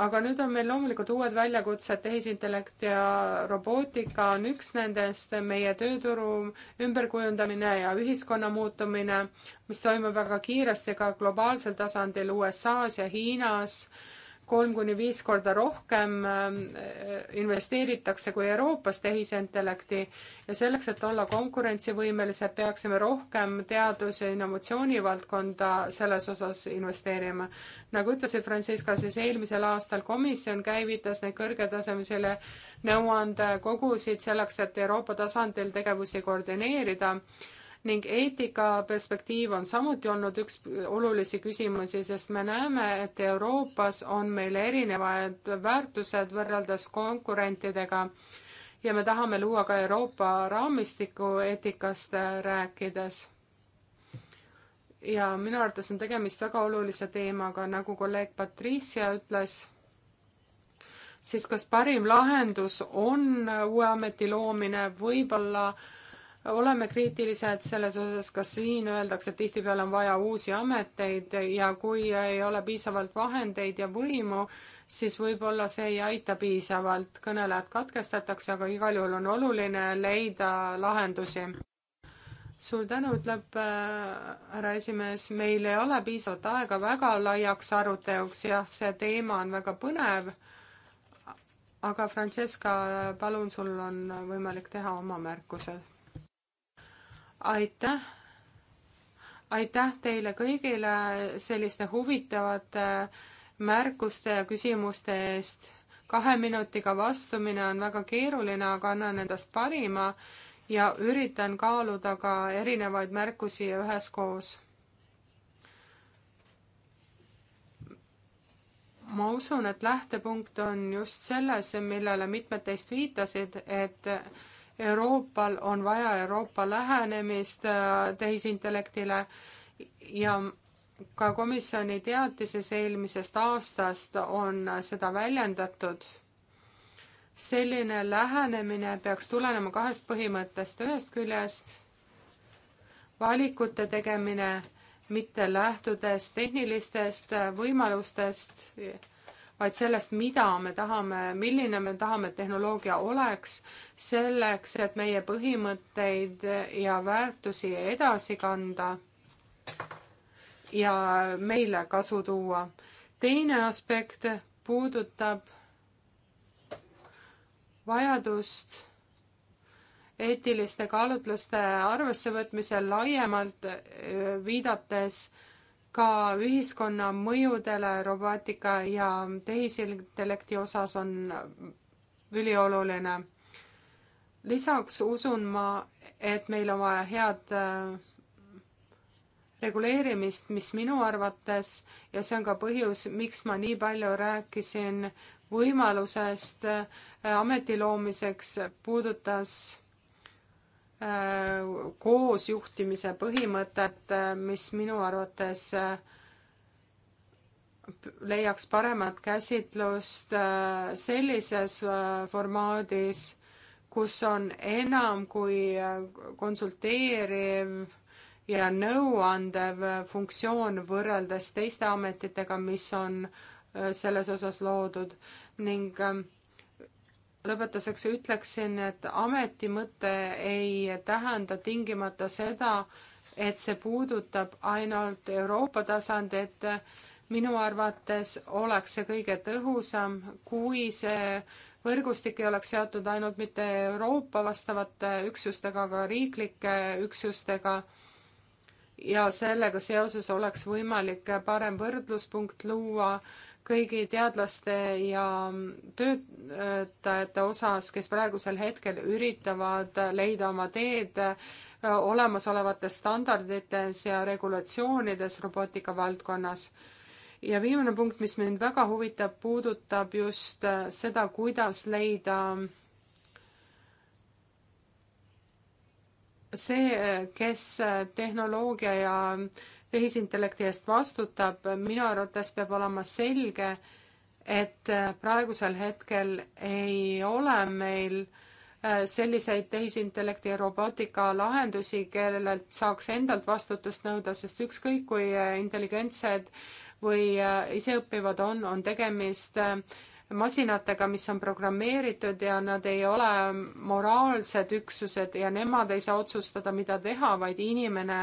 Speaker 2: aga nüüd on meil loomulikult uued väljakutsed, tehisintellekt ja robootika on üks nendest, meie tööturu ümberkujundamine ja ühiskonna muutumine, mis toimub väga kiiresti ka globaalsel tasandil USA-s ja Hiinas kolm kuni viis korda rohkem ähm, äh, investeeritakse kui Euroopas tehisintellekti ja selleks, et olla konkurentsivõimelised, peaksime rohkem teadus- ja innovatsioonivaldkonda selles osas investeerima. nagu ütlesid Franziska, siis eelmisel aastal komisjon käivitas neid kõrgetasemelisele nõuandekogusid selleks, et Euroopa tasandil tegevusi koordineerida ning eetikaperspektiiv on samuti olnud üks olulisi küsimusi, sest me näeme, et Euroopas on meil erinevad väärtused võrreldes konkurentidega ja me tahame luua ka Euroopa raamistiku eetikast rääkides ja minu arvates on tegemist väga olulise teemaga, nagu kolleeg Patricia ütles, siis kas parim lahendus on uue ameti loomine, võib-olla äh, oleme kriitilised selles osas, kas siin öeldakse, et tihtipeale on vaja uusi ameteid ja kui ei ole piisavalt vahendeid ja võimu, siis võib-olla see ei aita piisavalt, kõnelejad katkestatakse, aga igal juhul on oluline leida lahendusi. suur tänu, ütleb äh, härra esimees, meil ei ole piisavalt aega väga laiaks aruteluks, jah, see teema on väga põnev, aga Francesca, palun, sul on võimalik teha oma märkused aitäh, aitäh teile kõigile selliste huvitavate märkuste ja küsimuste eest. kahe minutiga vastumine on väga keeruline, aga annan endast parima ja üritan kaaluda ka erinevaid märkusi üheskoos. ma usun, et lähtepunkt on just selles, millele mitmed teist viitasid, et Euroopal on vaja Euroopa lähenemist äh, tehisintellektile ja ka komisjoni teatises eelmisest aastast on seda väljendatud. selline lähenemine peaks tulenema kahest põhimõttest, ühest küljest valikute tegemine, mitte lähtudes tehnilistest võimalustest vaid sellest, mida me tahame, milline me tahame, et tehnoloogia oleks, selleks, et meie põhimõtteid ja väärtusi edasi kanda ja meile kasu tuua. teine aspekt puudutab vajadust eetiliste kaalutluste arvessevõtmisel laiemalt, äh, viidates äh, ka ühiskonna mõjudele robootika ja tehisintellekti osas on ülioluline. lisaks usun ma, et meil on vaja head äh, reguleerimist, mis minu arvates ja see on ka põhjus, miks ma nii palju rääkisin võimalusest äh, ameti loomiseks, puudutas koosjuhtimise põhimõtet, mis minu arvates äh, leiaks paremat käsitlust äh, sellises äh, formaadis, kus on enam kui konsulteeriv ja nõuandev funktsioon võrreldes teiste ametitega, mis on selles osas loodud ning ähm, lõpetuseks ütleksin, et ameti mõte ei tähenda tingimata seda, et see puudutab ainult Euroopa tasandit. minu arvates oleks see kõige tõhusam, kui see võrgustik ei oleks seotud ainult mitte Euroopa vastavate üksustega, aga riiklike üksustega. ja sellega seoses oleks võimalik parem võrdluspunkt luua kõigi teadlaste ja töötajate osas, kes praegusel hetkel üritavad leida oma teed äh, olemasolevates standardites ja regulatsioonides robootika valdkonnas. ja viimane punkt, mis mind väga huvitab, puudutab just äh, seda, kuidas leida äh, see, kes tehnoloogia ja äh, tehisintellekti eest vastutab, minu arvates peab olema selge, et äh, praegusel hetkel ei ole meil äh, selliseid tehisintellekti ja robootika lahendusi, kellelt saaks endalt vastutust nõuda, sest ükskõik kui äh, intelligentsed või iseõppivad on, on tegemist äh, masinatega, mis on programmeeritud ja nad ei ole moraalsed üksused ja nemad ei saa otsustada, mida teha, vaid inimene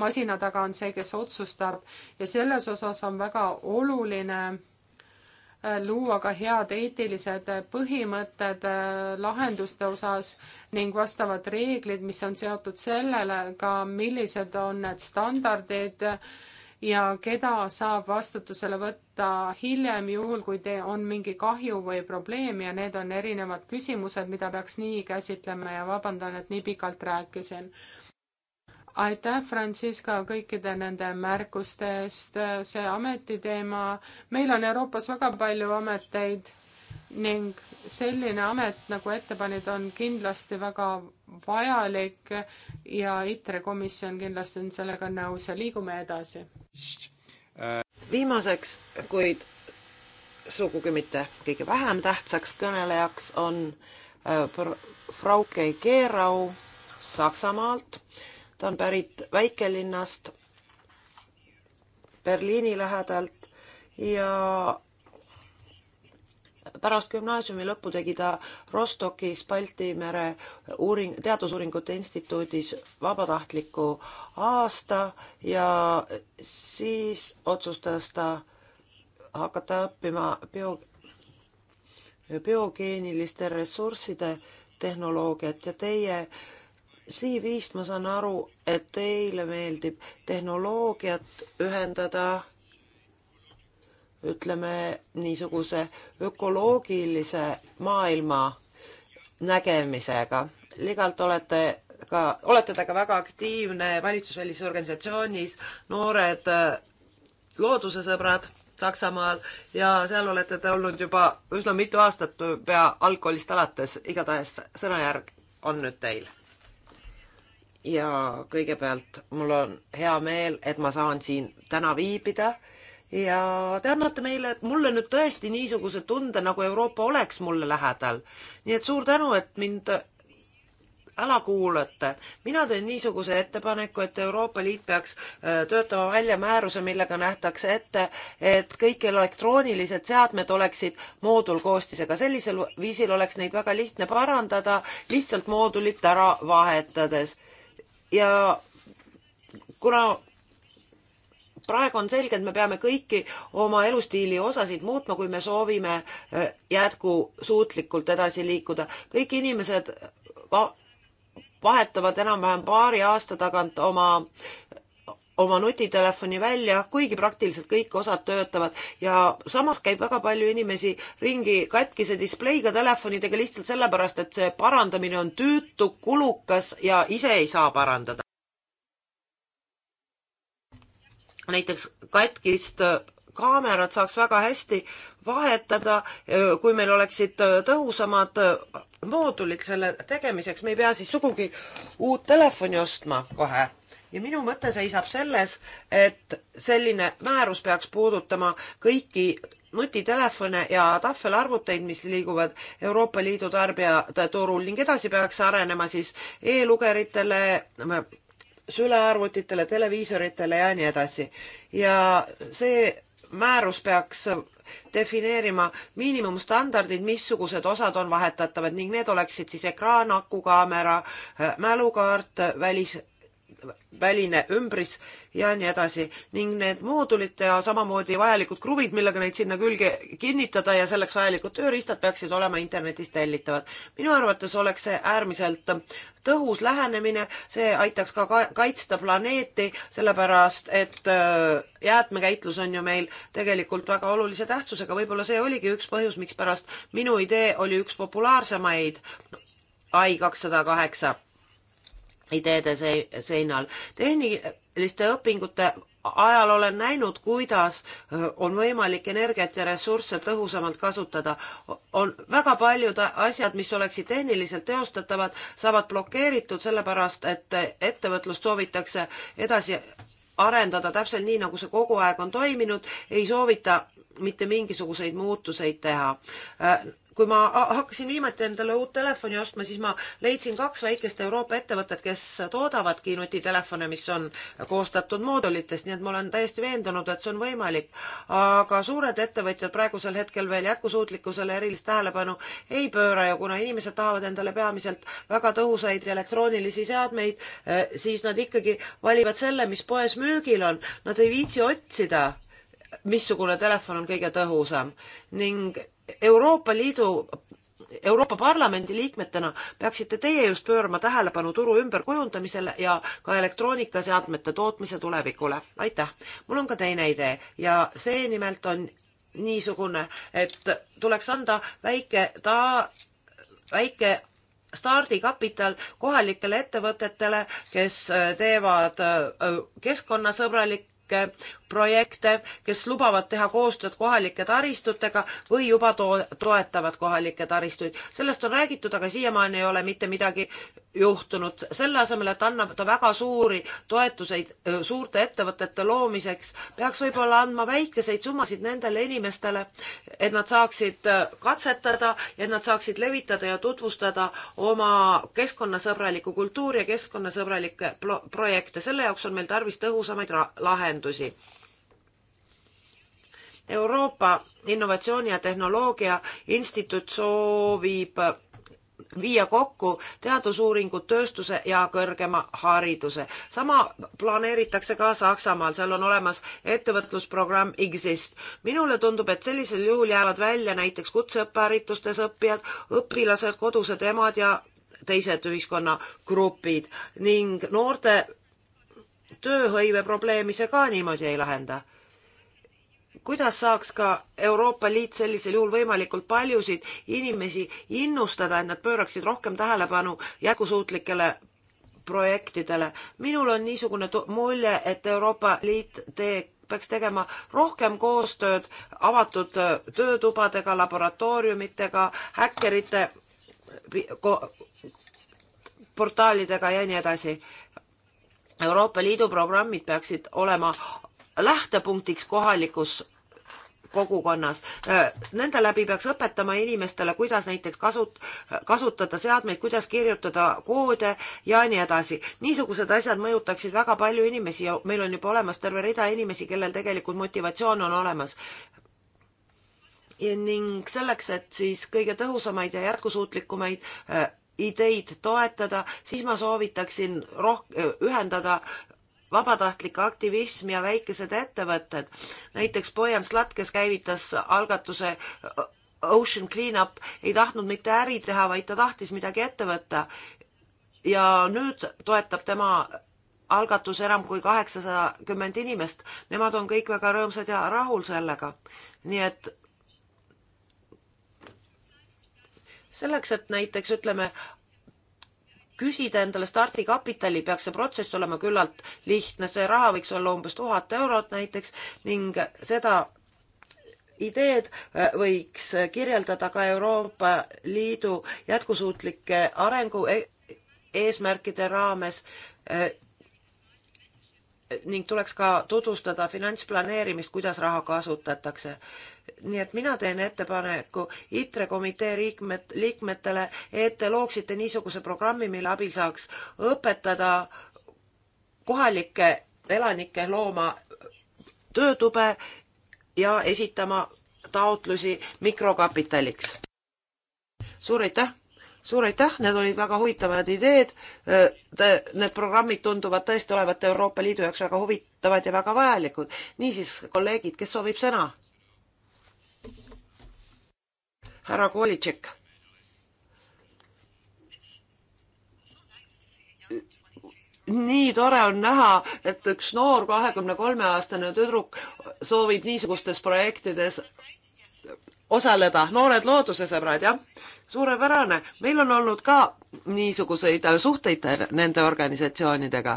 Speaker 2: masina taga on see, kes otsustab. ja selles osas on väga oluline äh, luua ka head eetilised põhimõtted äh, lahenduste osas ning vastavad reeglid, mis on seotud sellele ka, millised on need standardid ja keda saab vastutusele võtta hiljem, juhul kui te, on mingi kahju või probleem ja need on erinevad küsimused, mida peaks nii käsitlema ja vabandan, et nii pikalt rääkisin. aitäh, Francisca, kõikide nende märkuste eest, see ametiteema, meil on Euroopas väga palju ameteid ning selline amet, nagu ette panid, on kindlasti väga vajalik ja ITRE komisjon kindlasti on sellega nõus ja liigume edasi.
Speaker 3: viimaseks, kuid sugugi mitte kõige vähem tähtsaks kõnelejaks on äh, Frauke Keerau Saksamaalt. ta on pärit väikelinnast Berliini lähedalt ja pärast gümnaasiumi lõppu tegi ta Rostokis Balti mere uuring, Teadusuuringute Instituudis vabatahtliku aasta ja siis otsustas ta hakata õppima bio, biogeeniliste ressursside tehnoloogiat ja teie CV-st ma saan aru, et teile meeldib tehnoloogiat ühendada ütleme niisuguse ökoloogilise maailma nägemisega. ligalt olete ka, olete te ka väga aktiivne valitsusvälises organisatsioonis Noored äh, loodusesõbrad Saksamaal ja seal olete te olnud juba üsna mitu aastat pea algkoolist alates, igatahes sõnajärg on nüüd teil. ja kõigepealt mul on hea meel, et ma saan siin täna viibida ja te annate meile, mulle nüüd tõesti niisuguse tunde, nagu Euroopa oleks mulle lähedal. nii et suur tänu, et mind ära kuulate. mina teen niisuguse ettepaneku, et Euroopa Liit peaks äh, töötama välja määruse, millega nähtakse ette, et kõik elektroonilised seadmed oleksid moodulkoostisega. sellisel viisil oleks neid väga lihtne parandada, lihtsalt moodulit ära vahetades. ja kuna praegu on selge, et me peame kõiki oma elustiili osasid muutma, kui me soovime äh, jätkusuutlikult edasi liikuda. kõik inimesed vahetavad enam-vähem paari aasta tagant oma oma nutitelefoni välja, kuigi praktiliselt kõik osad töötavad ja samas käib väga palju inimesi ringi katkise displeiga telefonidega lihtsalt sellepärast, et see parandamine on tüütu, kulukas ja ise ei saa parandada. näiteks katkist äh, kaamerad saaks väga hästi vahetada, äh, kui meil oleksid äh, tõhusamad moodulid selle tegemiseks, me ei pea siis sugugi uut telefoni ostma kohe. ja minu mõte seisab selles, et selline määrus peaks puudutama kõiki nutitelefone ja tahvelarvuteid, mis liiguvad Euroopa Liidu tarbijate turul ning edasi peaks arenema siis e-lugeritele, sülearvutitele, televiisoritele ja nii edasi. ja see määrus peaks defineerima miinimumstandardid, missugused osad on vahetatavad ning need oleksid siis ekraan, akukaamera, äh, mälukaart, välis, väline ümbris ja nii edasi ning need moodulid ja samamoodi vajalikud kruvid, millega neid sinna külge kinnitada ja selleks vajalikud tööriistad peaksid olema internetist tellitavad. minu arvates oleks see äärmiselt tõhus lähenemine, see aitaks ka kaitsta planeeti, sellepärast et äh, jäätmekäitlus on ju meil tegelikult väga olulise tähtsusega, võib-olla see oligi üks põhjus, mikspärast minu idee oli üks populaarsemaid ai kakssada kaheksa ideede seinal. tehniliste õpingute ajal olen näinud, kuidas on võimalik energiat ja ressursse tõhusamalt kasutada. on väga paljud asjad, mis oleksid tehniliselt teostatavad, saavad blokeeritud sellepärast, et e, ettevõtlust soovitakse edasi arendada täpselt nii, nagu see kogu aeg on toiminud, ei soovita mitte mingisuguseid muutuseid teha kui ma hakkasin viimati endale uut telefoni ostma, siis ma leidsin kaks väikest Euroopa ettevõtet, kes toodavadki nutitelefone, mis on koostatud moodulitest, nii et ma olen täiesti veendunud, et see on võimalik. aga suured ettevõtjad praegusel hetkel veel jätkusuutlikkusele erilist tähelepanu ei pööra ja kuna inimesed tahavad endale peamiselt väga tõhusaid elektroonilisi seadmeid, eh, siis nad ikkagi valivad selle, mis poes müügil on. Nad ei viitsi otsida missugune telefon on kõige tõhusam ning Euroopa Liidu Euroopa Parlamendi liikmetena peaksite teie just pöörama tähelepanu turu ümberkujundamisele ja ka elektroonikaseadmete tootmise tulevikule. aitäh! mul on ka teine idee ja see nimelt on niisugune, et tuleks anda väike ta-, väike stardikapital kohalikele ettevõtetele, kes äh, teevad äh, keskkonnasõbralikke projekte, kes lubavad teha koostööd kohalike taristutega või juba to-, toetavad kohalikke taristuid. sellest on räägitud, aga siiamaani ei ole mitte midagi juhtunud. selle asemel, et annada väga suuri toetuseid suurte ettevõtete loomiseks, peaks võib-olla andma väikeseid summasid nendele inimestele, et nad saaksid katsetada ja et nad saaksid levitada ja tutvustada oma keskkonnasõbralikku kultuuri ja keskkonnasõbralikke projekte. selle jaoks on meil tarvis tõhusamaid lahendusi Euroopa Innovatsiooni ja Tehnoloogia Instituut soovib viia kokku teadusuuringud, tööstuse ja kõrgema hariduse. sama planeeritakse ka Saksamaal, seal on olemas ettevõtlusprogramm Exist. minule tundub, et sellisel juhul jäävad välja näiteks kutseõppeharitustes õppijad, õpilased, kodused emad ja teised ühiskonnagrupid ning noorte tööhõive probleemi see ka niimoodi ei lahenda kuidas saaks ka Euroopa Liit sellisel juhul võimalikult paljusid inimesi innustada, et nad pööraksid rohkem tähelepanu jätkusuutlikele projektidele. minul on niisugune mulje, et Euroopa Liit teeb peaks tegema rohkem koostööd avatud äh, töötubadega, laboratooriumitega, häkkerite portaalidega ja nii edasi. Euroopa Liidu programmid peaksid olema lähtepunktiks kohalikus kogukonnas. Äh, nende läbi peaks õpetama inimestele, kuidas näiteks kasut-, kasutada seadmeid, kuidas kirjutada koode ja nii edasi. niisugused asjad mõjutaksid väga palju inimesi ja meil on juba olemas terve rida inimesi, kellel tegelikult motivatsioon on olemas. ning selleks, et siis kõige tõhusamaid ja jätkusuutlikumaid äh, ideid toetada, siis ma soovitaksin roh-, ühendada vabatahtlik aktivism ja väikesed ettevõtted. näiteks Bojan Slat, kes käivitas algatuse äh, Ocean Cleanup, ei tahtnud mitte äri teha, vaid ta tahtis midagi ette võtta. ja nüüd toetab tema algatus enam kui kaheksasakümmend inimest. Nemad on kõik väga rõõmsad ja rahul sellega. nii et selleks, et näiteks ütleme, küsida endale stardikapitali, peaks see protsess olema küllalt lihtne, see raha võiks olla umbes tuhat eurot näiteks ning seda ideed äh, võiks kirjeldada ka Euroopa Liidu jätkusuutlike arengu e-, eesmärkide raames äh, ning tuleks ka tutvustada finantsplaneerimist, kuidas raha kasutatakse. nii et mina teen ettepaneku ITRE komitee liikmed, liikmetele, et te looksite niisuguse programmi, mille abil saaks õpetada kohalikke elanikke looma töötube ja esitama taotlusi mikrokapitaliks. suur aitäh! suur aitäh, need olid väga huvitavad ideed. Äh, need programmid tunduvad tõesti olevat Euroopa Liidu jaoks väga huvitavad ja väga vajalikud. niisiis, kolleegid, kes soovib sõna? härra Kolitšek. nii tore on näha, et üks noor kahekümne kolme aastane tüdruk soovib niisugustes projektides osaleda. noored loodusesõbrad, jah? suurepärane, meil on olnud ka niisuguseid suhteid nende organisatsioonidega.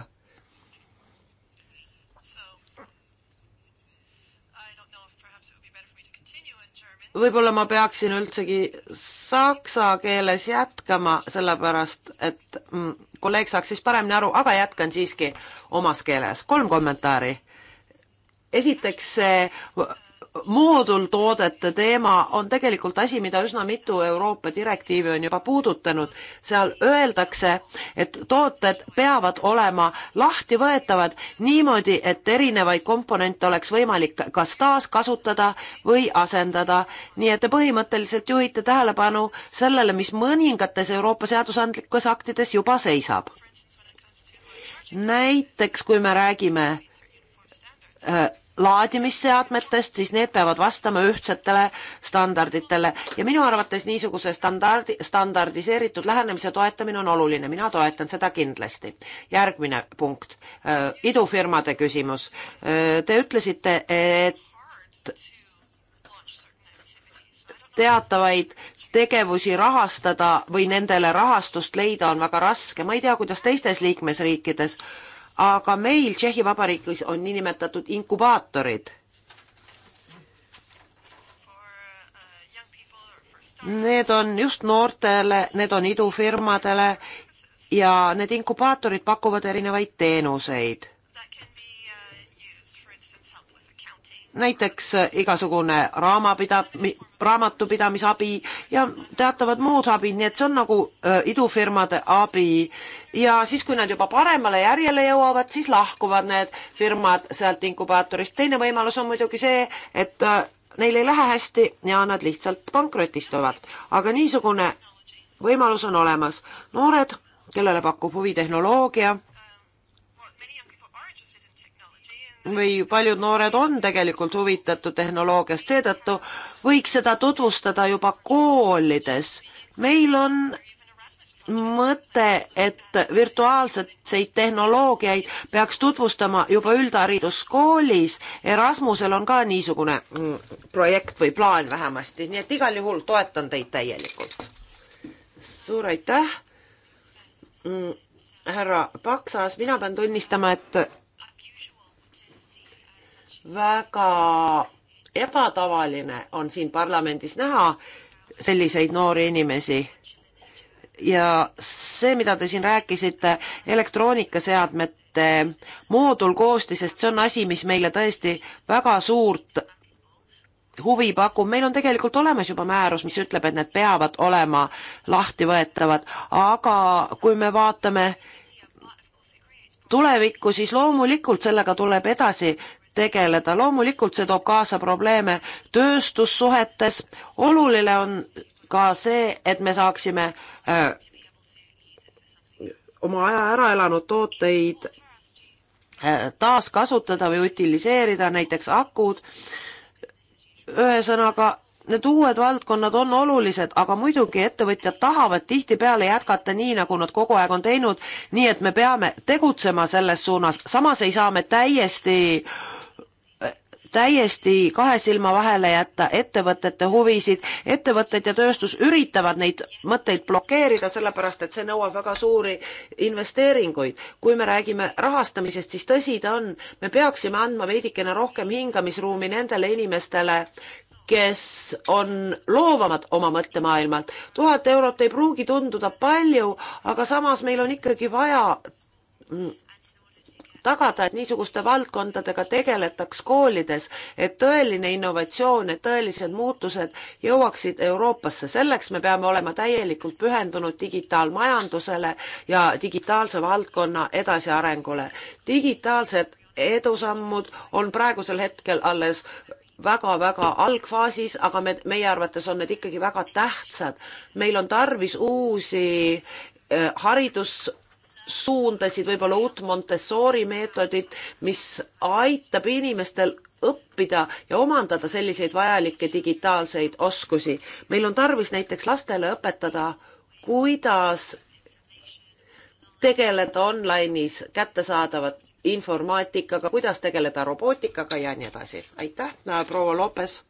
Speaker 3: võib-olla ma peaksin üldsegi saksa keeles jätkama, sellepärast et mm, kolleeg saaks siis paremini aru, aga jätkan siiski omas keeles. kolm kommentaari. esiteks see moodultoodete teema on tegelikult asi, mida üsna mitu Euroopa direktiivi on juba puudutanud. seal öeldakse, et tooted peavad olema lahtivõetavad niimoodi, et erinevaid komponente oleks võimalik kas taaskasutada või asendada. nii et te põhimõtteliselt juhite tähelepanu sellele, mis mõningates Euroopa seadusandlikes aktides juba seisab. näiteks kui me räägime äh, laadimisseadmetest, siis need peavad vastama ühtsetele standarditele ja minu arvates niisuguse standardi, standardiseeritud lähenemise toetamine on oluline, mina toetan seda kindlasti. järgmine punkt, äh, idufirmade küsimus. Äh, te ütlesite, et teatavaid tegevusi rahastada või nendele rahastust leida on väga raske, ma ei tea, kuidas teistes liikmesriikides äh, aga meil Tšehhi Vabariigis on niinimetatud inkubaatorid. Need on just noortele, need on idufirmadele ja need inkubaatorid pakuvad erinevaid teenuseid näiteks äh, igasugune raamapida-, raamatupidamisabi ja teatavad muud abid, nii et see on nagu äh, idufirmade abi. ja siis, kui nad juba paremale järjele jõuavad, siis lahkuvad need firmad sealt inkubaatorist. teine võimalus on muidugi see, et äh, neil ei lähe hästi ja nad lihtsalt pankrotistuvad. aga niisugune võimalus on olemas. noored, kellele pakub huvi tehnoloogia või paljud noored on tegelikult huvitatud tehnoloogiast, seetõttu võiks seda tutvustada juba koolides. meil on mõte, et virtuaalseid tehnoloogiaid peaks tutvustama juba üldhariduskoolis. Erasmusel on ka niisugune mm, projekt või plaan vähemasti, nii et igal juhul toetan teid täielikult. suur aitäh, mm, härra Paksas, mina pean tunnistama, et väga ebatavaline on siin parlamendis näha selliseid noori inimesi. ja see, mida te siin rääkisite elektroonikaseadmete moodulkoostisest, see on asi, mis meile tõesti väga suurt huvi pakub, meil on tegelikult olemas juba määrus, mis ütleb, et need peavad olema lahtivõetavad, aga kui me vaatame tulevikku, siis loomulikult sellega tuleb edasi tegeleda. loomulikult see toob kaasa probleeme tööstussuhetes, oluline on ka see, et me saaksime äh, oma aja ära elanud tooteid äh, taaskasutada või utiliseerida, näiteks akud. ühesõnaga, need uued valdkonnad on olulised, aga muidugi ettevõtjad tahavad tihtipeale jätkata nii, nagu nad kogu aeg on teinud, nii et me peame tegutsema selles suunas, samas ei saa me täiesti äh, täiesti kahe silma vahele jätta ettevõtete huvisid. ettevõtted ja tööstus üritavad neid mõtteid blokeerida, sellepärast et see nõuab väga suuri investeeringuid. kui me räägime rahastamisest, siis tõsi ta on, me peaksime andma veidikene rohkem hingamisruumi nendele inimestele, kes on loovamad oma mõttemaailmalt. tuhat eurot ei pruugi tunduda palju, aga samas meil on ikkagi vaja mm, tagada, et niisuguste valdkondadega tegeletaks koolides, et tõeline innovatsioon, et tõelised muutused jõuaksid Euroopasse. selleks me peame olema täielikult pühendunud digitaalmajandusele ja digitaalse valdkonna edasiarengule. digitaalsed edusammud on praegusel hetkel alles väga-väga algfaasis, aga me, meie arvates on need ikkagi väga tähtsad. meil on tarvis uusi eh, haridus suundasid võib-olla uut Montessori meetodit, mis aitab inimestel õppida ja omandada selliseid vajalikke digitaalseid oskusi. meil on tarvis näiteks lastele õpetada, kuidas tegeleda online'is kättesaadavat informaatikaga, kuidas tegeleda robootikaga ja nii edasi. aitäh, äh, proua Lopes!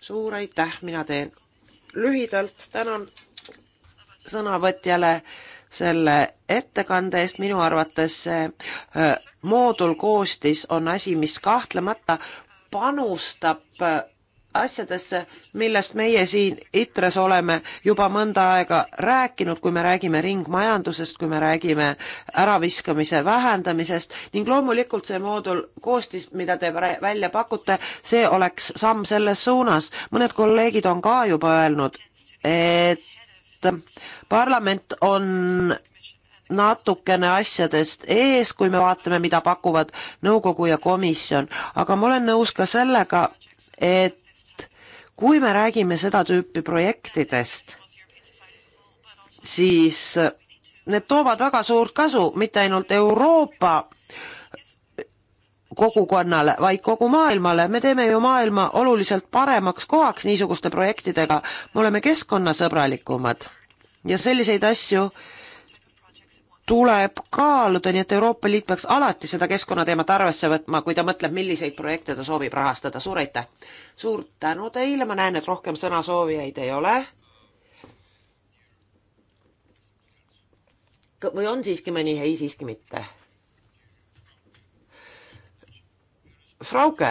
Speaker 3: suur aitäh, mina teen lühidalt, tänan sõnavõtjale selle ettekande eest, minu arvates see moodulkoostis on asi, mis kahtlemata panustab asjadesse, millest meie siin ITRES oleme juba mõnda aega rääkinud, kui me räägime ringmajandusest, kui me räägime äraviskamise vähendamisest ning loomulikult see moodul koostis, mida te välja pakute, see oleks samm selles suunas. mõned kolleegid on ka juba öelnud, et sest parlament on natukene asjadest ees, kui me vaatame, mida pakuvad nõukogu ja komisjon, aga ma olen nõus ka sellega, et kui me räägime seda tüüpi projektidest, siis need toovad väga suurt kasu mitte ainult Euroopa kogukonnale, vaid kogu maailmale, me teeme ju maailma oluliselt paremaks kohaks niisuguste projektidega, me oleme keskkonnasõbralikumad ja selliseid asju tuleb kaaluda, nii et Euroopa Liit peaks alati seda keskkonnateemat arvesse võtma, kui ta mõtleb, milliseid projekte ta soovib rahastada, suur aitäh! suur tänu teile, ma näen, et rohkem sõnasoovijaid ei ole. või on siiski mõni, ei siiski mitte Frauke,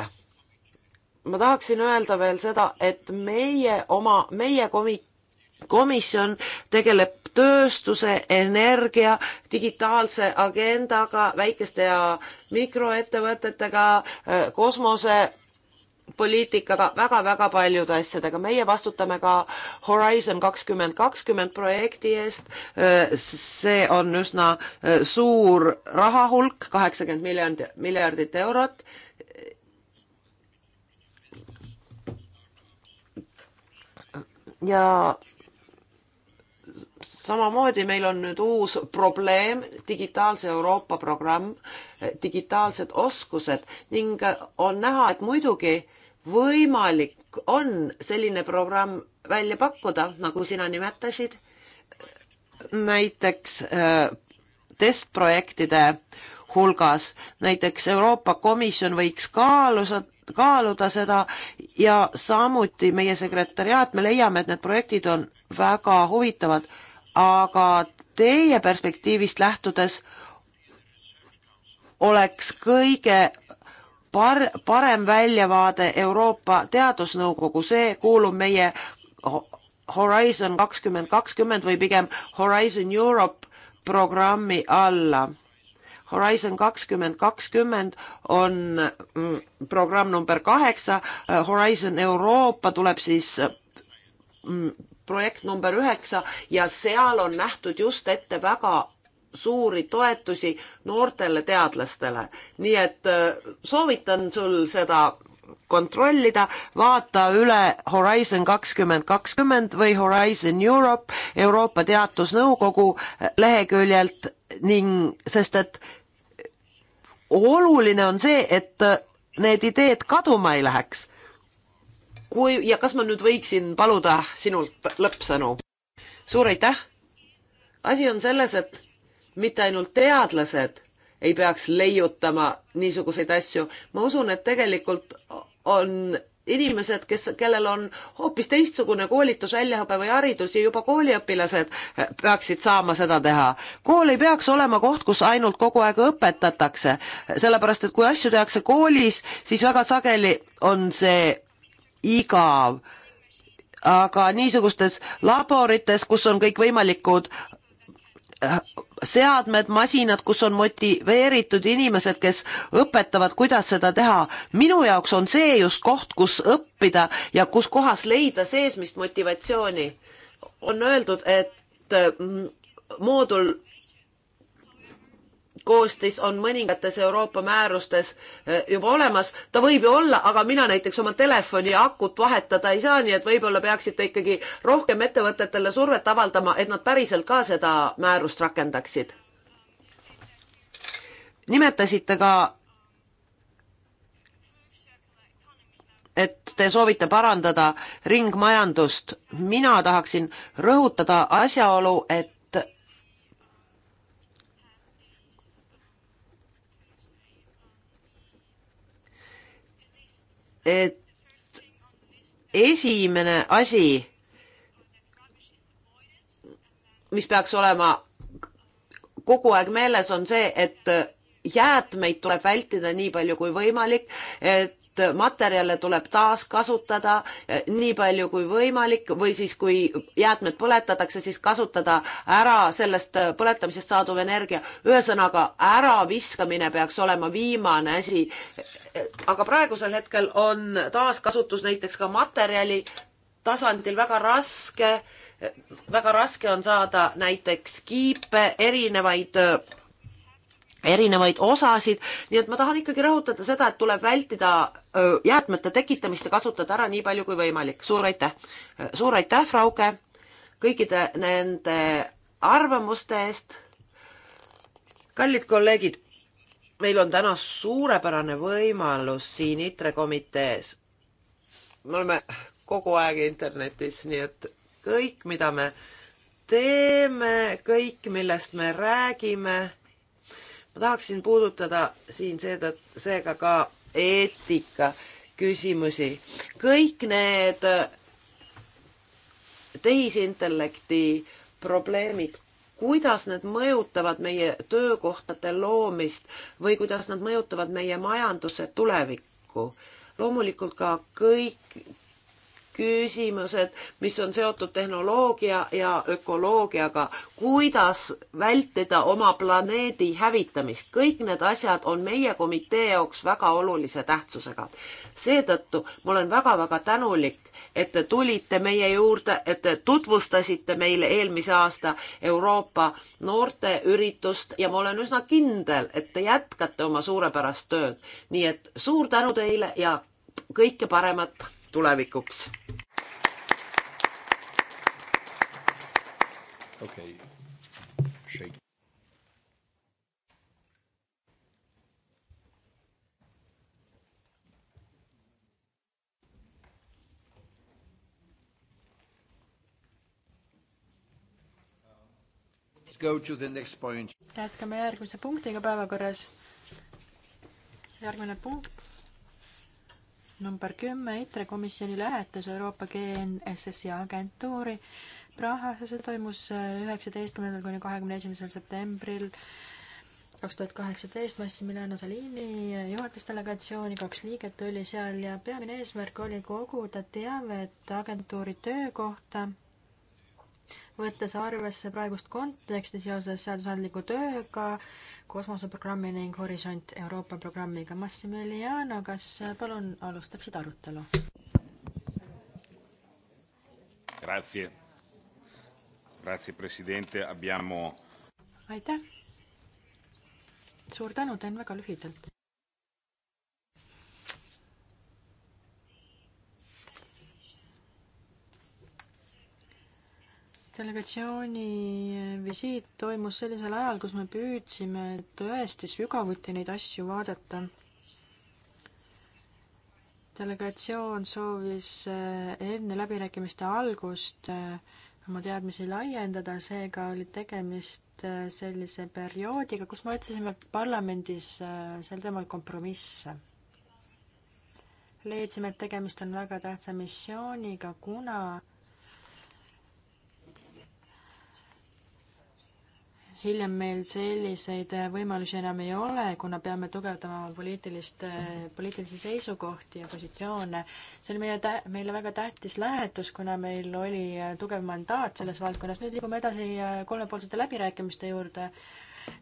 Speaker 3: ma tahaksin öelda veel seda, et meie oma, meie komi-, komisjon tegeleb tööstuse, energia, digitaalse agendaga, väikeste ja mikroettevõtetega, äh, kosmose poliitikaga väga,, väga-väga paljude asjadega. meie vastutame ka Horizon kakskümmend kakskümmend projekti eest. Äh, see on üsna äh, suur rahahulk, kaheksakümmend miljard, miljardit eurot ja samamoodi meil on nüüd uus probleem, digitaalse Euroopa programm, digitaalsed oskused ning on näha, et muidugi võimalik on selline programm välja pakkuda, nagu sina nimetasid, näiteks äh, testprojektide hulgas, näiteks Euroopa Komisjon võiks kaaluda, kaaluda seda ja samuti meie sekretariaat, me leiame, et need projektid on väga huvitavad, aga teie perspektiivist lähtudes oleks kõige par-, parem väljavaade Euroopa Teadusnõukogu, see kuulub meie Horizon kakskümmend kakskümmend või pigem Horizon Europe programmi alla Horizon kakskümmend kakskümmend on mm, programm number kaheksa, Horizon Euroopa tuleb siis mm, projekt number üheksa ja seal on nähtud just ette väga suuri toetusi noortele teadlastele. nii et äh, soovitan sul seda kontrollida, vaata üle Horizon kakskümmend kakskümmend või Horizon Europe Euroopa Teadusnõukogu äh, leheküljelt ning sest et oluline on see, et äh, need ideed kaduma ei läheks. kui ja kas ma nüüd võiksin paluda sinult lõppsõnu? suur aitäh! asi on selles, et mitte ainult teadlased ei peaks leiutama niisuguseid asju, ma usun, et tegelikult on inimesed, kes, kellel on hoopis teistsugune koolitus, väljaõpe või haridus ja juba kooliõpilased eh, peaksid saama seda teha. kool ei peaks olema koht, kus ainult kogu aeg õpetatakse, sellepärast et kui asju tehakse koolis, siis väga sageli on see igav. aga niisugustes laborites, kus on kõikvõimalikud eh, seadmed, masinad, kus on motiveeritud inimesed, kes õpetavad, kuidas seda teha. minu jaoks on see just koht, kus õppida ja kus kohas leida seesmist motivatsiooni. on öeldud, et mm, moodul koostis on mõningates Euroopa määrustes eh, juba olemas. ta võib ju olla, aga mina näiteks oma telefoni akut vahetada ei saa, nii et võib-olla peaksite ikkagi rohkem ettevõtetele survet avaldama, et nad päriselt ka seda määrust rakendaksid. nimetasite ka et te soovite parandada ringmajandust. mina tahaksin rõhutada asjaolu, et et esimene asi, mis peaks olema kogu aeg meeles, on see, et jäätmeid tuleb vältida nii palju kui võimalik, et materjale tuleb taaskasutada eh, nii palju kui võimalik või siis, kui jäätmed põletatakse, siis kasutada ära sellest eh, põletamisest saaduv energia. ühesõnaga, äraviskamine peaks olema viimane asi. Eh, aga praegusel hetkel on taaskasutus näiteks ka materjali tasandil väga raske, väga raske on saada näiteks kiipe, erinevaid erinevaid osasid, nii et ma tahan ikkagi rõhutada seda, et tuleb vältida jäätmete tekitamist ja kasutada ära nii palju kui võimalik. suur aitäh! suur aitäh, Frauke, kõikide nende arvamuste eest. kallid kolleegid, meil on täna suurepärane võimalus siin ITRE komitees. me oleme kogu aeg internetis, nii et kõik, mida me teeme, kõik, millest me räägime ma tahaksin puudutada siin seeda, seega ka eetika küsimusi. kõik need tehisintellekti probleemid, kuidas need mõjutavad meie töökohtade loomist või kuidas nad mõjutavad meie majanduse tulevikku. loomulikult ka kõik küsimused, mis on seotud tehnoloogia ja ökoloogiaga. kuidas vältida oma planeedi hävitamist, kõik need asjad on meie komitee jaoks väga olulise tähtsusega. seetõttu ma olen väga-väga tänulik, et te tulite meie juurde, et te tutvustasite meile eelmise aasta Euroopa noorteüritust ja ma olen üsna kindel, et te jätkate oma suurepärast tööd. nii et suur tänu teile ja kõike paremat tulevikuks.
Speaker 1: okei okay.. jätkame järgmise punktiga päevakorras. järgmine punkt number kümme, ITRE komisjoni lähetus Euroopa GNSS-i agentuuri Prahas ja see toimus äh, üheksateistkümnendal kuni kahekümne esimesel septembril kaks tuhat kaheksateist, Massi Milano Salini äh, juhatas delegatsiooni, kaks liiget oli seal ja peamine eesmärk oli koguda teavet agentuuri töö kohta, võttes arvesse praegust konteksti seoses seadusandliku tööga, kosmoseprogrammi ning Horisont Euroopa programmiga. Massimiliano, kas äh, palun alustaksid arutelu? Grazie. Grazie, presidente, abbiamo. aitäh. suur tänu, teen väga lühidalt delegatsiooni visiit toimus sellisel ajal, kus me püüdsime tõesti sügavuti neid asju vaadata. delegatsioon soovis eh, enne läbirääkimiste algust eh, oma teadmisi laiendada, seega oli tegemist eh, sellise perioodiga, kus me otsisime parlamendis sel teemal kompromisse leidsime, et tegemist on väga tähtsa missiooniga, kuna hiljem meil selliseid äh, võimalusi enam ei ole, kuna peame tugevdama poliitilist, äh, poliitilisi seisukohti ja positsioone. see oli meie tä-, meile väga tähtis lähetus, kuna meil oli äh, tugev mandaat selles valdkonnas, nüüd liigume edasi kolmepoolsete läbirääkimiste juurde.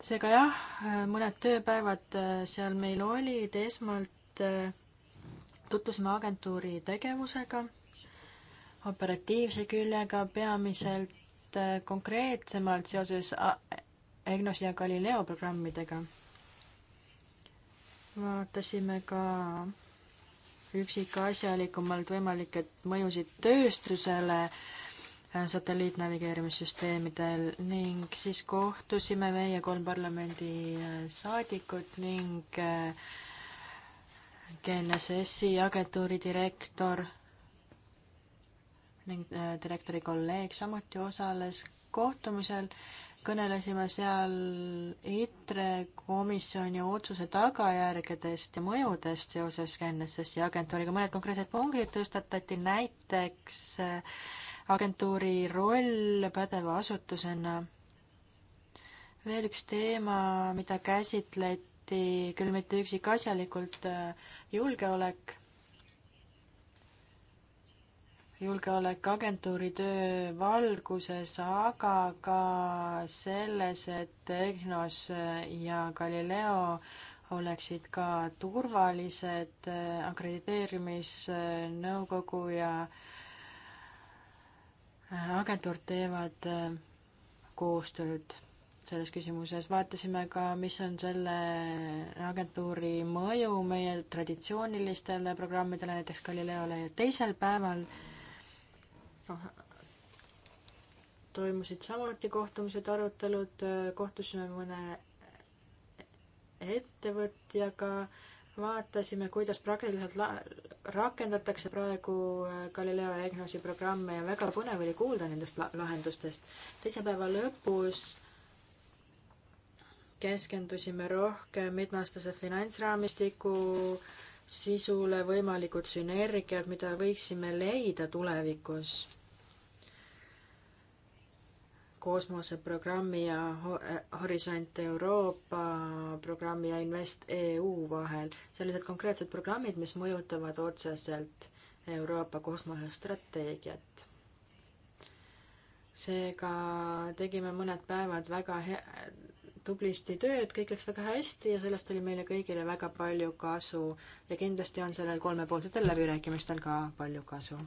Speaker 1: seega jah, mõned tööpäevad seal meil olid, esmalt tutvusime agentuuri tegevusega, operatiivse küljega peamiselt konkreetsemalt seoses EGNOS ja Galileo programmidega. vaatasime ka üksikasjalikumalt võimalikke mõjusid tööstusele äh, satelliitnavigeerimissüsteemidel ning siis kohtusime meie kolm parlamendi äh, saadikut ning äh, GNSS-i agentuuri direktor ning direktori kolleeg samuti osales kohtumisel kõnelesime seal ITRE komisjoni otsuse tagajärgedest ja mõjudest seoses NSS-i agentuuriga. mõned konkreetsed punktid tõstatati, näiteks äh, agentuuri roll pädeva asutusena. veel üks teema, mida käsitleti küll mitte üksikasjalikult, äh, julgeolek julgeolekuagentuuri töö valguses, aga ka selles, et EGNOS ja Galileo oleksid ka turvalised äh, akrediteerimisnõukogu ja äh, agentuur teevad äh, koostööd selles küsimuses, vaatasime ka, mis on selle agentuuri mõju meie traditsioonilistele programmidele, näiteks Galileole ja teisel päeval äh, toimusid samuti kohtumised, arutelud, kohtusime mõne ettevõtjaga, vaatasime, kuidas praktiliselt la-, rakendatakse praegu äh, Galileo ja EGNOS-i programme ja väga põnev oli kuulda nendest la-, lahendustest. teise päeva lõpus keskendusime rohkem mitmeaastase finantsraamistiku sisule, võimalikud sünergiad, mida võiksime leida tulevikus kosmoseprogrammi ja Horisont Euroopa programmi ja Invest EU vahel. sellised konkreetsed programmid, mis mõjutavad otseselt Euroopa kosmosestrateegiat. seega tegime mõned päevad väga he-, tublisti tööd, kõik läks väga hästi ja sellest oli meile kõigile väga palju kasu ja kindlasti on sellel kolmepoolsetel
Speaker 2: läbirääkimistel ka palju kasu.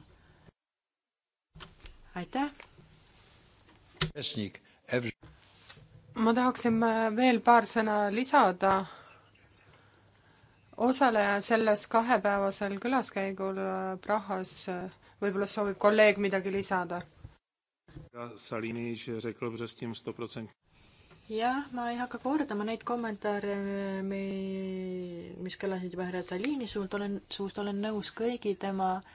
Speaker 2: aitäh! ma tahaksin äh, veel paar sõna lisada. osaleja selles kahepäevasel külaskäigul äh, Prahas, äh, võib-olla soovib kolleeg midagi lisada? jah, ma ei hakka kordama neid
Speaker 1: kommentaare, mis kõlasid juba härra Salini suult, olen, suust olen nõus kõigi tema äh,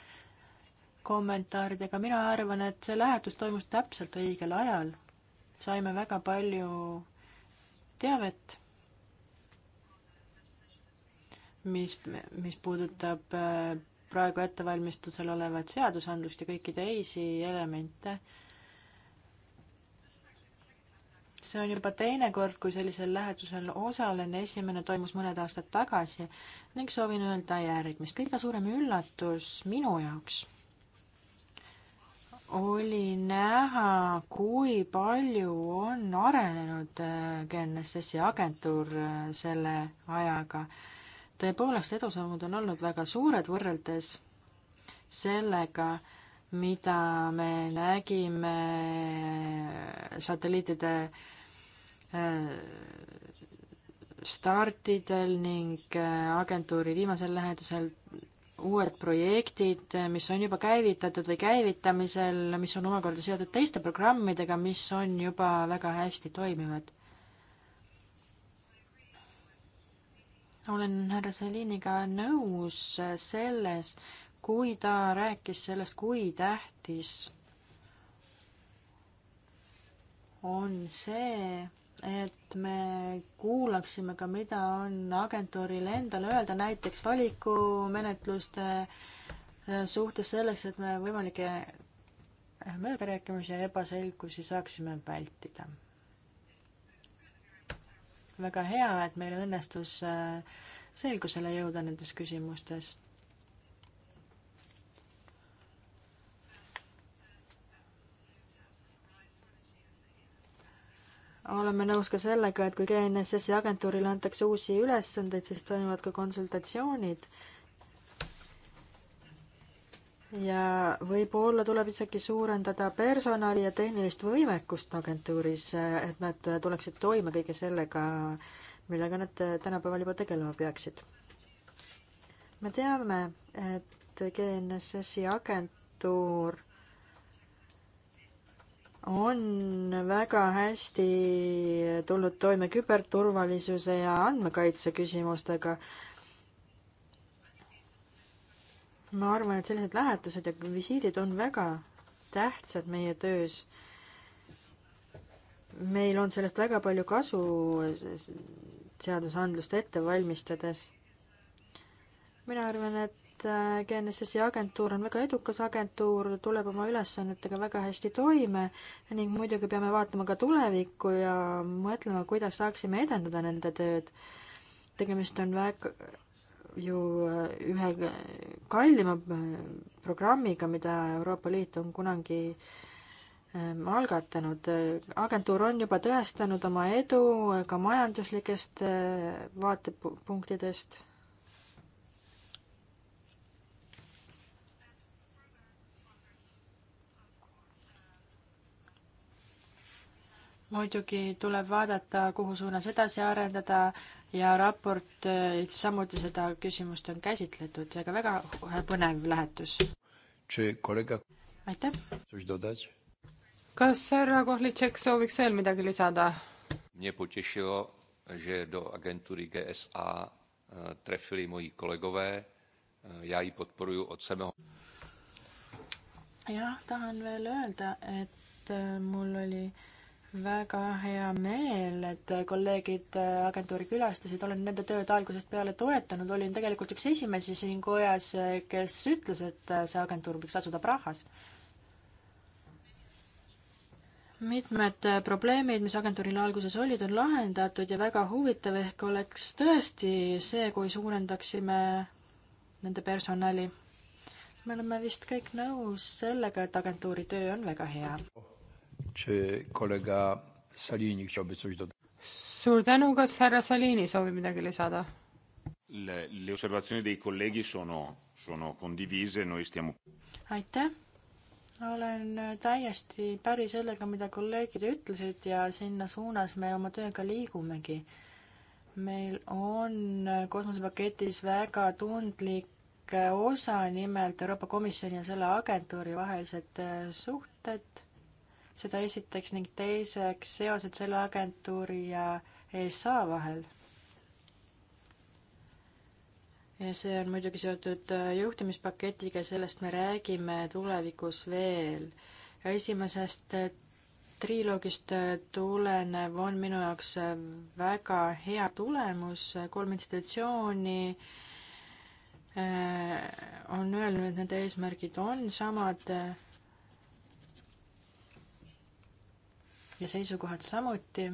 Speaker 1: kommentaaridega, mina arvan, et see lähetus toimus täpselt õigel ajal. saime väga palju teavet, mis, mis puudutab äh, praegu ettevalmistusel olevat seadusandlust ja kõiki teisi elemente. see on juba teine kord, kui sellisel lähetusel osalen, esimene toimus mõned aastad tagasi ning soovin öelda järgmist. kõige suurem üllatus minu jaoks oli näha, kui palju on arenenud äh, GNSS-i agentuur äh, selle ajaga. tõepoolest, edusammud on olnud väga suured võrreldes sellega, mida me nägime äh, satelliitide startidel ning agentuuri viimasel lähedusel uued projektid, mis on juba käivitatud või käivitamisel, mis on omakorda seotud teiste programmidega, mis on juba väga hästi toimivad. olen härra Seliniga nõus selles, kui ta rääkis sellest, kui tähtis on see, et me kuulaksime ka, mida on agentuuril endal öelda, näiteks valikumenetluste äh, suhtes selleks, et me võimalikke äh, möödarääkimisi ja ebaselgusi saaksime vältida. väga hea, et meil õnnestus äh, selgusele jõuda nendes küsimustes oleme nõus ka sellega, et kui GNSS-i agentuurile antakse uusi ülesandeid, siis toimuvad ka konsultatsioonid. ja võib-olla tuleb isegi suurendada personali ja tehnilist võimekust agentuuris, et nad tuleksid toime kõige sellega, millega nad tänapäeval juba tegelema peaksid. me teame, et GNSS-i agentuur on väga hästi tulnud toime küberturvalisuse ja andmekaitse küsimustega. ma arvan, et sellised lähetused ja visiidid on väga tähtsad meie töös. meil on sellest väga palju kasu seadusandlust ette valmistades. mina arvan, et et äh, GNSS-i agentuur on väga edukas agentuur, tuleb oma ülesannetega väga hästi toime ning muidugi peame vaatama ka tulevikku ja mõtlema, kuidas saaksime edendada nende tööd. tegemist on väga ju äh, ühe kallima äh, programmiga, mida Euroopa Liit on kunagi ähm, algatanud. agentuur on juba tõestanud oma edu ka majanduslikest vaatepunktidest muidugi tuleb vaadata, kuhu suunas edasi arendada ja raport, eh, samuti seda küsimust on käsitletud, seega väga põnev
Speaker 2: lähetus. aitäh! kas härra Kohlitšek sooviks veel midagi lisada?
Speaker 1: Mě potěšilo, že do agentury GSA e, trefili moji kolegové. E, Já ji podporuji od samého. jah, tahan veel öelda, et e, mul oli äh, väga hea meel, et kolleegid äh, agentuuri külastasid, olen nende tööd algusest peale toetanud, olin tegelikult üks esimesi siin kojas, äh, kes ütles, et äh, see agentuur võiks asuda Prahas mitmed probleemid, mis agentuuril alguses olid, on lahendatud ja väga huvitav ehk oleks tõesti see, kui suurendaksime nende personali. me oleme vist kõik nõus sellega, et agentuuri töö on väga hea. Oh. Czy kollega Salini chciałby coś dodać?
Speaker 2: suur tänu, kas härra Salini soovib midagi lisada?
Speaker 3: Le osservazioni dei colleghi sono, sono condivise, noi stiamo.
Speaker 1: aitäh, olen täiesti päri sellega, mida kolleegid ütlesid ja sinna suunas me oma tööga liigumegi. meil on kosmosepaketis väga tundlik osa, nimelt Euroopa Komisjoni ja selle agentuuri vahelised suhted seda esiteks ning teiseks seosed selle agentuuri ja ESA vahel. ja see on muidugi seotud äh, juhtimispaketiga, sellest me räägime tulevikus veel. ja esimesest äh, triloogist äh, tulenev on minu jaoks väga hea tulemus, kolm institutsiooni on öelnud, et nende eesmärgid on samad ja seisukohad samuti.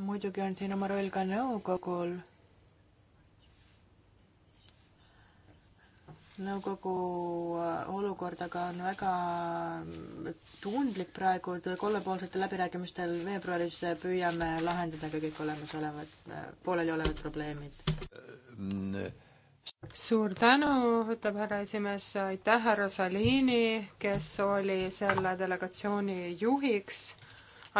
Speaker 1: muidugi on siin oma roll ka nõukogul. nõukogu olukord aga on väga tundlik praegu, kolmepoolsetel läbirääkimistel veebruaris püüame lahendada ka
Speaker 2: kõik olemasolevad, pooleliolevad probleemid mm suur tänu, ütleb härra esimees, aitäh härra Salini, kes oli selle delegatsiooni juhiks.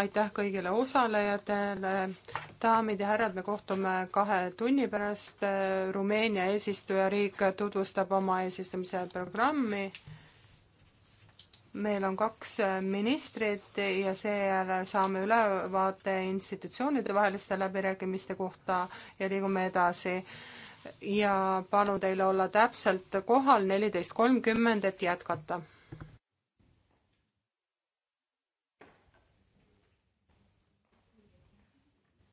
Speaker 2: aitäh kõigile osalejatele. daamid ja härrad, me kohtume kahe tunni pärast. Rumeenia eesistujariik tutvustab oma eesistumise programmi meil on kaks ministrit ja seejärel saame ülevaate institutsioonide vaheliste läbirääkimiste kohta ja liigume edasi ja palun teil olla täpselt kohal neliteist kolmkümmend, et jätkata